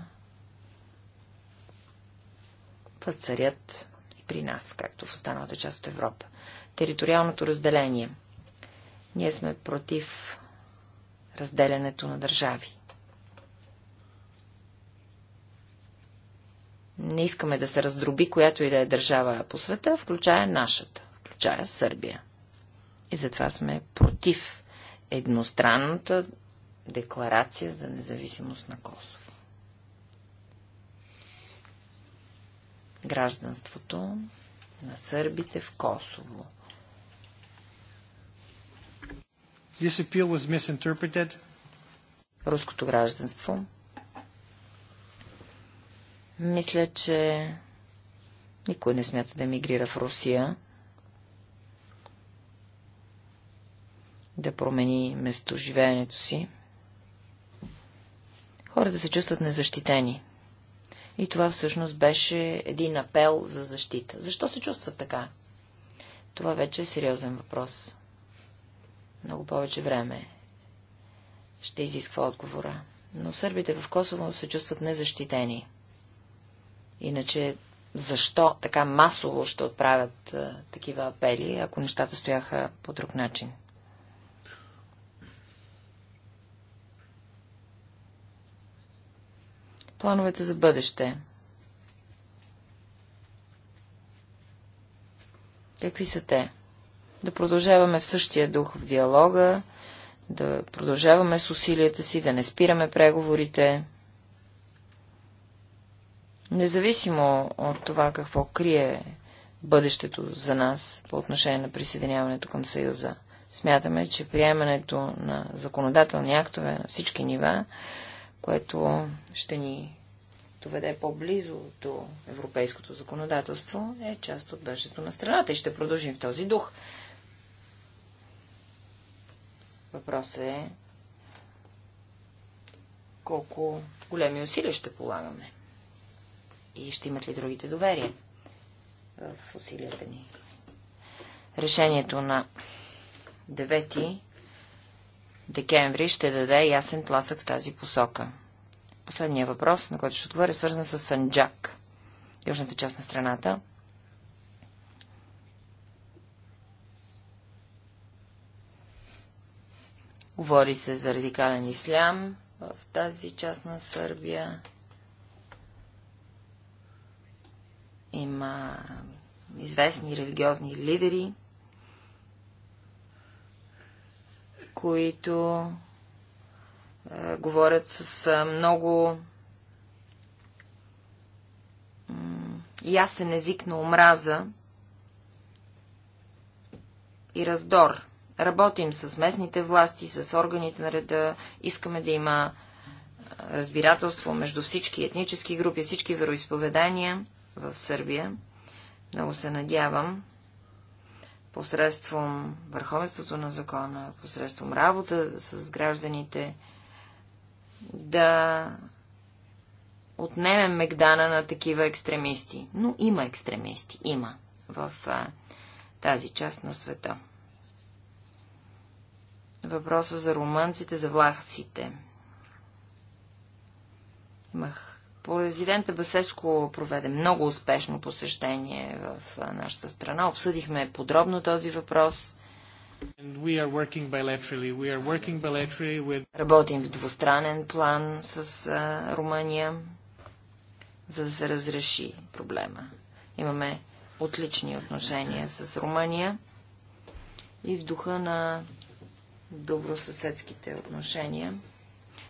възцарят при нас, както в останалата част от Европа. Териториалното разделение. Ние сме против разделянето на държави. Не искаме да се раздроби която и да е държава по света, включая нашата, включая Сърбия. И затова сме против едностранната декларация за независимост на Косово. гражданството на сърбите в Косово. This appeal was misinterpreted. Руското гражданство. Мисля, че никой не смята да мигрира в Русия, да промени местоживеенето си. Хората се чувстват незащитени. И това всъщност беше един апел за защита. Защо се чувстват така? Това вече е сериозен въпрос. Много повече време ще изисква отговора. Но сърбите в Косово се чувстват незащитени. Иначе защо така масово ще отправят а, такива апели, ако нещата стояха по друг начин? плановете за бъдеще. Какви са те? Да продължаваме в същия дух в диалога, да продължаваме с усилията си, да не спираме преговорите. Независимо от това какво крие бъдещето за нас по отношение на присъединяването към Съюза. Смятаме, че приемането на законодателни актове на всички нива което ще ни доведе по-близо до европейското законодателство, е част от бъдещето на страната и ще продължим в този дух. Въпросът е колко големи усилия ще полагаме и ще имат ли другите доверие в усилията ни. Решението на девети декември ще даде ясен тласък в тази посока. Последният въпрос, на който ще отговоря, е свързан с Санджак, южната част на страната. Говори се за радикален ислям в тази част на Сърбия. Има известни религиозни лидери, които е, говорят с е, много ясен език на омраза и раздор. Работим с местните власти, с органите на реда, искаме да има разбирателство между всички етнически групи, всички вероисповедания в Сърбия. Много се надявам посредством върховенството на закона, посредством работа с гражданите, да отнемем Мегдана на такива екстремисти. Но има екстремисти, има в а, тази част на света. Въпроса за румънците, за влахсите. Имах Президента Басеско проведе много успешно посещение в нашата страна. Обсъдихме подробно този въпрос. Работим в двустранен план с Румъния, за да се разреши проблема. Имаме отлични отношения с Румъния и в духа на добросъседските отношения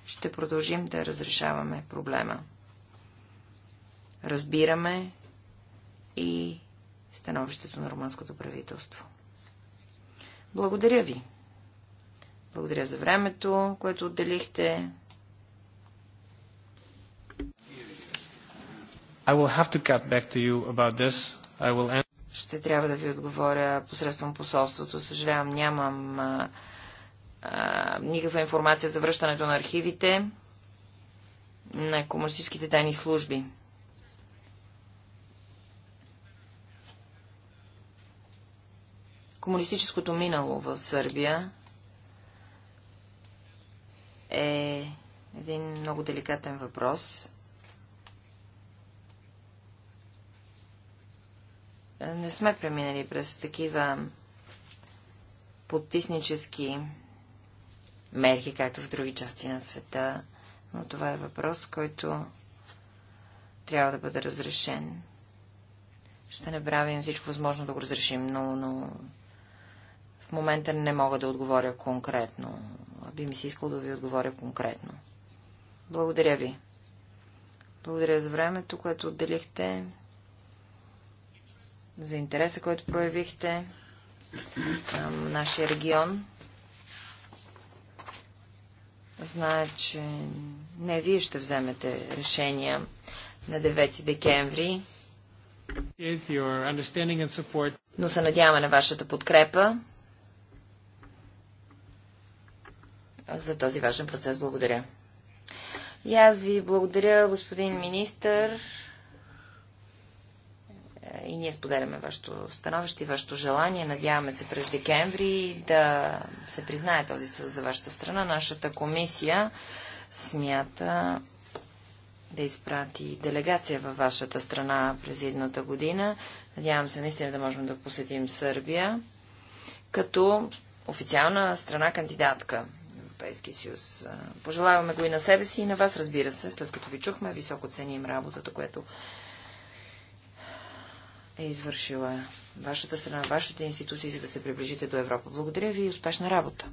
ще продължим да разрешаваме проблема разбираме и становището на румънското правителство. Благодаря ви. Благодаря за времето, което отделихте. I will have to cut back to you about this. I will end... Ще трябва да ви отговоря посредством посолството. Съжалявам, нямам а, а, никаква информация за връщането на архивите на комунистическите тайни служби. комунистическото минало в Сърбия е един много деликатен въпрос. Не сме преминали през такива потиснически мерки, както в други части на света, но това е въпрос, който трябва да бъде разрешен. Ще направим всичко възможно да го разрешим, но, но в момента не мога да отговоря конкретно. Би ми се искал да ви отговоря конкретно. Благодаря ви. Благодаря за времето, което отделихте, за интереса, който проявихте към нашия регион. Знае, че не вие ще вземете решения на 9 декември. Но се надяваме на вашата подкрепа. за този важен процес. Благодаря. И аз ви благодаря, господин министър. Е, и ние споделяме вашето становище и вашето желание. Надяваме се през декември да се признае този съд за вашата страна. Нашата комисия смята да изпрати делегация във вашата страна през едната година. Надявам се наистина да можем да посетим Сърбия като официална страна кандидатка. Европейския съюз. Пожелаваме го и на себе си, и на вас, разбира се, след като ви чухме, високо ценим работата, която е извършила вашата страна, вашите институции, за да се приближите до Европа. Благодаря ви и успешна работа!